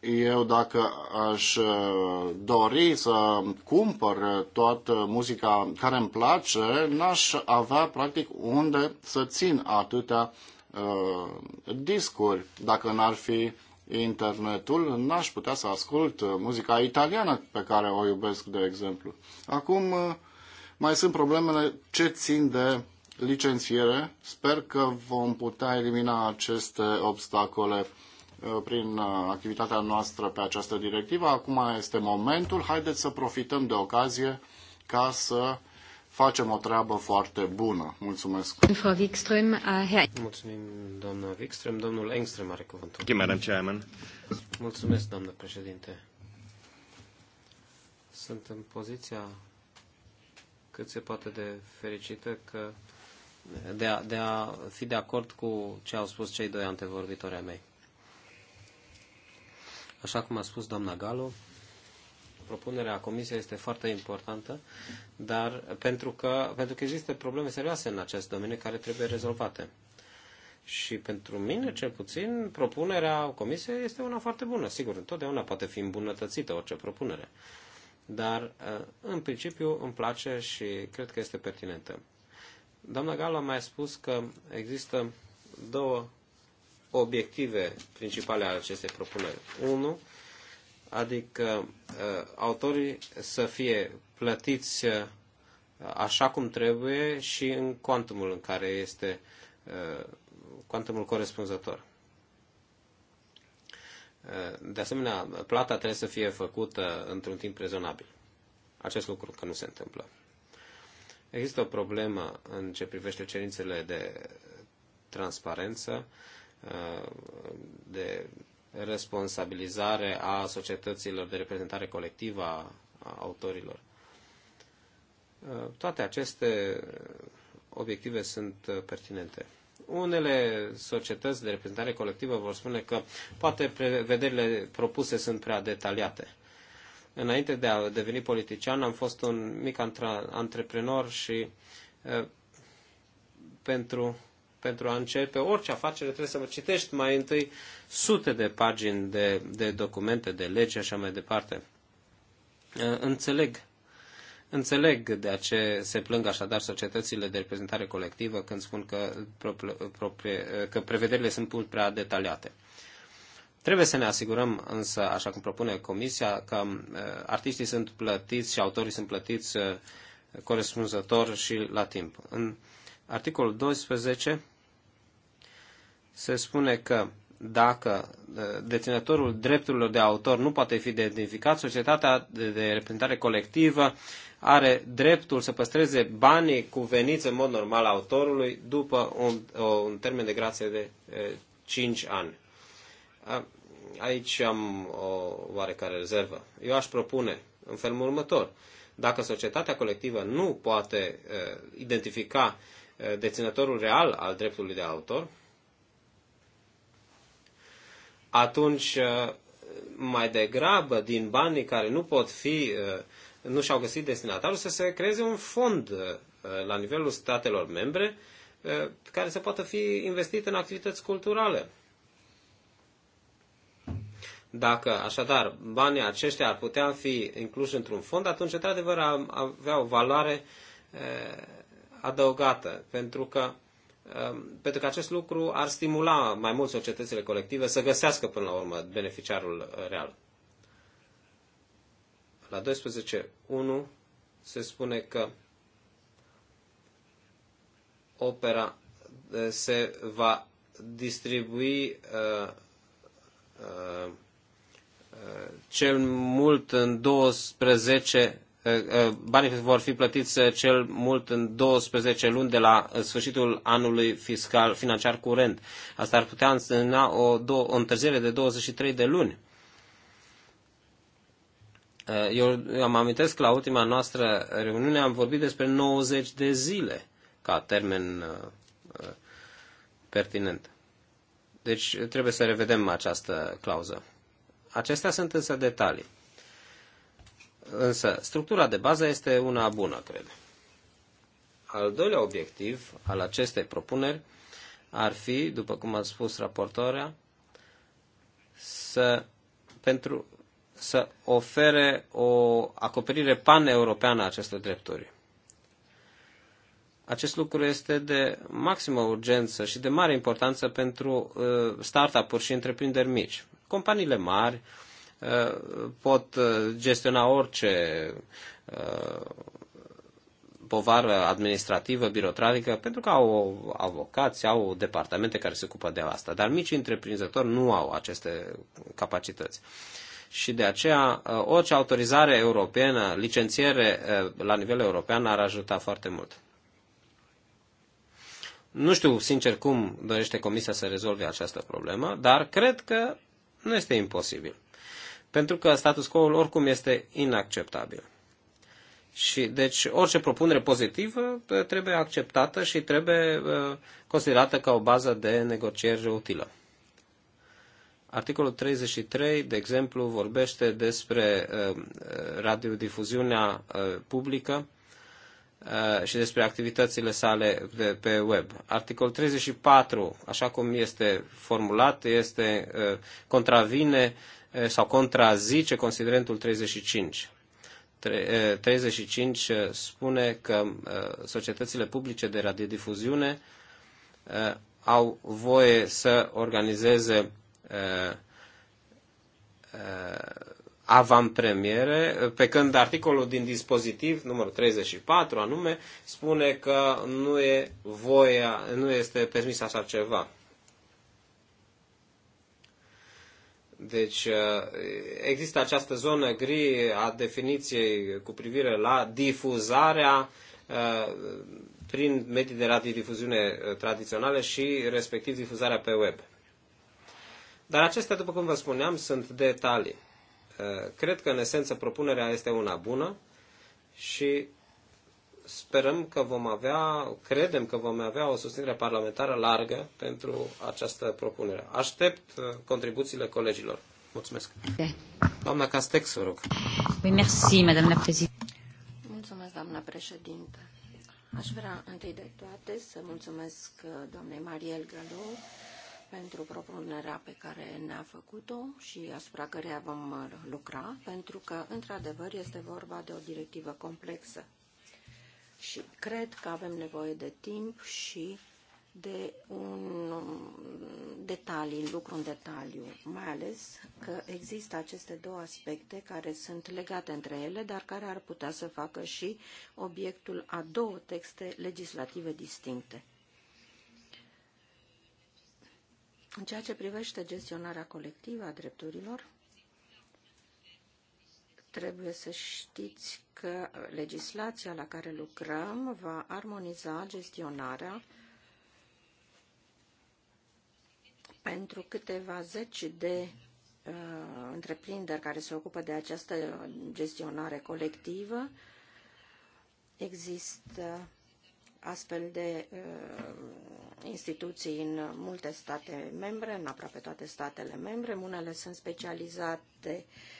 eu dacă aș uh, dori să cumpăr toată muzica care îmi place, n-aș avea practic unde să țin atâtea uh, discuri. Dacă n-ar fi internetul, n-aș putea să ascult muzica italiană pe care o iubesc, de exemplu. Acum uh, mai sunt problemele ce țin de licențiere. Sper că vom putea elimina aceste obstacole Uh, prin uh, activitatea noastră pe această directivă. Acum este momentul, haideți să profităm de ocazie ca să facem o treabă foarte bună. Mulțumesc. Frau Wikström, uh, Mulțumim, doamna Wikström. Domnul Engström are cuvântul. Madam Chairman. Mulțumesc, doamnă președinte. Sunt în poziția cât se poate de fericită că de a, de a fi de acord cu ce au spus cei doi antevorbitori ai mei. Așa cum a spus doamna Galo, propunerea comisiei este foarte importantă, dar pentru că, pentru că există probleme serioase în acest domeniu care trebuie rezolvate. Și pentru mine, cel puțin, propunerea comisiei este una foarte bună. Sigur, întotdeauna poate fi îmbunătățită orice propunere. Dar, eh, în principiu, îmi place și cred că este pertinentă. Doamna Gala a mai spus că există două obiective principale ale acestei propuneri. 1. Adică uh, autorii să fie plătiți uh, așa cum trebuie și în cuantumul în care este uh, cuantumul corespunzător. De asemenea, plata trebuie să fie făcută într-un timp rezonabil. Acest lucru că nu se întâmplă. Există o problemă în ce privește cerințele de transparență de responsabilizare a societăților de reprezentare colectivă a autorilor. Toate aceste obiective sunt pertinente. Unele societăți de reprezentare colectivă vor spune că poate prevederile propuse sunt prea detaliate. Înainte de a deveni politician, am fost un mic antreprenor și eh, pentru pentru a începe orice afacere trebuie să citești mai întâi sute de pagini de, de documente, de lege așa mai departe. Uh, înțeleg Înțeleg de ce se plâng așadar societățile de reprezentare colectivă când spun că, proprie, uh, că prevederile sunt mult prea detaliate. Trebuie să ne asigurăm însă, așa cum propune Comisia, că uh, artiștii sunt plătiți și autorii sunt plătiți corespunzător și la timp. În articolul 12 se spune că dacă deținătorul drepturilor de autor nu poate fi identificat, societatea de reprezentare colectivă are dreptul să păstreze banii cuveniți în mod normal autorului după un, un termen de grație de e, 5 ani. Aici am o oarecare rezervă. Eu aș propune în felul următor. Dacă societatea colectivă nu poate e, identifica deținătorul real al dreptului de autor, atunci uh, mai degrabă din banii care nu pot fi, uh, nu și-au găsit destinatarul, să se creeze un fond uh, la nivelul statelor membre care să poată fi investit în activități culturale. Dacă, așadar, banii aceștia ar putea fi incluși într-un fond, atunci, într-adevăr, avea o valoare adăugată, pentru că, um, pentru că acest lucru ar stimula mai mult societățile colective să găsească până la urmă beneficiarul uh, real. La 12.1 se spune că opera uh, se va distribui uh, uh, uh cel mult în 12 Uh, uh, banii vor fi plătiți uh, cel mult în 12 luni de la sfârșitul anului fiscal financiar curent. Asta ar putea însemna o, o întârziere de 23 de luni. Eu am amintesc că la ultima noastră reuniune am vorbit despre 90 de zile ca termen pertinent. Deci trebuie să revedem această clauză. Acestea sunt însă detalii. Însă, structura de bază este una bună, cred. Al doilea obiectiv al acestei propuneri ar fi, după cum a spus raportoarea, să, pentru, să ofere o acoperire paneuropeană a acestor drepturi. Acest lucru este de maximă urgență și de mare importanță pentru uh, startup-uri și întreprinderi mici. Companiile mari, uh, Uh, pot uh, gestiona orice uh, povară administrativă, birocratică, pentru că au avocați, au departamente care se ocupă de asta. Dar mici întreprinzători nu au aceste capacități. Și de aceea, orice autorizare europeană, licențiere la nivel european ar ajuta foarte mult. Nu știu, sincer, cum dorește Comisia să rezolve această problemă, dar cred că nu este imposibil pentru că status quo-ul oricum este inacceptabil. Și deci orice propunere pozitivă trebuie acceptată și trebuie considerată ca o bază de negociere utilă. Articolul 33, de exemplu, vorbește despre radiodifuziunea publică și despre activitățile sale de, pe web. Articolul 34, așa cum este formulat, este contravine uh, Eh, sau contrazice considerentul 35. 35 eh, eh, spune că societățile publice de radiodifuziune au voie să organizeze avantpremiere, pe când articolul din dispozitiv, numărul 34 anume, spune că nu, e voia, nu este permis așa ceva. Deci uh, există această zonă gri a definiției cu privire la difuzarea uh, prin medii de radiodifuziune uh, tradiționale și respectiv difuzarea pe web. Dar acestea, după cum vă spuneam, sunt detalii. Cred că, în esență, propunerea este una bună și sperăm că vom avea, credem că vom avea o susținere parlamentară largă pentru această propunere. Aștept uh, contribuțiile colegilor. Mulțumesc. Doamna Castex, vă rog. Merci, madame la Mulțumesc, doamna președinte. Aș vrea întâi de toate să mulțumesc uh, doamnei Mariel Galou pentru propunerea pe care ne-a făcut-o și asupra căreia vom uh, lucra, pentru că, într-adevăr, este vorba de o directivă complexă. Și cred că avem nevoie de timp și de un detaliu, lucru în detaliu, mai ales că există aceste două aspecte care sunt legate între ele, dar care ar putea să facă și obiectul a două texte legislative distincte. În ceea ce privește gestionarea colectivă a drepturilor, Trebuie să știți că legislația la care lucrăm va armoniza gestionarea pentru câteva zeci de uh, întreprinderi care se ocupă de această gestionare colectivă. Există astfel de uh, instituții în multe state membre, în aproape toate statele membre. Unele sunt specializate uh,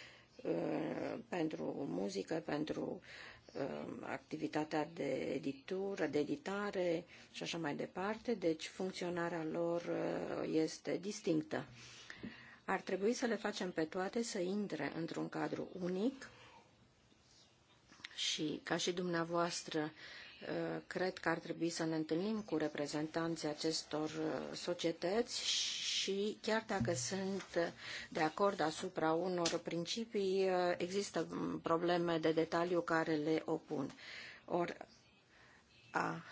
Uh, pentru muzică, pentru uh, activitatea de editură, de editare și așa mai departe, deci funcționarea lor uh, este distinctă. Ar trebui să le facem pe toate să intre într-un cadru unic și, ca și dumneavoastră, cred că ar trebui să ne întâlnim cu reprezentanții acestor societăți și chiar dacă sunt de acord asupra unor principii, există probleme de detaliu care le opun. Or, a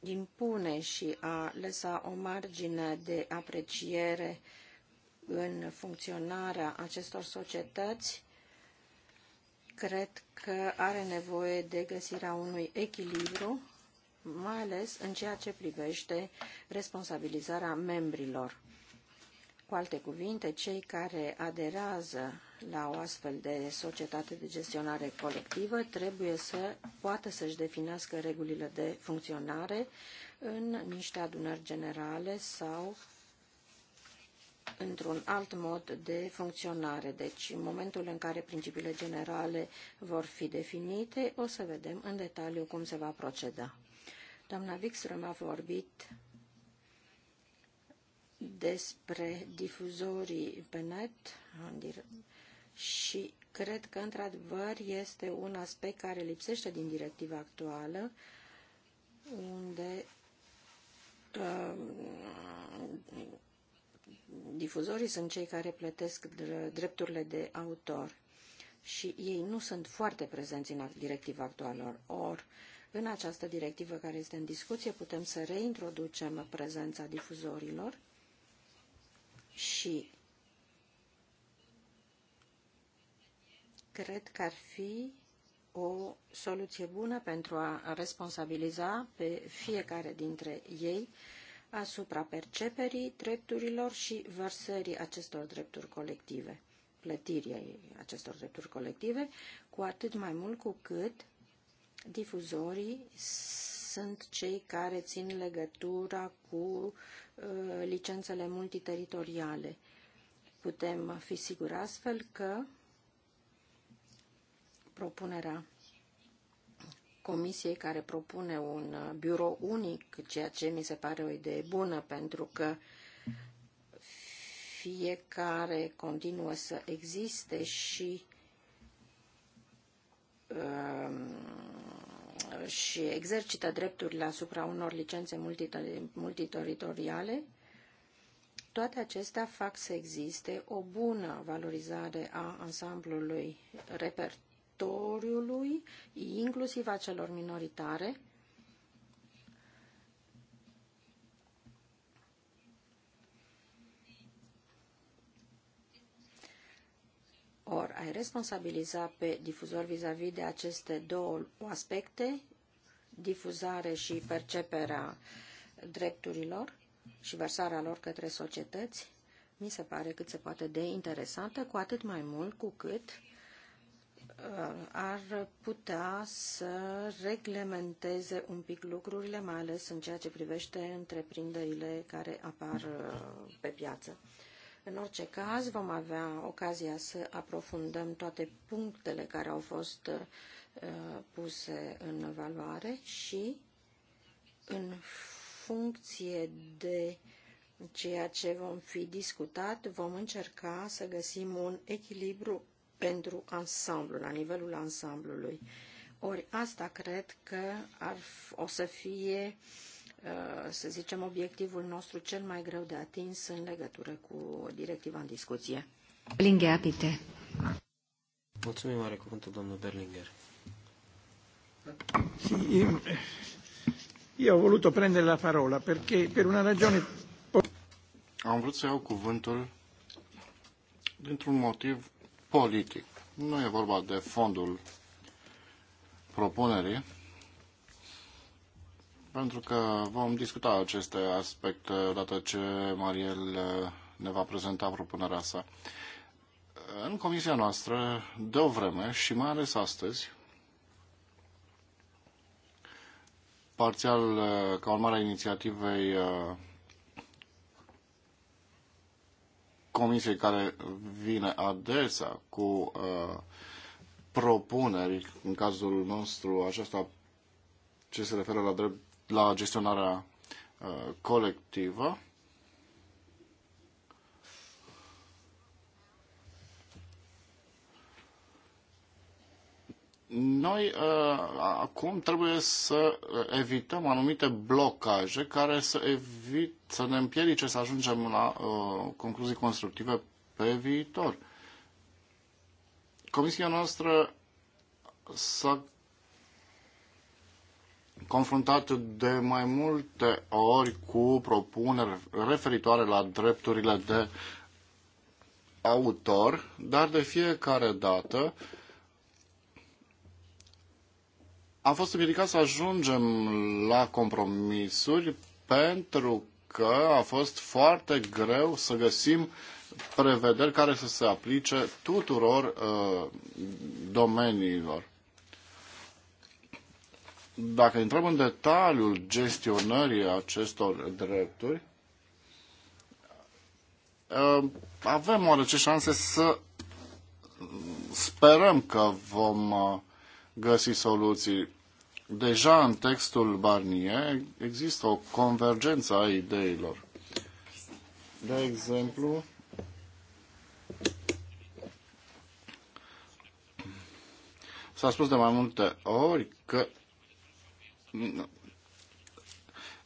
impune și a lăsa o margine de apreciere în funcționarea acestor societăți, cred că are nevoie de găsirea unui echilibru mai ales în ceea ce privește responsabilizarea membrilor. Cu alte cuvinte, cei care aderează la o astfel de societate de gestionare colectivă trebuie să poată să-și definească regulile de funcționare în niște adunări generale sau într-un alt mod de funcționare. Deci, în momentul în care principiile generale vor fi definite, o să vedem în detaliu cum se va proceda. Doamna Wikström a vorbit despre difuzorii pe net și cred că, într-adevăr, este un aspect care lipsește din directiva actuală, unde uh, difuzorii sunt cei care plătesc drepturile de autor și ei nu sunt foarte prezenți în directiva actuală. Or, în această directivă care este în discuție putem să reintroducem prezența difuzorilor și cred că ar fi o soluție bună pentru a responsabiliza pe fiecare dintre ei asupra perceperii drepturilor și vărsării acestor drepturi colective, plătirii acestor drepturi colective, cu atât mai mult cu cât Difuzorii sunt cei care țin legătura cu uh, licențele multiteritoriale. Putem fi siguri astfel că propunerea comisiei care propune un birou unic, ceea ce mi se pare o idee bună, pentru că fiecare continuă să existe și um, și exercită drepturile asupra unor licențe multitoritoriale. toate acestea fac să existe o bună valorizare a ansamblului repertoriului, inclusiv a celor minoritare, Or, ai responsabiliza pe difuzor vis-a-vis -vis de aceste două aspecte, difuzare și perceperea drepturilor și versarea lor către societăți, mi se pare cât se poate de interesantă, cu atât mai mult cu cât uh, ar putea să reglementeze un pic lucrurile, mai ales în ceea ce privește întreprinderile care apar uh, pe piață. În orice caz, vom avea ocazia să aprofundăm toate punctele care au fost uh, puse în valoare și în funcție de ceea ce vom fi discutat, vom încerca să găsim un echilibru pentru ansamblu, la nivelul ansamblului. Ori asta cred că ar, o să fie uh, Uh, să zicem, obiectivul nostru cel mai greu de atins în legătură cu directiva în discuție. Berlinger, apite. Mulțumim, are cuvântul domnul Berlinger. Sì, io ho voluto prendere la parola perché per una ragione... Am vrut să iau cuvântul dintr-un motiv politic. Nu e vorba de fondul propunerii, pentru că vom discuta aceste aspecte odată ce Mariel eh, ne va prezenta propunerea sa. În comisia noastră, de o vreme și mai ales astăzi, parțial eh, ca urmare a inițiativei eh, comisiei care vine adesea cu propuneri, în cazul nostru aceasta ce se referă la drept la gestionarea uh, colectivă. Noi uh, acum trebuie să uh, evităm anumite blocaje care să, evit, să ne împiedice să ajungem la concluzii constructive pe viitor. Comisia noastră s-a confruntat de mai multe ori cu propuneri referitoare la drepturile de autor, dar de fiecare dată am fost împiedicat să ajungem la compromisuri pentru că a fost foarte greu să găsim prevederi care să se aplice tuturor uh, domeniilor dacă intrăm în detaliul gestionării acestor drepturi, uh, avem oarece șanse să sperăm că vom uh, găsi soluții. Deja în textul Barnier există o convergență a ideilor. De exemplu, s-a spus de mai multe ori că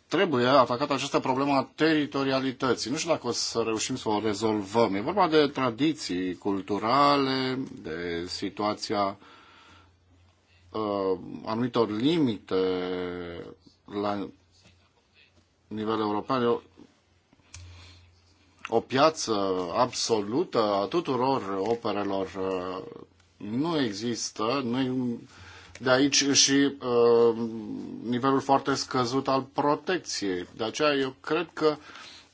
trebuie atacată această problemă a teritorialității. Nu știu dacă o să reușim să o rezolvăm. E vorba de tradiții culturale, de situația uh, anumitor limite la nivel european. O, o piață absolută a tuturor operelor uh, nu există. există. De aici și uh, nivelul foarte scăzut al protecției. De aceea eu cred că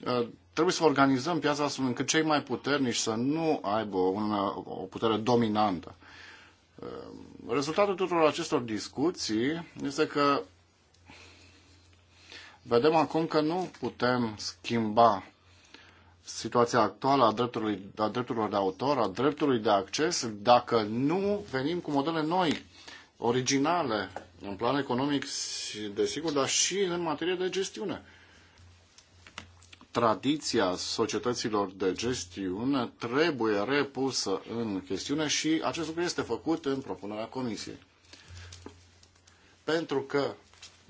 uh, trebuie să organizăm piața astfel încât cei mai puternici să nu aibă un, o putere dominantă. Uh, rezultatul tuturor acestor discuții este că vedem acum că nu putem schimba situația actuală a, a drepturilor de autor, a dreptului de acces, dacă nu venim cu modele noi originale în plan economic, desigur, dar și în materie de gestiune. Tradiția societăților de gestiune trebuie repusă în chestiune și acest lucru este făcut în propunerea Comisiei. Pentru că,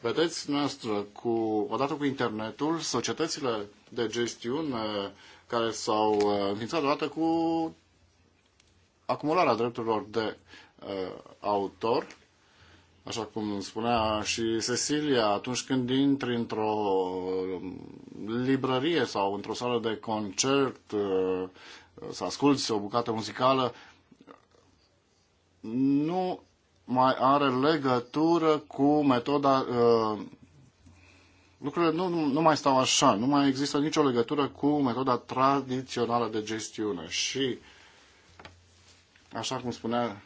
vedeți noastră, cu, odată cu internetul, societățile de gestiune care s-au uh, înființat odată cu acumularea drepturilor de uh, autor, așa cum spunea și Cecilia, atunci când intri într-o um, librărie sau într-o sală de concert, uh, să asculti o bucată muzicală, nu mai are legătură cu metoda. Uh, lucrurile nu, nu mai stau așa, nu mai există nicio legătură cu metoda tradițională de gestiune și uh, așa cum spunea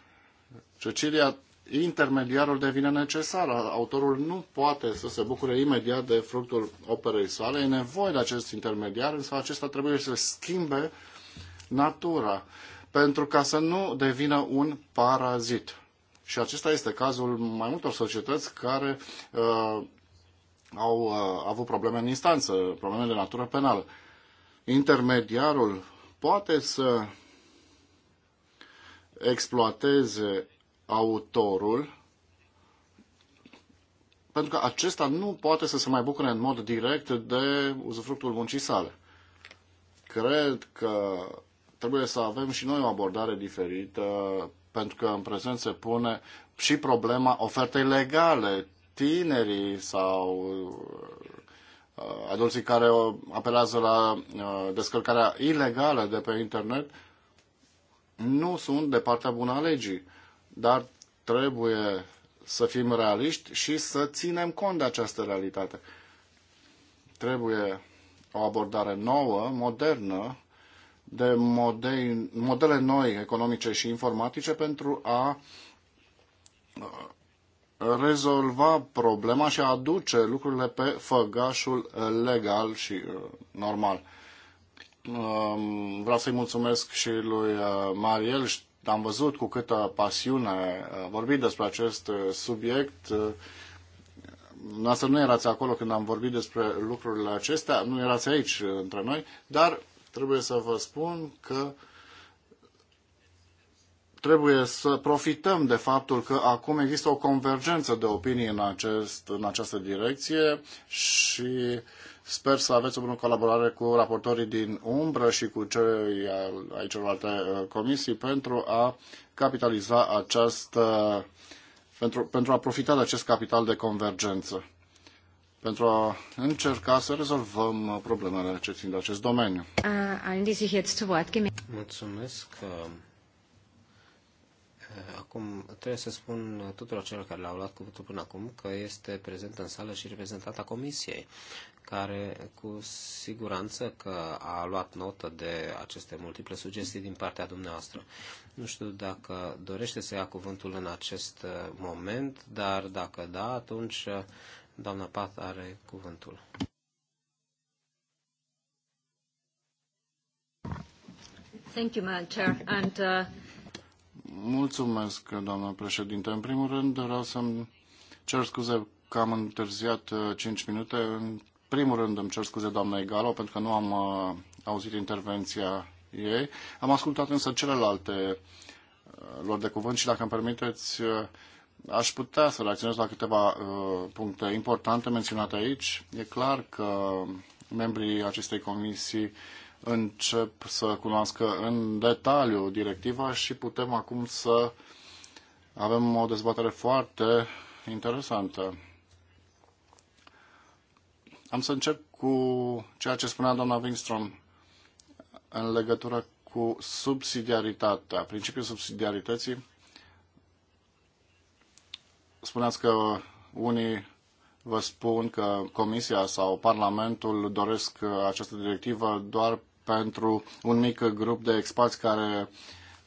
Cecilia, intermediarul devine necesar. Autorul nu poate să se bucure imediat de fructul operei sale. E nevoie de acest intermediar, însă acesta trebuie să schimbe natura pentru ca să nu devină un parazit. Și acesta este cazul mai multor societăți care uh, au uh, avut probleme în instanță, probleme de natură penală. Intermediarul poate să exploateze autorul, pentru că acesta nu poate să se mai bucure în mod direct de uzufructul muncii sale. Cred că trebuie să avem și noi o abordare diferită, pentru că în prezent se pune și problema ofertei legale. Tinerii sau uh, adulții care apelează la uh, descărcarea ilegală de pe internet nu sunt de partea bună a legii, dar trebuie să fim realiști și să ținem cont de această realitate. Trebuie o abordare nouă, modernă, de model, modele noi economice și informatice pentru a uh, rezolva problema și a aduce lucrurile pe făgașul legal și uh, normal. Um, vreau să-i mulțumesc și lui uh, Mariel. Am văzut cu câtă pasiune uh, vorbit despre acest uh, subiect. Noastră nu erați acolo când am vorbit despre lucrurile acestea, nu erați aici între noi, dar trebuie să vă spun că trebuie să profităm de faptul că acum există o convergență de opinii în, acest, în această direcție și uh, Sper să aveți o bună colaborare cu raportorii din umbră și cu cei ai celorlalte uh, comisii pentru a capitaliza această, pentru, pentru a profita de acest capital de convergență, pentru a încerca să rezolvăm uh, problemele ce țin de acest domeniu. Mulțumesc. Uh, acum trebuie să spun tuturor celor care l-au luat cuvântul până acum că este prezent în sală și reprezentata comisiei care cu siguranță că a luat notă de aceste multiple sugestii din partea dumneavoastră. Nu știu dacă dorește să ia cuvântul în acest uh, moment, dar dacă da, atunci uh, doamna Pat are cuvântul. Thank you, Madam Chair. And, uh... Mulțumesc, doamna președinte. În primul rând, vreau să-mi cer scuze că am întârziat 5 uh, minute. În primul rând îmi cer scuze doamnei Galo pentru că nu am uh, auzit intervenția ei. Am ascultat însă celelalte uh, lor de cuvânt și dacă îmi permiteți, uh, aș putea să reacționez la câteva uh, puncte importante menționate aici. E clar că membrii acestei comisii încep să cunoască în detaliu directiva și putem acum să avem o dezbatere foarte interesantă. Am să încep cu ceea ce spunea doamna Wingstrom în legătură cu subsidiaritatea, principiul subsidiarității. Spuneați că unii vă spun că Comisia sau Parlamentul doresc această directivă doar pentru un mic grup de expați care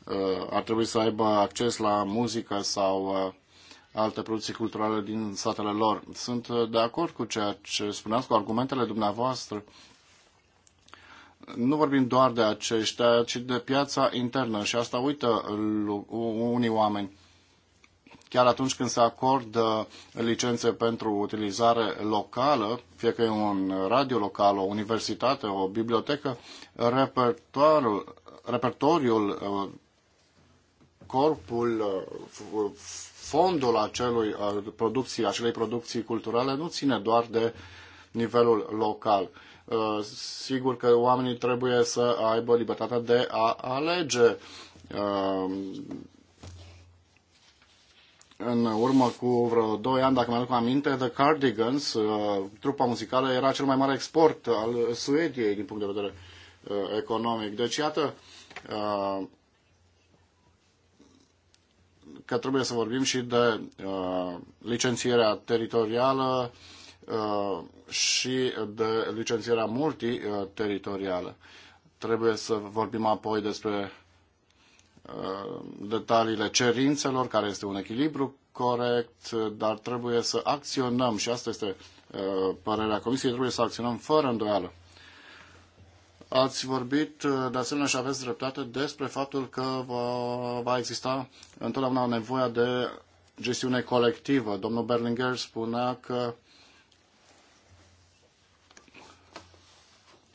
uh, ar trebui să aibă acces la muzică sau uh, alte producții culturale din satele lor. Sunt uh, de acord cu ceea ce spuneați, cu argumentele dumneavoastră. Nu vorbim doar de aceștia, ci de piața internă și asta uită unii oameni. Chiar atunci când se acordă licențe pentru utilizare locală, fie că e un radio local, o universitate, o bibliotecă, repertoriul, repertoriul uh, corpul uh, fondul acelui, producții, acelei producții culturale nu ține doar de nivelul local. Uh, sigur că oamenii trebuie să aibă libertatea de a alege. Uh, în urmă cu vreo 2 ani, dacă mă aduc aminte, The Cardigans, uh, trupa muzicală, era cel mai mare export al Suediei din punct de vedere economic. Deci, iată, că trebuie să vorbim și de uh, licențierea teritorială uh, și de licențierea multiteritorială. Uh, trebuie să vorbim apoi despre detaliile cerințelor, care este un echilibru corect, dar trebuie să acționăm și asta este părerea Comisiei, trebuie să acționăm fără îndoială. Ați vorbit uh, de asemenea și aveți dreptate despre faptul că va, va exista întotdeauna nevoia de gestiune colectivă. Domnul Berlinger spunea că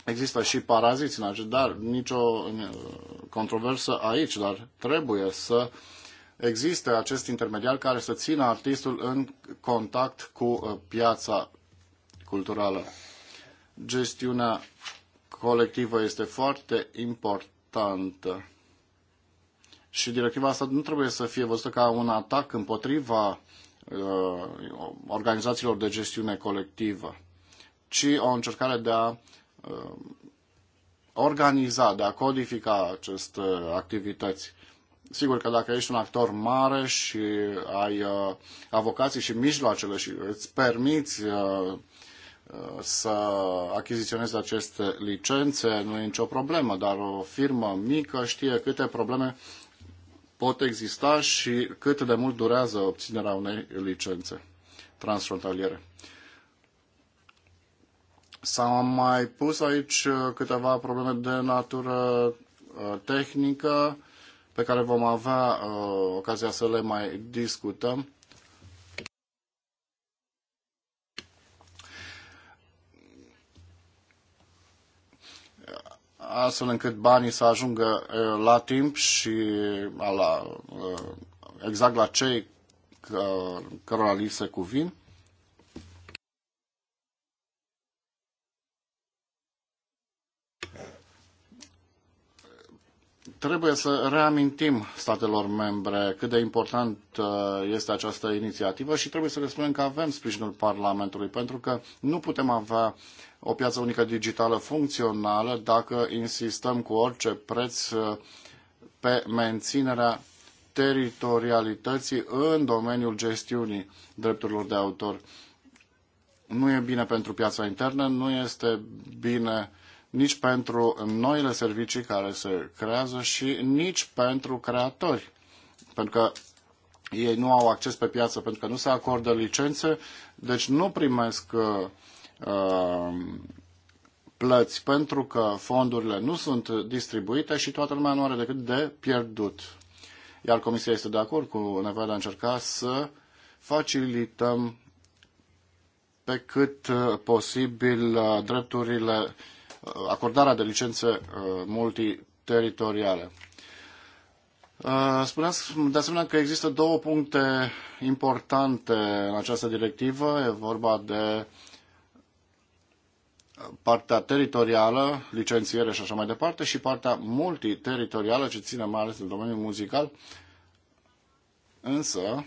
există și paraziți în acest, dar nicio uh, controversă aici, dar trebuie să existe acest intermediar care să țină artistul în contact cu uh, piața culturală. Gestiunea colectivă este foarte importantă. Și directiva asta nu trebuie să fie văzută ca un atac împotriva uh, organizațiilor de gestiune colectivă, ci o încercare de a uh, organiza, de a codifica aceste activități. Sigur că dacă ești un actor mare și ai uh, avocații și mijloacele și îți permiți uh, Uh, să achiziționeze aceste licențe, nu e nicio problemă, dar o firmă mică știe câte probleme pot exista și cât de mult durează obținerea unei licențe transfrontaliere. S-au mai pus aici uh, câteva probleme de natură uh, tehnică pe care vom avea ocazia să le mai discutăm. astfel încât banii să ajungă la timp și la, exact la cei cărora li se cuvin. Trebuie să reamintim statelor membre cât de important este această inițiativă și trebuie să le spunem că avem sprijinul Parlamentului, pentru că nu putem avea uh, o piață unică digitală funcțională dacă insistăm cu orice preț uh, pe menținerea teritorialității în domeniul gestiunii drepturilor de autor. Nu e bine pentru piața internă, nu este bine nici pentru noile servicii care se creează și nici pentru creatori. Pentru că ei nu au acces pe piață pentru că nu se acordă licențe, deci nu primesc uh, Um, plăți pentru că fondurile nu sunt distribuite și toată lumea nu are decât de pierdut. Iar Comisia este de acord cu nevoia de a încerca să facilităm pe cât uh, posibil uh, drepturile, uh, acordarea de licențe multiteritoriale. Spuneați de asemenea că există două puncte importante în această directivă. E vorba de partea teritorială, licențiere și așa mai departe, și partea multiteritorială, ce ține mai ales în domeniul muzical. Însă,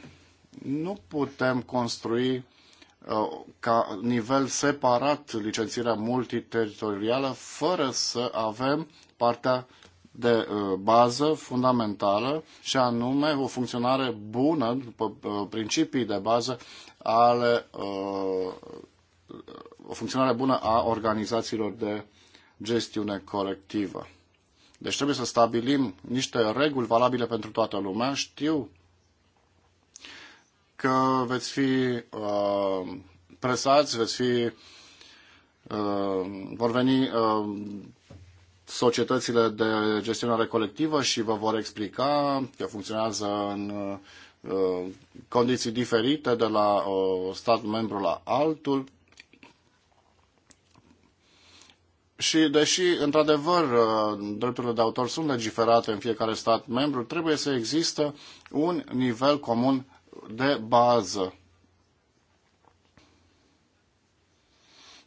nu putem construi uh, ca nivel separat licențierea multiteritorială fără să avem partea de uh, bază fundamentală și anume o funcționare bună după uh, principii de bază ale o funcționare bună a organizațiilor de gestiune colectivă. Deci trebuie să stabilim niște reguli valabile pentru toată lumea. Știu că veți fi uh, presați, veți fi, uh, vor veni uh, societățile de gestionare colectivă și vă vor explica că funcționează în uh, condiții diferite de la uh, stat membru la altul. Și deși, într-adevăr, uh, drepturile de autor sunt legiferate în fiecare stat membru, trebuie să există un nivel comun de bază.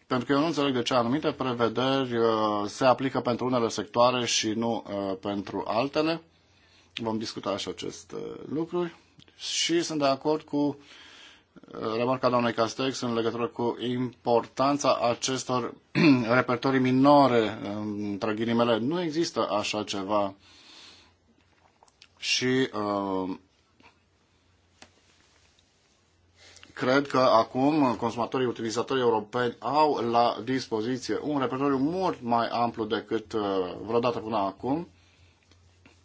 Pentru că eu nu înțeleg de ce anumite prevederi uh, se aplică pentru unele sectoare și nu uh, pentru altele. Vom discuta și aceste lucruri. Și sunt de acord cu remarca doamnei Castex în legătură cu importanța acestor <clears throat> repertorii minore, între ghilimele. Nu există așa ceva. Și uh, cred că acum consumatorii, utilizatorii europeni au la dispoziție un repertoriu mult mai amplu decât uh, vreodată până acum.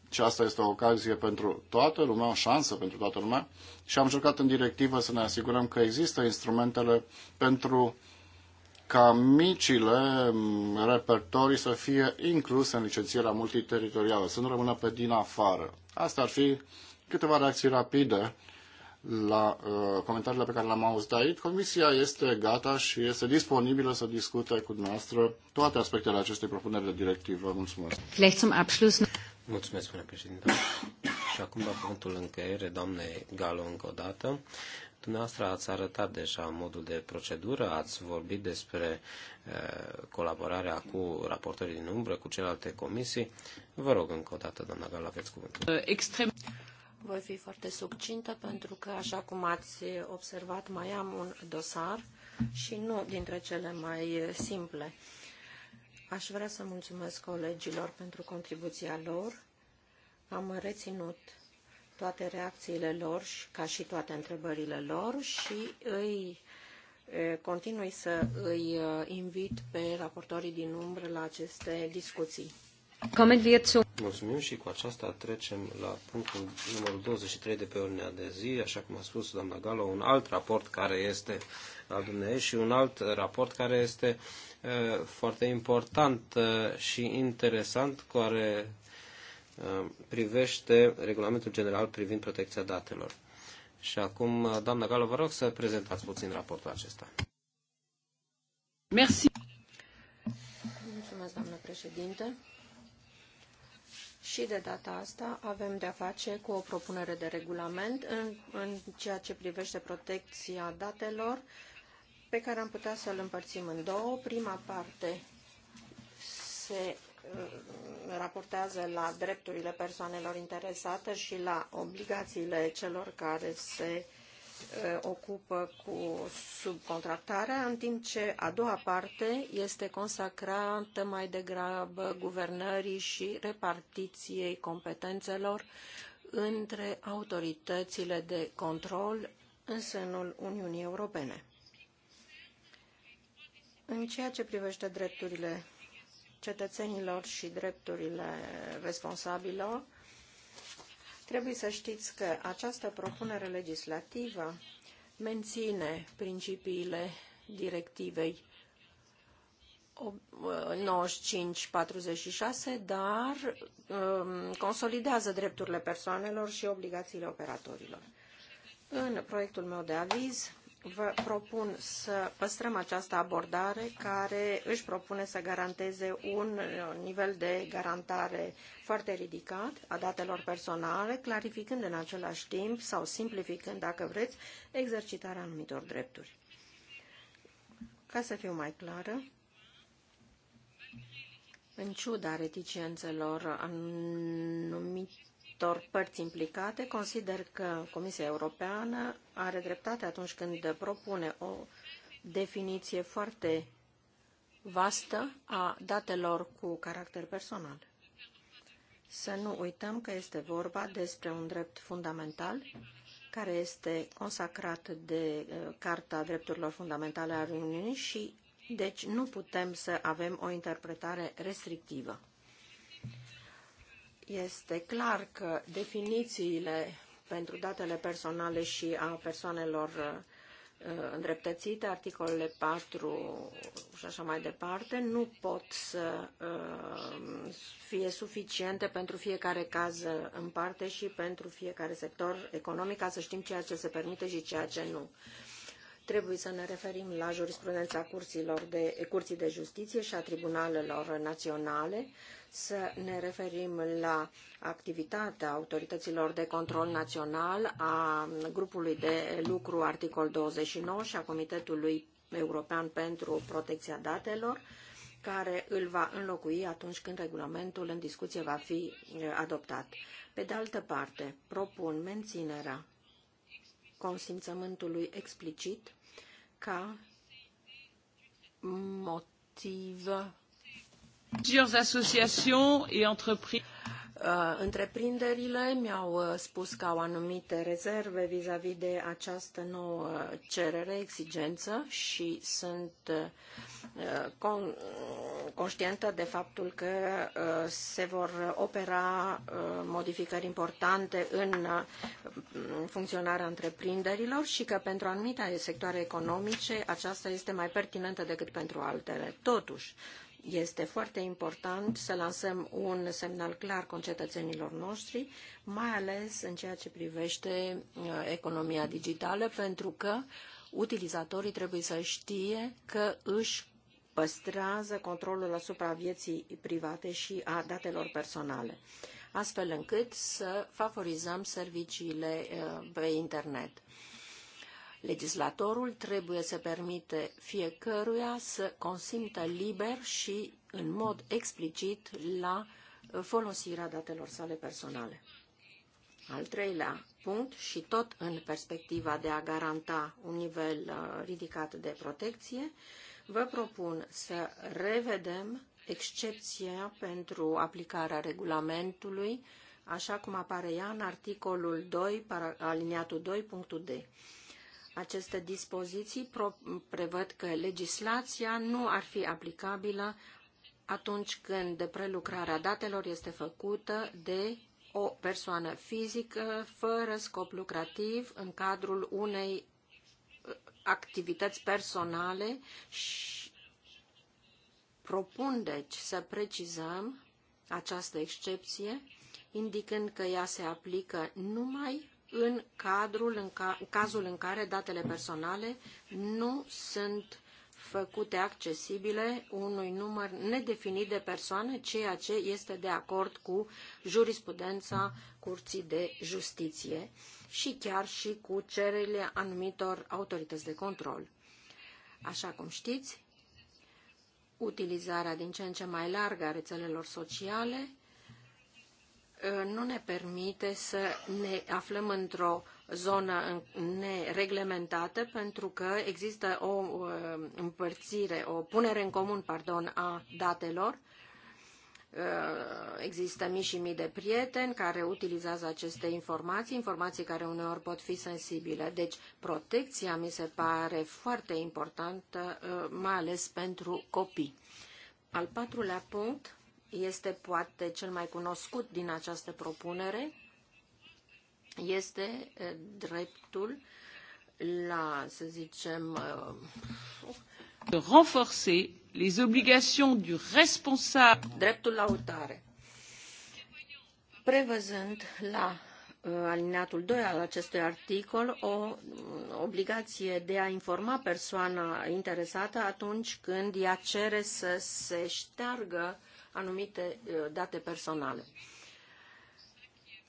Și asta este o ocazie pentru toată lumea, o șansă pentru toată lumea și am jucat în directivă să ne asigurăm că există instrumentele pentru ca micile mm, repertorii să fie incluse în licențierea multiteritorială, să nu rămână pe din afară. Asta ar fi câteva reacții rapide la uh, comentariile pe care le-am auzit aici. Comisia este gata și este disponibilă să discute cu dumneavoastră toate aspectele acestei propuneri de directivă. Mulțumesc. Mulțumesc, domnule președinte. Și acum la punctul încheiere, doamne Galo, încă o dată. Dumneavoastră ați arătat deja modul de procedură, ați vorbit despre colaborarea cu raportorii din umbră, cu celelalte comisii. Vă rog încă o dată, doamna Galo, aveți cuvântul. Uh, extrem. Voi fi foarte succintă pentru că, așa cum ați observat, mai am un dosar și nu dintre cele mai simple. Aș vrea să mulțumesc colegilor pentru contribuția lor. Am reținut toate reacțiile lor și ca și toate întrebările lor și îi continui să îi invit pe raportorii din umbră la aceste discuții. Mulțumim și cu aceasta trecem la punctul numărul 23 de pe ordinea de zi, așa cum a spus doamna Galo, un alt raport care este al Dumnezeu și un alt raport care este uh, foarte important uh, și interesant, care uh, privește regulamentul general privind protecția datelor. Și acum, doamna Galo, vă rog să prezentați puțin raportul acesta. Merci. Mulțumesc, doamnă președinte. Și de data asta avem de-a face cu o propunere de regulament în, în ceea ce privește protecția datelor uh, pe care am putea să-l împărțim în două. Prima parte se uh, raportează la drepturile persoanelor interesate și la obligațiile celor care se uh, ocupă cu subcontractarea, în timp ce a doua parte este consacrată mai degrabă guvernării și repartiției competențelor între autoritățile de control în sânul Uniunii Europene. În ceea ce privește drepturile cetățenilor și drepturile responsabilor, trebuie să știți că această propunere legislativă menține principiile directivei 95-46, dar um, consolidează drepturile persoanelor și obligațiile operatorilor. În proiectul meu de aviz vă propun să păstrăm această abordare care își propune să garanteze un uh, nivel de garantare foarte ridicat a datelor personale, clarificând în același timp sau simplificând, dacă vreți, exercitarea anumitor drepturi. Ca să fiu mai clară, în ciuda reticențelor anumite acestor părți implicate, consider că Comisia Europeană are dreptate atunci când propune o definiție foarte vastă a datelor cu caracter personal. Să nu uităm că este vorba despre un drept fundamental care este consacrat de uh, Carta Drepturilor Fundamentale a Uniunii și deci nu putem să avem o interpretare restrictivă. Este clar că definițiile pentru datele personale și a persoanelor uh, uh, îndreptățite, articolele 4 și așa mai departe, nu pot să uh, fie suficiente pentru fiecare caz în parte și pentru fiecare sector economic, ca să știm ceea ce se permite și ceea ce nu. Trebuie să ne referim la jurisprudența curților de, Curții de Justiție și a tribunalelor naționale, să ne referim la activitatea autorităților de control național, a grupului de lucru articol 29 și a Comitetului European pentru Protecția Datelor, care îl va înlocui atunci când regulamentul în discuție va fi adoptat. Pe de altă parte, propun menținerea consimțământului explicit ca motiv Plusieurs associations et entreprises uh, întreprinderile mi-au uh, spus că au anumite rezerve vizavi de această nouă cerere, exigență și sunt uh, con conștientă de faptul că se vor opera modificări importante în funcționarea întreprinderilor și că pentru anumite sectoare economice aceasta este mai pertinentă decât pentru altele. Totuși, este foarte important să lansăm un semnal clar concetățenilor noștri, mai ales în ceea ce privește uh, economia digitală, pentru că utilizatorii trebuie să știe că își păstrează controlul asupra vieții private și a datelor personale, astfel încât să favorizăm serviciile uh, pe internet. Legislatorul trebuie să permite fiecăruia să consimtă liber și în mod explicit la uh, folosirea datelor sale personale. Al treilea punct și tot în perspectiva de a garanta un nivel uh, ridicat de protecție, vă propun să revedem excepția pentru aplicarea regulamentului, așa cum apare ea în articolul 2, aliniatul 2.d. Aceste dispoziții prevăd că legislația nu ar fi aplicabilă atunci când prelucrarea datelor este făcută de o persoană fizică fără scop lucrativ în cadrul unei uh, activități personale și propun deci să precizăm această excepție, indicând că ea se aplică numai în, cadrul, în, ca, cazul în care datele personale nu sunt făcute accesibile unui număr nedefinit de persoane, ceea ce este de acord cu jurisprudența Curții de Justiție și chiar și cu cererile anumitor autorități de control. Așa cum știți, utilizarea din ce în ce mai largă a rețelelor sociale Uh, nu ne permite să ne aflăm într-o zonă nereglementată pentru că există o uh, împărțire, o punere în comun, pardon, a datelor. Uh, există mii și mii de prieteni care utilizează aceste informații, informații care uneori pot fi sensibile. Deci protecția mi se pare foarte importantă, mai ales pentru copii. Al patrulea punct este poate cel mai cunoscut din această propunere, este eh, dreptul la, să zicem, eh, de renforcer les obligations du responsable. Dreptul la autare. Prevăzând la eh, alineatul 2 al acestui articol o mm, obligație de a informa persoana interesată atunci când ea cere să se șteargă anumite uh, date personale.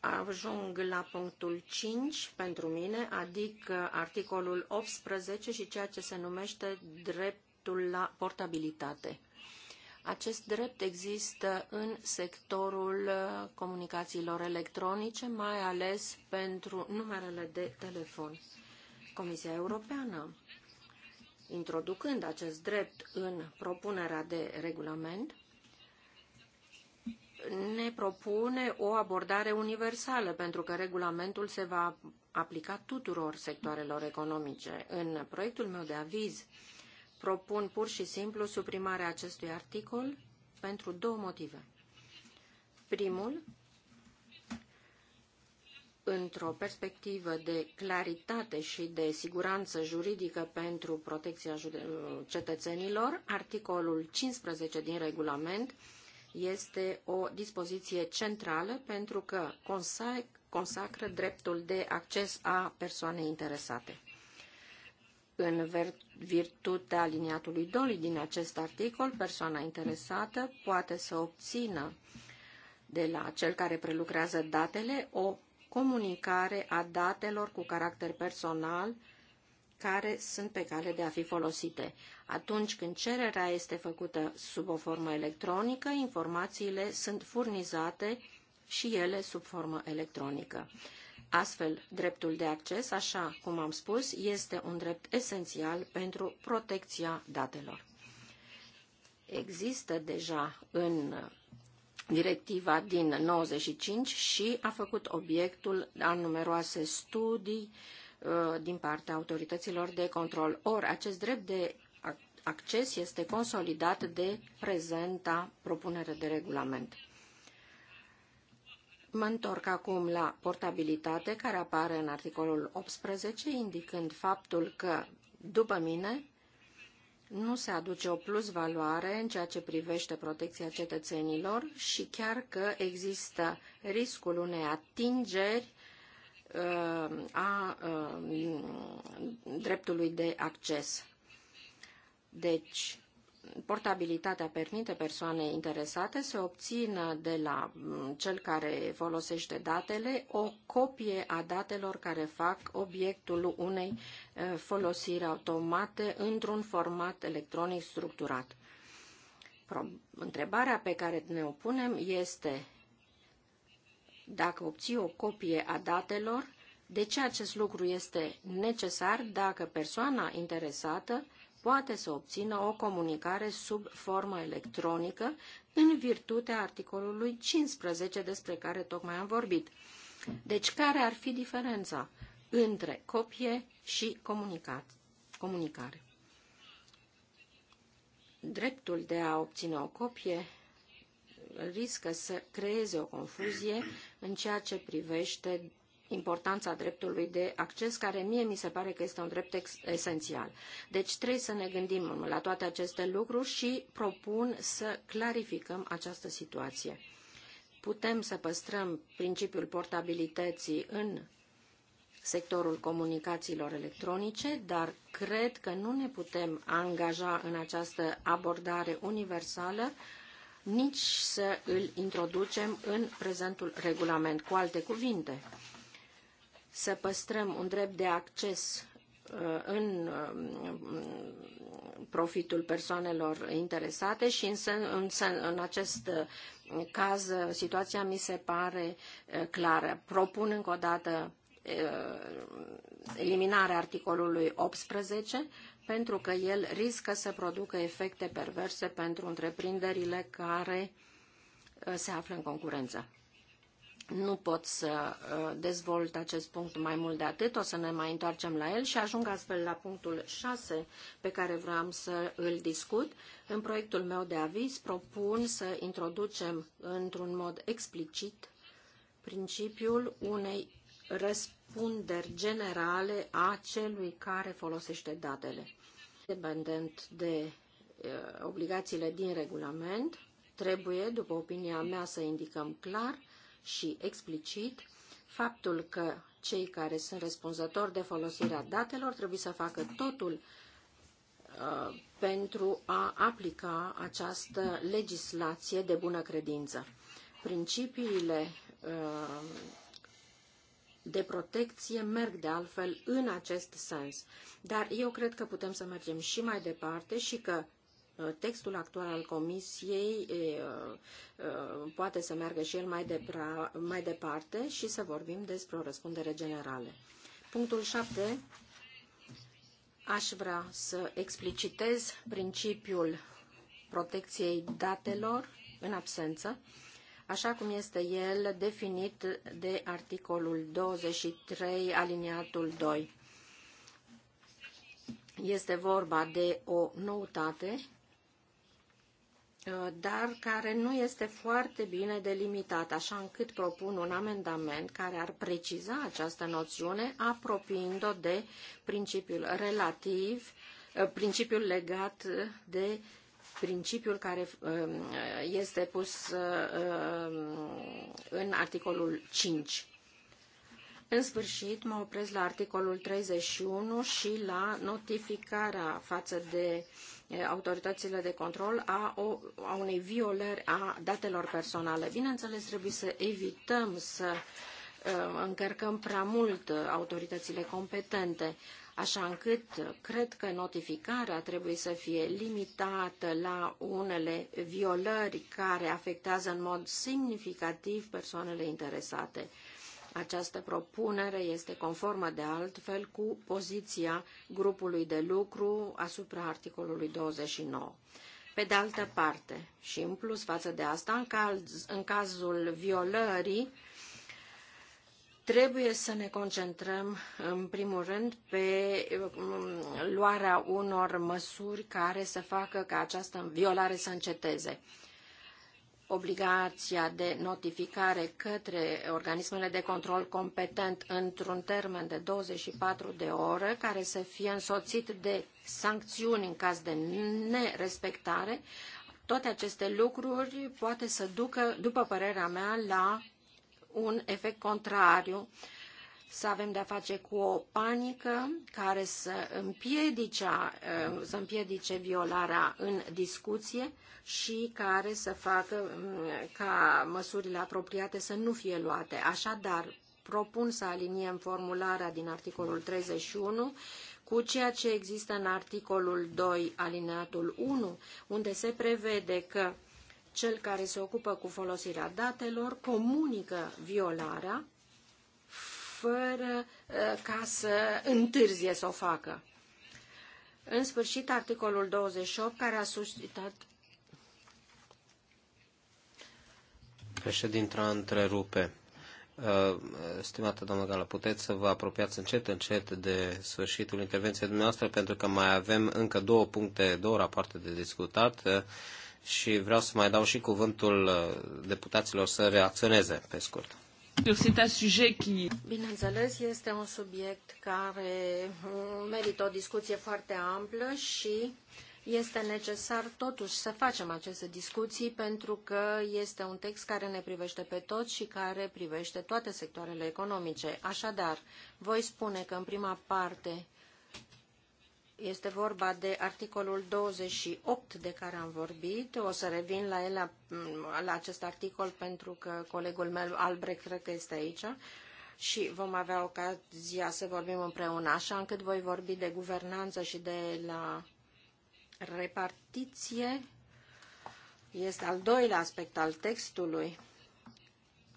Ajung la punctul 5 pentru mine, adică articolul 18 și ceea ce se numește dreptul la portabilitate. Acest drept există în sectorul uh, comunicațiilor electronice, mai ales pentru numerele de telefon. Comisia Europeană, introducând acest drept în propunerea de regulament, ne propune o abordare universală, pentru că regulamentul se va aplica tuturor sectoarelor economice. În proiectul meu de aviz propun pur și simplu suprimarea acestui articol pentru două motive. Primul, într-o perspectivă de claritate și de siguranță juridică pentru protecția cetățenilor, articolul 15 din regulament este o dispoziție centrală pentru că consacră dreptul de acces a persoanei interesate. În virtutea aliniatului 2 din acest articol, persoana interesată poate să obțină de la cel care prelucrează datele o comunicare a datelor cu caracter personal care sunt pe cale de a fi folosite. Atunci când cererea este făcută sub o formă electronică, informațiile sunt furnizate și ele sub formă electronică. Astfel, dreptul de acces, așa cum am spus, este un drept esențial pentru protecția datelor. Există deja în directiva din 95 și a făcut obiectul a numeroase studii uh, Uh, din partea autorităților de control. Or, acest drept de acces este consolidat de prezenta propunere de regulament. Mă întorc acum la portabilitate care apare în articolul 18, indicând faptul că, după mine, nu se aduce o plus valoare în ceea ce privește protecția cetățenilor și chiar că există riscul unei atingeri Uh, a uh, dreptului de acces. Deci, portabilitatea permite persoanei interesate să obțină de la mm, cel care folosește datele o copie a datelor care fac obiectul unei uh, folosiri automate într-un format electronic structurat. Întrebarea pe care ne o punem este dacă obții o copie a datelor, de ce acest lucru este necesar dacă persoana interesată poate să obțină o comunicare sub formă electronică în virtutea articolului 15 despre care tocmai am vorbit. Deci care ar fi diferența între copie și comunicat, comunicare? Dreptul de a obține o copie riscă să creeze o confuzie în ceea ce privește importanța dreptului de acces, care mie mi se pare că este un drept esențial. Deci trebuie să ne gândim la toate aceste lucruri și propun să clarificăm această situație. Putem să păstrăm principiul portabilității în sectorul comunicațiilor electronice, dar cred că nu ne putem angaja în această abordare universală nici să îl introducem în prezentul regulament. Cu alte cuvinte, să păstrăm un drept de acces uh, în um, profitul persoanelor interesate și în, în, în acest uh, caz uh, situația mi se pare clară. Propun încă o dată eliminarea articolului 18 pentru că el riscă să producă efecte perverse pentru întreprinderile care uh, se află în concurență. Nu pot să uh, dezvolt acest punct mai mult de atât, o să ne mai întoarcem la el și ajung astfel la punctul 6 pe care vreau să îl discut. În proiectul meu de aviz propun să introducem într-un mod explicit principiul unei răspunderi generale a celui care folosește datele. Dependent de obligațiile din regulament, trebuie, după opinia mea, să indicăm clar și explicit faptul că cei care sunt răspunzători de folosirea datelor trebuie să facă totul pentru a aplica această legislație de bună credință. Principiile uh, de protecție merg de altfel în acest sens. Dar eu cred că putem să mergem și mai departe și că uh, textul actual al Comisiei uh, uh, poate să meargă și el mai, depra, mai departe și să vorbim despre o răspundere generală. Punctul 7. Aș vrea să explicitez principiul protecției datelor în absență așa cum este el definit de articolul 23, aliniatul 2. Este vorba de o noutate, uh, dar care nu este foarte bine delimitată. așa încât propun un amendament care ar preciza această noțiune, apropiind-o de principiul relativ, uh, principiul legat de uh, principiul care um, este pus uh, um, în articolul 5. În sfârșit, mă opresc la articolul 31 și la notificarea față de uh, autoritățile de control a, o, a unei violări a datelor personale. Bineînțeles, trebuie să evităm să uh, încărcăm prea mult autoritățile competente așa încât uh, cred că notificarea trebuie să fie limitată la unele violări care afectează în mod semnificativ persoanele interesate. Această propunere este conformă de altfel cu poziția grupului de lucru asupra articolului 29. Pe de altă parte, și în plus față de asta, în, caz, în cazul violării, Trebuie să ne concentrăm, în primul rând, pe um, luarea unor măsuri care să facă ca această violare să înceteze obligația de notificare către organismele de control competent într-un termen de 24 de ore, care să fie însoțit de sancțiuni în caz de nerespectare, toate aceste lucruri poate să ducă, după părerea mea, la un efect contrariu, să avem de-a face cu o panică care să împiedice, uh, să împiedice violarea în discuție și care să facă um, ca măsurile apropiate să nu fie luate. Așadar, propun să aliniem formularea din articolul 31 cu ceea ce există în articolul 2, alineatul 1, unde se prevede că cel care se ocupă cu folosirea datelor comunică violarea fără eh, ca să întârzie să o facă. În sfârșit, articolul 28, care a suscitat Președintra întrerupe. Eh, stimată doamnă Gala, puteți să vă apropiați încet, încet de sfârșitul intervenției dumneavoastră, pentru că mai avem încă două puncte, două rapoarte de discutat eh, și vreau să mai dau și cuvântul uh, deputaților să reacționeze pe scurt. Bineînțeles, este un subiect care uh, merită o discuție foarte amplă și este necesar totuși să facem aceste discuții pentru că este un text care ne privește pe toți și care privește toate sectoarele economice. Așadar, voi spune că în prima parte este vorba de articolul 28 de care am vorbit. O să revin la, el, la acest articol pentru că colegul meu, Albrecht, cred că este aici și vom avea ocazia să vorbim împreună, așa încât voi vorbi de guvernanță și de la repartiție. Este al doilea aspect al textului.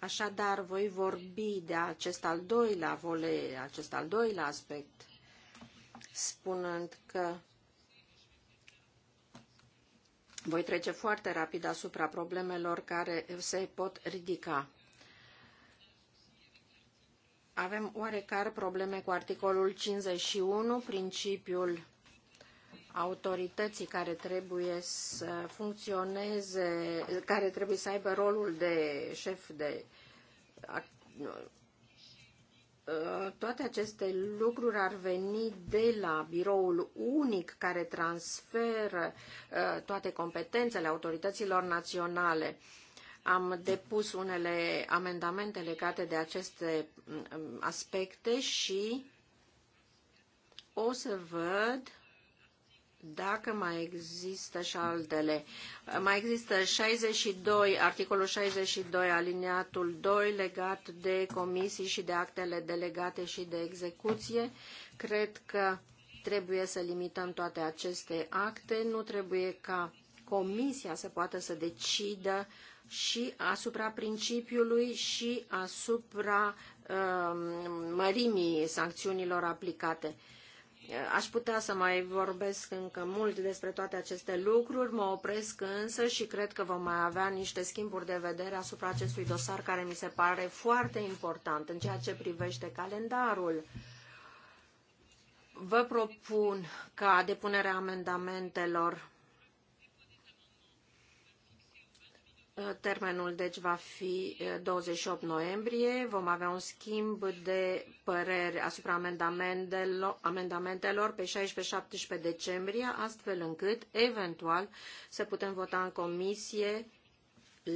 Așadar, voi vorbi de acest al doilea acest al doilea aspect spunând că voi trece foarte rapid asupra problemelor care se pot ridica. Avem oarecare probleme cu articolul 51, principiul autorității care trebuie să funcționeze, care trebuie să aibă rolul de șef de Uh, toate aceste lucruri ar veni de la biroul unic care transferă uh, toate competențele autorităților naționale. Am depus unele amendamente legate de aceste mm, mm, aspecte și o să văd dacă mai există și altele. Mai există 62, articolul 62, aliniatul 2, legat de comisii și de actele delegate și de execuție. Cred că trebuie să limităm toate aceste acte. Nu trebuie ca comisia să poată să decidă și asupra principiului și asupra uh, mărimii sancțiunilor aplicate. Aș putea să mai vorbesc încă mult despre toate aceste lucruri, mă opresc însă și cred că vom mai avea niște schimburi de vedere asupra acestui dosar care mi se pare foarte important în ceea ce privește calendarul. Vă propun ca depunerea amendamentelor Termenul, deci, va fi 28 noiembrie. Vom avea un schimb de păreri asupra amendamentelor, pe 16-17 decembrie, astfel încât, eventual, să putem vota în comisie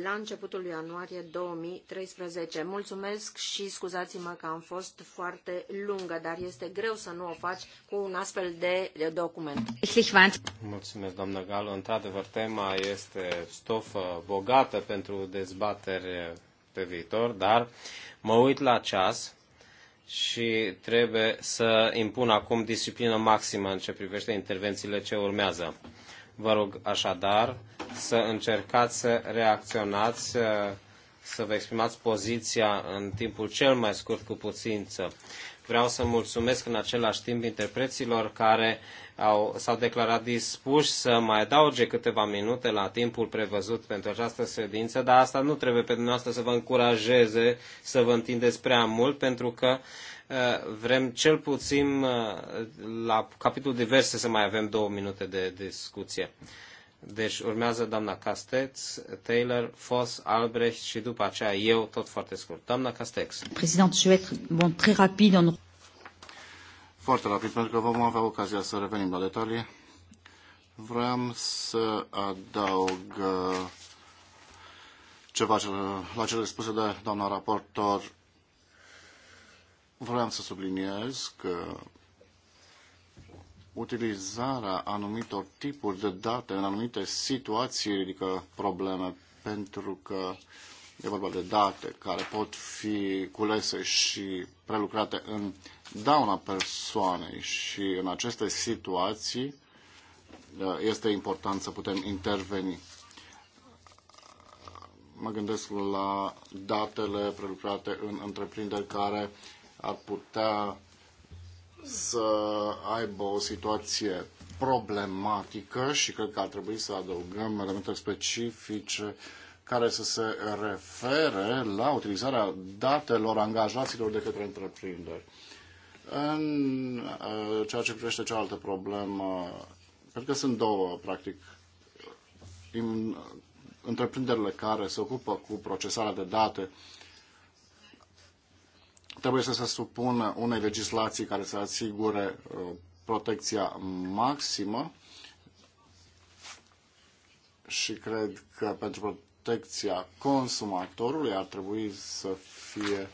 la începutul lui ianuarie 2013. Mulțumesc și scuzați-mă că am fost foarte lungă, dar este greu să nu o faci cu un astfel de document. Mulțumesc, doamnă Galo. Într-adevăr, tema este stofă bogată pentru dezbatere pe viitor, dar mă uit la ceas și trebuie să impun acum disciplină maximă în ce privește intervențiile ce urmează. Vă rog așadar să încercați să reacționați, să vă exprimați poziția în timpul cel mai scurt cu puțință. Vreau să mulțumesc în același timp interpreților care au, s-au declarat dispuși să mai adauge câteva minute la timpul prevăzut pentru această sedință, dar asta nu trebuie pe dumneavoastră să vă încurajeze să vă întindeți prea mult, pentru că uh, vrem cel puțin uh, la capitolul diverse să mai avem două minute de discuție. Deci urmează doamna Castex, Taylor, Foss, Albrecht și după aceea eu, tot foarte scurt. Doamna Castex. Prezident, je vais être bon, très rapide. On... Foarte rapid, pentru că vom avea ocazia să revenim la detalii. Vreau să adaug uh, ceva la cele spuse de doamna raportor. Vreau să subliniez că utilizarea anumitor tipuri de date în anumite situații ridică probleme, pentru că e vorba de date care pot fi culese și prelucrate în dauna persoanei și în aceste situații uh, este important să putem interveni. Mă gândesc la datele prelucrate în întreprinderi care ar putea să aibă o situație problematică și cred că ar trebui să adăugăm elemente specifice care să se refere la utilizarea datelor angajaților de către întreprinderi. În uh, ceea ce privește cealaltă problemă, cred că sunt două, practic. întreprinderile care se ocupă cu procesarea de date trebuie să se supună unei legislații care să asigure uh, protecția maximă și cred că pentru protecția consumatorului ar trebui să fie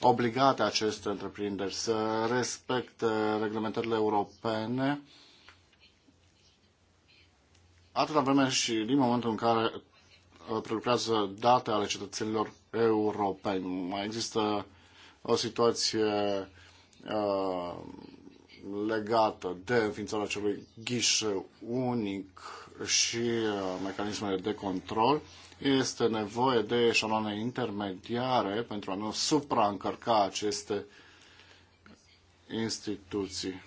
obligate aceste întreprinderi să respecte reglementările europene atâta vreme și din momentul în care uh, prelucrează date ale cetățenilor europeni. Mai există o situație uh, legată de înființarea acelui ghișeu unic și uh, mecanismele de control. Este nevoie de eșaloane intermediare pentru a nu supraîncărca aceste instituții.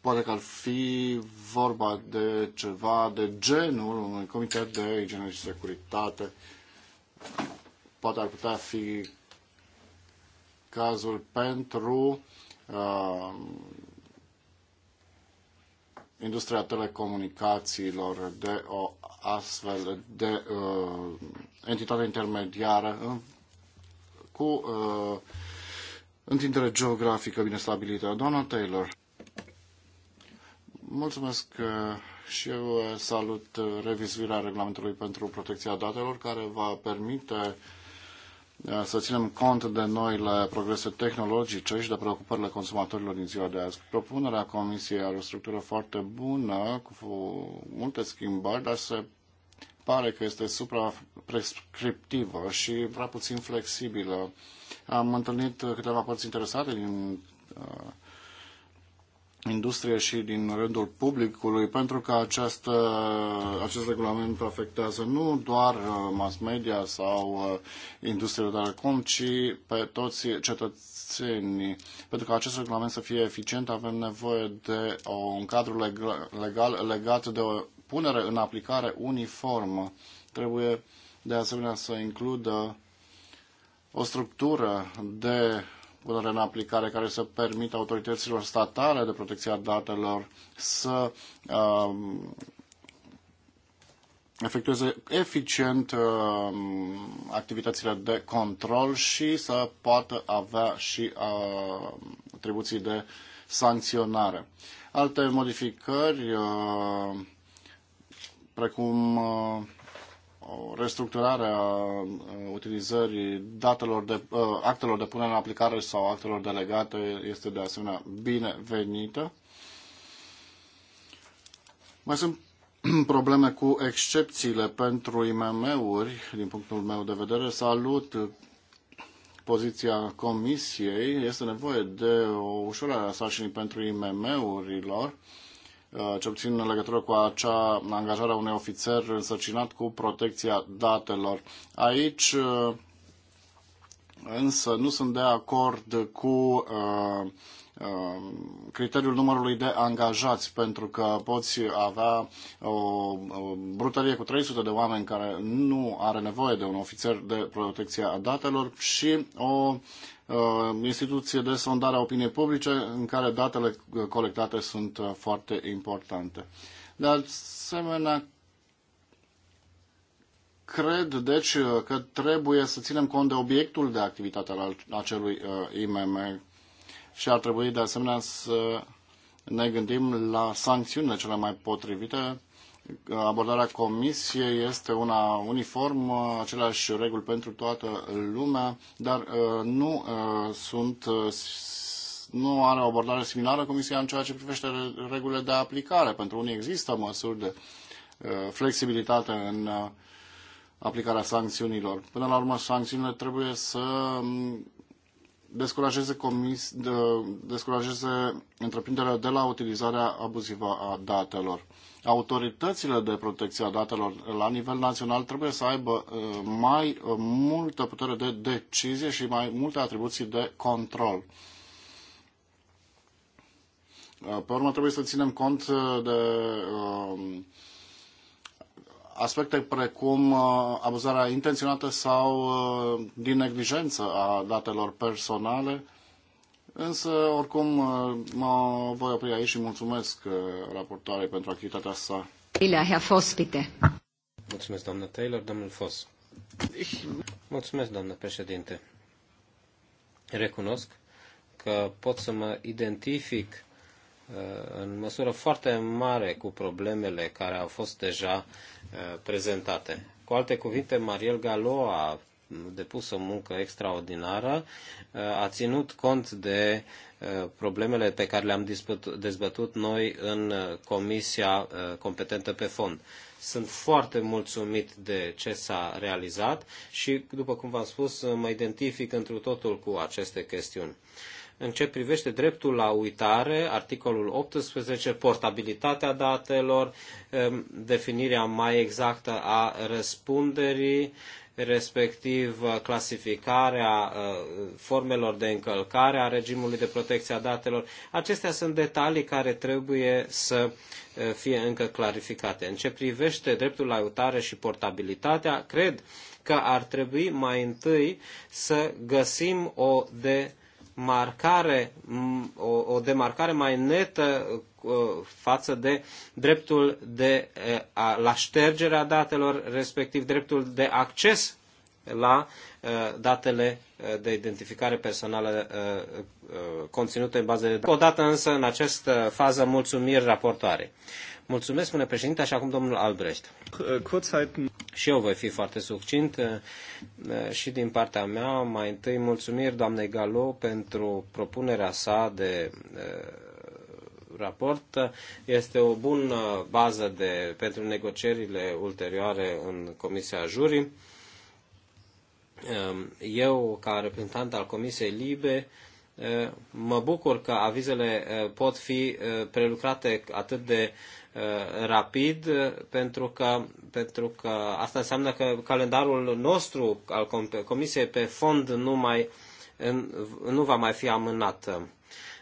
Poate că ar fi vorba de ceva de genul unui comitet de igienă și securitate poate ar putea fi cazul pentru uh, industria telecomunicațiilor de o astfel de uh, entitate intermediară în, cu uh, întindere geografică bine stabilită. Doamna Taylor, mulțumesc uh, și eu uh, salut uh, revizuirea regulamentului pentru protecția datelor care va permite uh, să ținem cont de noile progrese tehnologice și de preocupările consumatorilor din ziua de azi. Propunerea Comisiei are o structură foarte bună, cu multe schimbări, dar se pare că este supra prescriptivă și prea puțin flexibilă. Am întâlnit câteva părți interesate din uh, industrie și din rândul publicului, pentru că această, acest regulament afectează nu doar uh, mass media sau uh, industria de acum, ci pe toți cetățenii. Pentru că acest regulament să fie eficient, avem nevoie de un cadru legal legat de o punere în aplicare uniformă. Trebuie de asemenea să includă o structură de punere în aplicare care să permită autorităților statale de protecție a datelor să uh, efectueze eficient uh, activitățile de control și să poată avea și uh, atribuții de sancționare. Alte modificări, uh, precum uh, o restructurare a utilizării datelor de, actelor de punere în aplicare sau actelor delegate este de asemenea binevenită. Mai sunt <clears throat> probleme cu excepțiile pentru IMM-uri, din punctul meu de vedere. Salut poziția Comisiei. Este nevoie de o ușurare a sarcinii pentru IMM-urilor. Uh, ce obțin în legătură cu acea angajare a unui ofițer însărcinat cu protecția datelor. Aici uh, însă nu sunt de acord cu uh, uh, criteriul numărului de angajați, pentru că poți avea o brutărie cu 300 de oameni care nu are nevoie de un ofițer de protecție a datelor și o Uh, instituție de sondare a opiniei publice în care datele colectate sunt uh, foarte importante. De asemenea, cred deci uh, că trebuie să ținem cont de obiectul de activitate al acelui IMM și ar trebui de asemenea să ne gândim la sancțiunile cele mai potrivite abordarea comisiei este una uniformă, aceleași reguli pentru toată lumea, dar uh, nu uh, sunt uh, nu are o abordare similară Comisia în ceea ce privește regulile de aplicare. Pentru unii există măsuri de flexibilitate în aplicarea sancțiunilor. Până la urmă, sancțiunile trebuie să um, descurajeze, comis, de, descurajeze întreprinderea de la utilizarea abuzivă a datelor autoritățile de protecție a datelor la nivel național trebuie să aibă uh, mai uh, multă putere de decizie și mai multe atribuții de control. Uh, pe urmă, trebuie să ținem cont de um, aspecte precum abuzarea intenționată sau din neglijență a datelor personale, Însă, oricum, mă voi opri aici și mulțumesc uh, raportoare pentru activitatea sa. Mulțumesc, doamnă Taylor, domnul Fos. Mulțumesc, doamnă președinte. Recunosc că pot să mă identific uh, în măsură foarte mare cu problemele care au fost deja uh, prezentate. Cu alte cuvinte, Mariel Galoa, depus o muncă extraordinară, a ținut cont de uh, problemele pe care le-am dezbătut noi în uh, comisia uh, competentă pe fond. Sunt foarte mulțumit de ce s-a realizat și, după cum v-am spus, mă identific întru totul cu aceste chestiuni. În ce privește dreptul la uitare, articolul 18, portabilitatea datelor, um, definirea mai exactă a răspunderii, respectiv uh, clasificarea uh, formelor de încălcare a regimului de protecție a datelor. Acestea sunt detalii care trebuie să uh, fie încă clarificate. În ce privește dreptul la iutare și portabilitatea, cred că ar trebui mai întâi să găsim o de marcare, o, o demarcare mai netă uh, față de dreptul de, uh, a, la ștergerea datelor, respectiv dreptul de acces la uh, datele de identificare personală conținute în bază de date. Odată însă, în această fază, mulțumiri raportoare. Mulțumesc, spune președinte, așa cum domnul Albrecht. Și eu voi fi foarte succint uh, uh, și din partea mea mai întâi mulțumiri doamnei Galo pentru propunerea sa de uh, raport. Este o bună bază de, pentru negocierile ulterioare în Comisia Jurii. Um, eu, ca reprezentant al Comisiei Libe, mă bucur că avizele pot fi prelucrate atât de Uh, rapid, pentru că, pentru că asta înseamnă că calendarul nostru al Comisiei pe fond nu, mai, nu va mai fi amânat.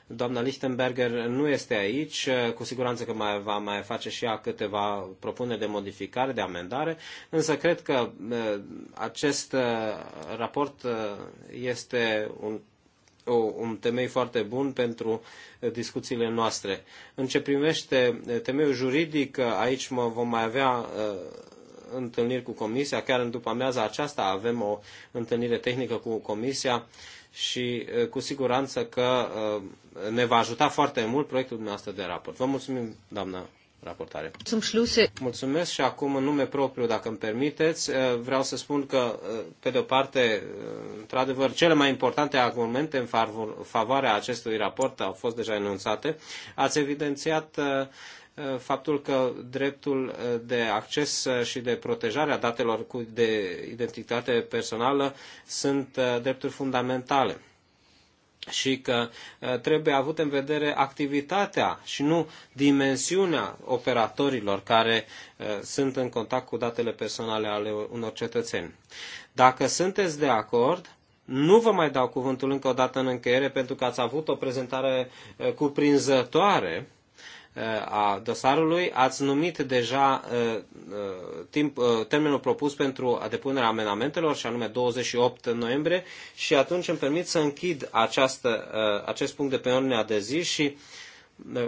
Doamna Lichtenberger nu este aici, cu siguranță că mai va mai face și ea câteva propuneri de modificare, de amendare, însă cred că uh, acest uh, raport este un o, un temei foarte bun pentru eh, discuțiile noastre. În ce privește eh, temeiul juridic, eh, aici mă vom mai avea întâlniri cu comisia, chiar în după amiaza aceasta avem o întâlnire tehnică cu comisia și cu siguranță că ne va ajuta foarte mult proiectul dumneavoastră de raport. Vă mulțumim, doamna raportare. Mulțumesc și acum în nume propriu, dacă îmi permiteți, eh, vreau să spun că, eh, pe de o parte, eh, într-adevăr, cele mai importante argumente în favoarea acestui raport au fost deja enunțate. Ați evidențiat faptul că dreptul de acces și de protejare a datelor de identitate personală sunt drepturi fundamentale și că uh, trebuie avut în vedere activitatea și nu dimensiunea operatorilor care uh, sunt în contact cu datele personale ale unor cetățeni. Dacă sunteți de acord, nu vă mai dau cuvântul încă o dată în încheiere pentru că ați avut o prezentare uh, cuprinzătoare a dosarului. Ați numit deja uh, uh, timp, uh, termenul propus pentru depunerea amenamentelor, și anume 28 noiembrie, și atunci îmi permit să închid această, acest punct de pe ordinea de zi și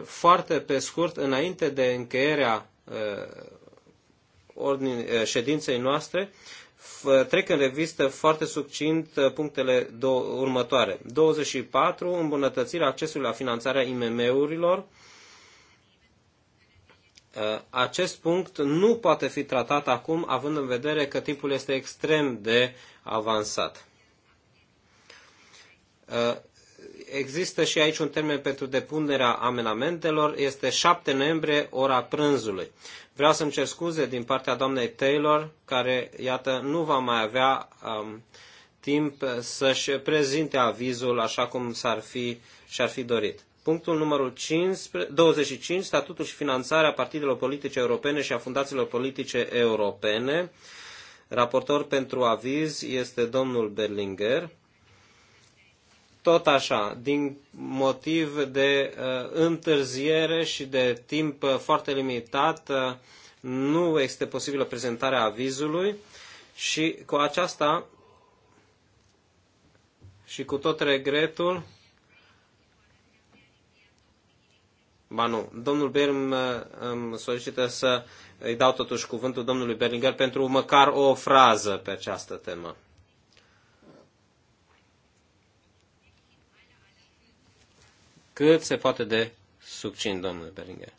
foarte pe scurt, înainte de încheierea ordin, ședinței noastre, trec în revistă foarte succint punctele următoare. 24. Îmbunătățirea accesului la finanțarea IMM-urilor. Uh, acest punct nu poate fi tratat acum, având în vedere că timpul este extrem de avansat. Uh, există și aici un termen pentru depunerea amenamentelor, este 7 noiembrie, ora prânzului. Vreau să-mi cer scuze din partea doamnei Taylor, care, iată, nu va mai avea um, timp să-și prezinte avizul așa cum s-ar fi și-ar fi dorit. Punctul numărul 15, 25, statutul și finanțarea partidelor politice europene și a fundațiilor politice europene. Raportor pentru aviz este domnul Berlinger. Tot așa, din motiv de uh, întârziere și de timp uh, foarte limitat, uh, nu este posibilă prezentarea avizului și cu aceasta și cu tot regretul, Ba nu. Domnul Berm uh, îmi solicită să îi dau totuși cuvântul domnului Berlinger pentru măcar o frază pe această temă. Cât se poate de succint, domnule Berlinger.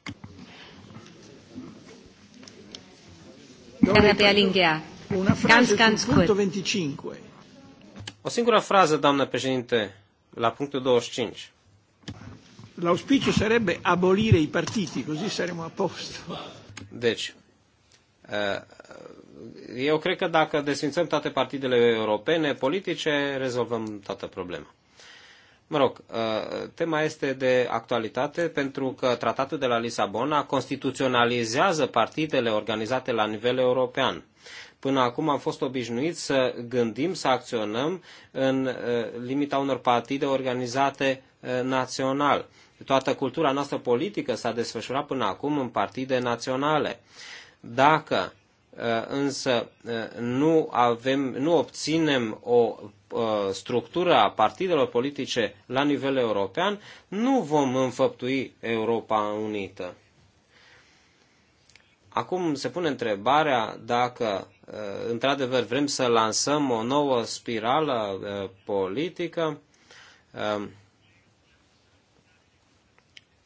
Domnule Berlinger, ganz, ganz punctul 25. O singură frază, doamnă președinte, la punctul 25. L'auspicio sarebbe abolire i partiti, così saremo a posto. Deci, eh, eu cred că dacă desfințăm toate partidele europene politice, rezolvăm toată problema. Mă rog, eh, tema este de actualitate pentru că tratatul de la Lisabona constituționalizează partidele organizate la nivel european. Până acum am fost obișnuiți să gândim, să acționăm în uh, limita unor partide organizate uh, național. Toată cultura noastră politică s-a desfășurat până acum în partide naționale. Dacă uh, însă nu, avem, nu obținem o structură a partidelor politice la nivel european, nu vom înfăptui Europa Unită. Acum se pune întrebarea dacă Uh, într-adevăr vrem să lansăm o nouă spirală uh, politică. Um,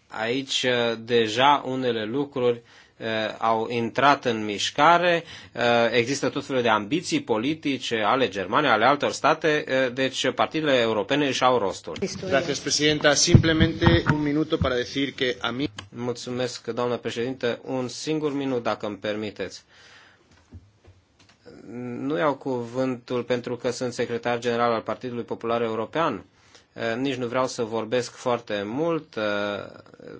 aici uh, deja unele lucruri au intrat în mișcare, există tot felul de ambiții politice ale Germaniei, ale altor state, deci partidele europene își au rostul. Mulțumesc, doamnă președinte. Un singur minut, dacă îmi permiteți nu iau cuvântul pentru că sunt secretar general al Partidului Popular European. Eh, nici nu vreau să vorbesc foarte mult eh,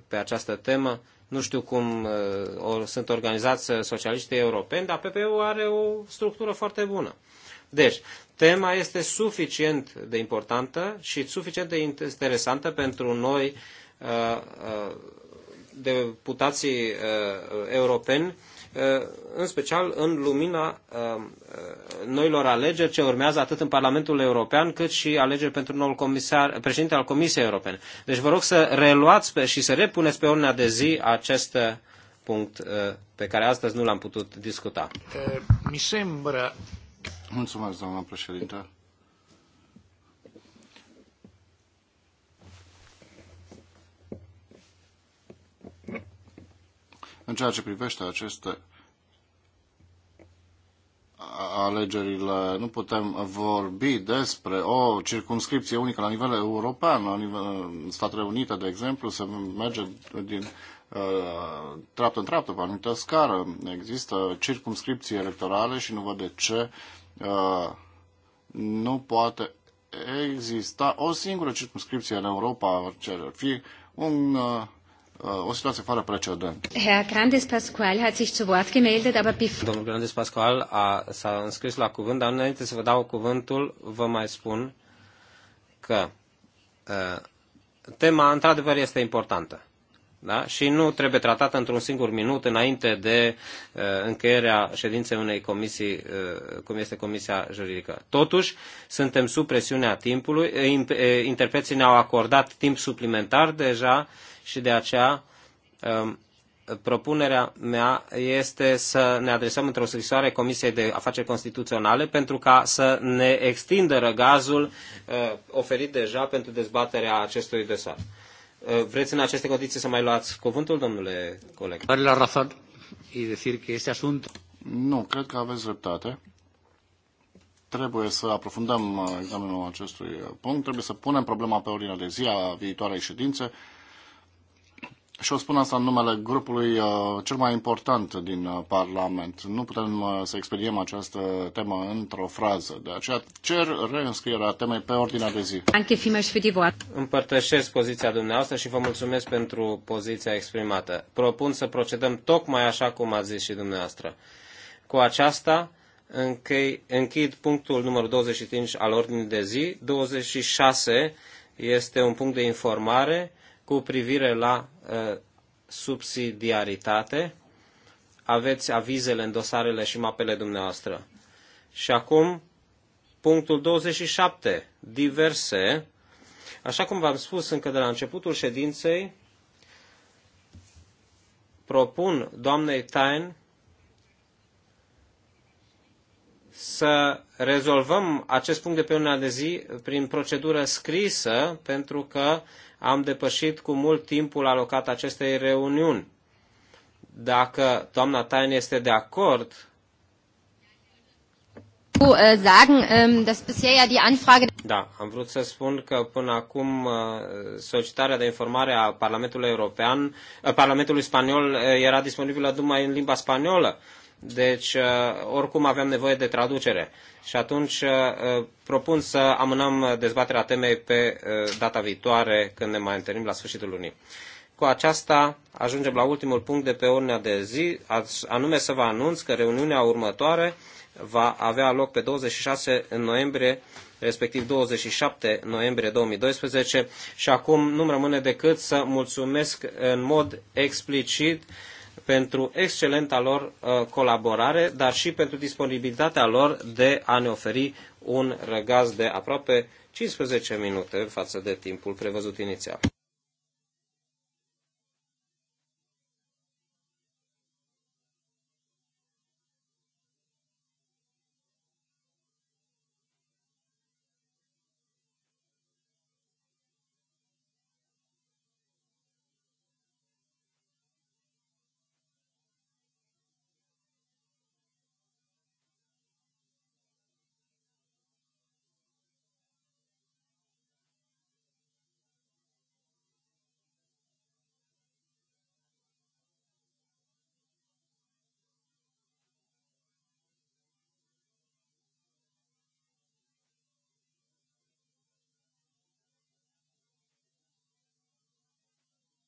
pe această temă. Nu știu cum eh, sunt organizați socialiștii europeni, dar PPU are o structură foarte bună. Deci, tema este suficient de importantă și suficient de interesantă pentru noi deputații europeni Uh, în special în lumina uh, uh, noilor alegeri ce urmează atât în Parlamentul European cât și alegeri pentru noul comisar, președinte al Comisiei Europene. Deci vă rog să reluați și să repuneți pe ordinea de zi acest punct pe care astăzi nu l-am putut discuta. Mi sembra... Mulțumesc, doamna președinte. În ceea ce privește aceste alegerile, nu putem vorbi despre o circumscripție unică la nivel european, la nivel Statele Unite, de exemplu, se merge din uh, treaptă în treaptă, pe anumită scară. Există circumscripții electorale și nu văd de ce uh, nu poate exista o singură circumscripție în Europa, ce ar fi un uh, Uh, o fără Herr Grandes Pascual hat sich zu Wort gemeldet, aber Domnul Grandes Pascual a, s-a înscris la cuvânt, dar înainte să vă dau cuvântul, vă mai spun că uh, tema într-adevăr este importantă. Da? Și nu trebuie tratată într-un singur minut înainte de uh, încheierea ședinței unei comisii, uh, cum este Comisia Juridică. Totuși, suntem sub presiunea timpului, uh, uh interpreții ne-au acordat timp suplimentar deja și de aceea um, propunerea mea este să ne adresăm într-o scrisoare Comisiei de Afaceri Constituționale pentru ca să ne extindă răgazul uh, oferit deja pentru dezbaterea acestui dosar. Uh, vreți în aceste condiții să mai luați cuvântul, domnule coleg? Are la razón y decir că este asunt. Nu, cred că aveți dreptate. Trebuie să aprofundăm uh, examenul acestui punct, trebuie să punem problema pe ordinea de zi a viitoarei ședințe și o spun asta în numele grupului uh, cel mai important din uh, Parlament. Nu putem uh, să expediem această temă într-o frază. De aceea cer reînscrierea temei pe ordinea de zi. Împărtășesc poziția dumneavoastră și vă mulțumesc pentru poziția exprimată. Propun să procedăm tocmai așa cum ați zis și dumneavoastră. Cu aceasta închei, închid punctul numărul 25 al ordinii de zi. 26 este un punct de informare cu privire la Ă, subsidiaritate. Aveți avizele în dosarele și mapele dumneavoastră. Și acum, punctul 27, diverse. Așa cum v-am spus încă de la începutul ședinței, propun doamnei Tain să rezolvăm acest punct de pe una de zi prin procedură scrisă, pentru că uh, am depășit cu mult timpul alocat acestei reuniuni. Dacă doamna Tain este de acord, äh, ähm, da, am vrut să spun că până acum uh, solicitarea de informare a Parlamentului European, uh, Parlamentului Spaniol uh, era disponibilă numai în limba spaniolă deci uh, oricum aveam nevoie de traducere. Și atunci uh, propun să amânăm dezbaterea temei pe uh, data viitoare, când ne mai întâlnim la sfârșitul lunii. Cu aceasta ajungem la ultimul punct de pe ordinea de zi, anume să vă anunț că reuniunea următoare va avea loc pe 26 noiembrie, respectiv 27 noiembrie 2012 și acum nu-mi rămâne decât să mulțumesc în mod explicit pentru excelenta lor uh, colaborare, dar și pentru disponibilitatea lor de a ne oferi un răgaz de aproape 15 minute față de timpul prevăzut inițial.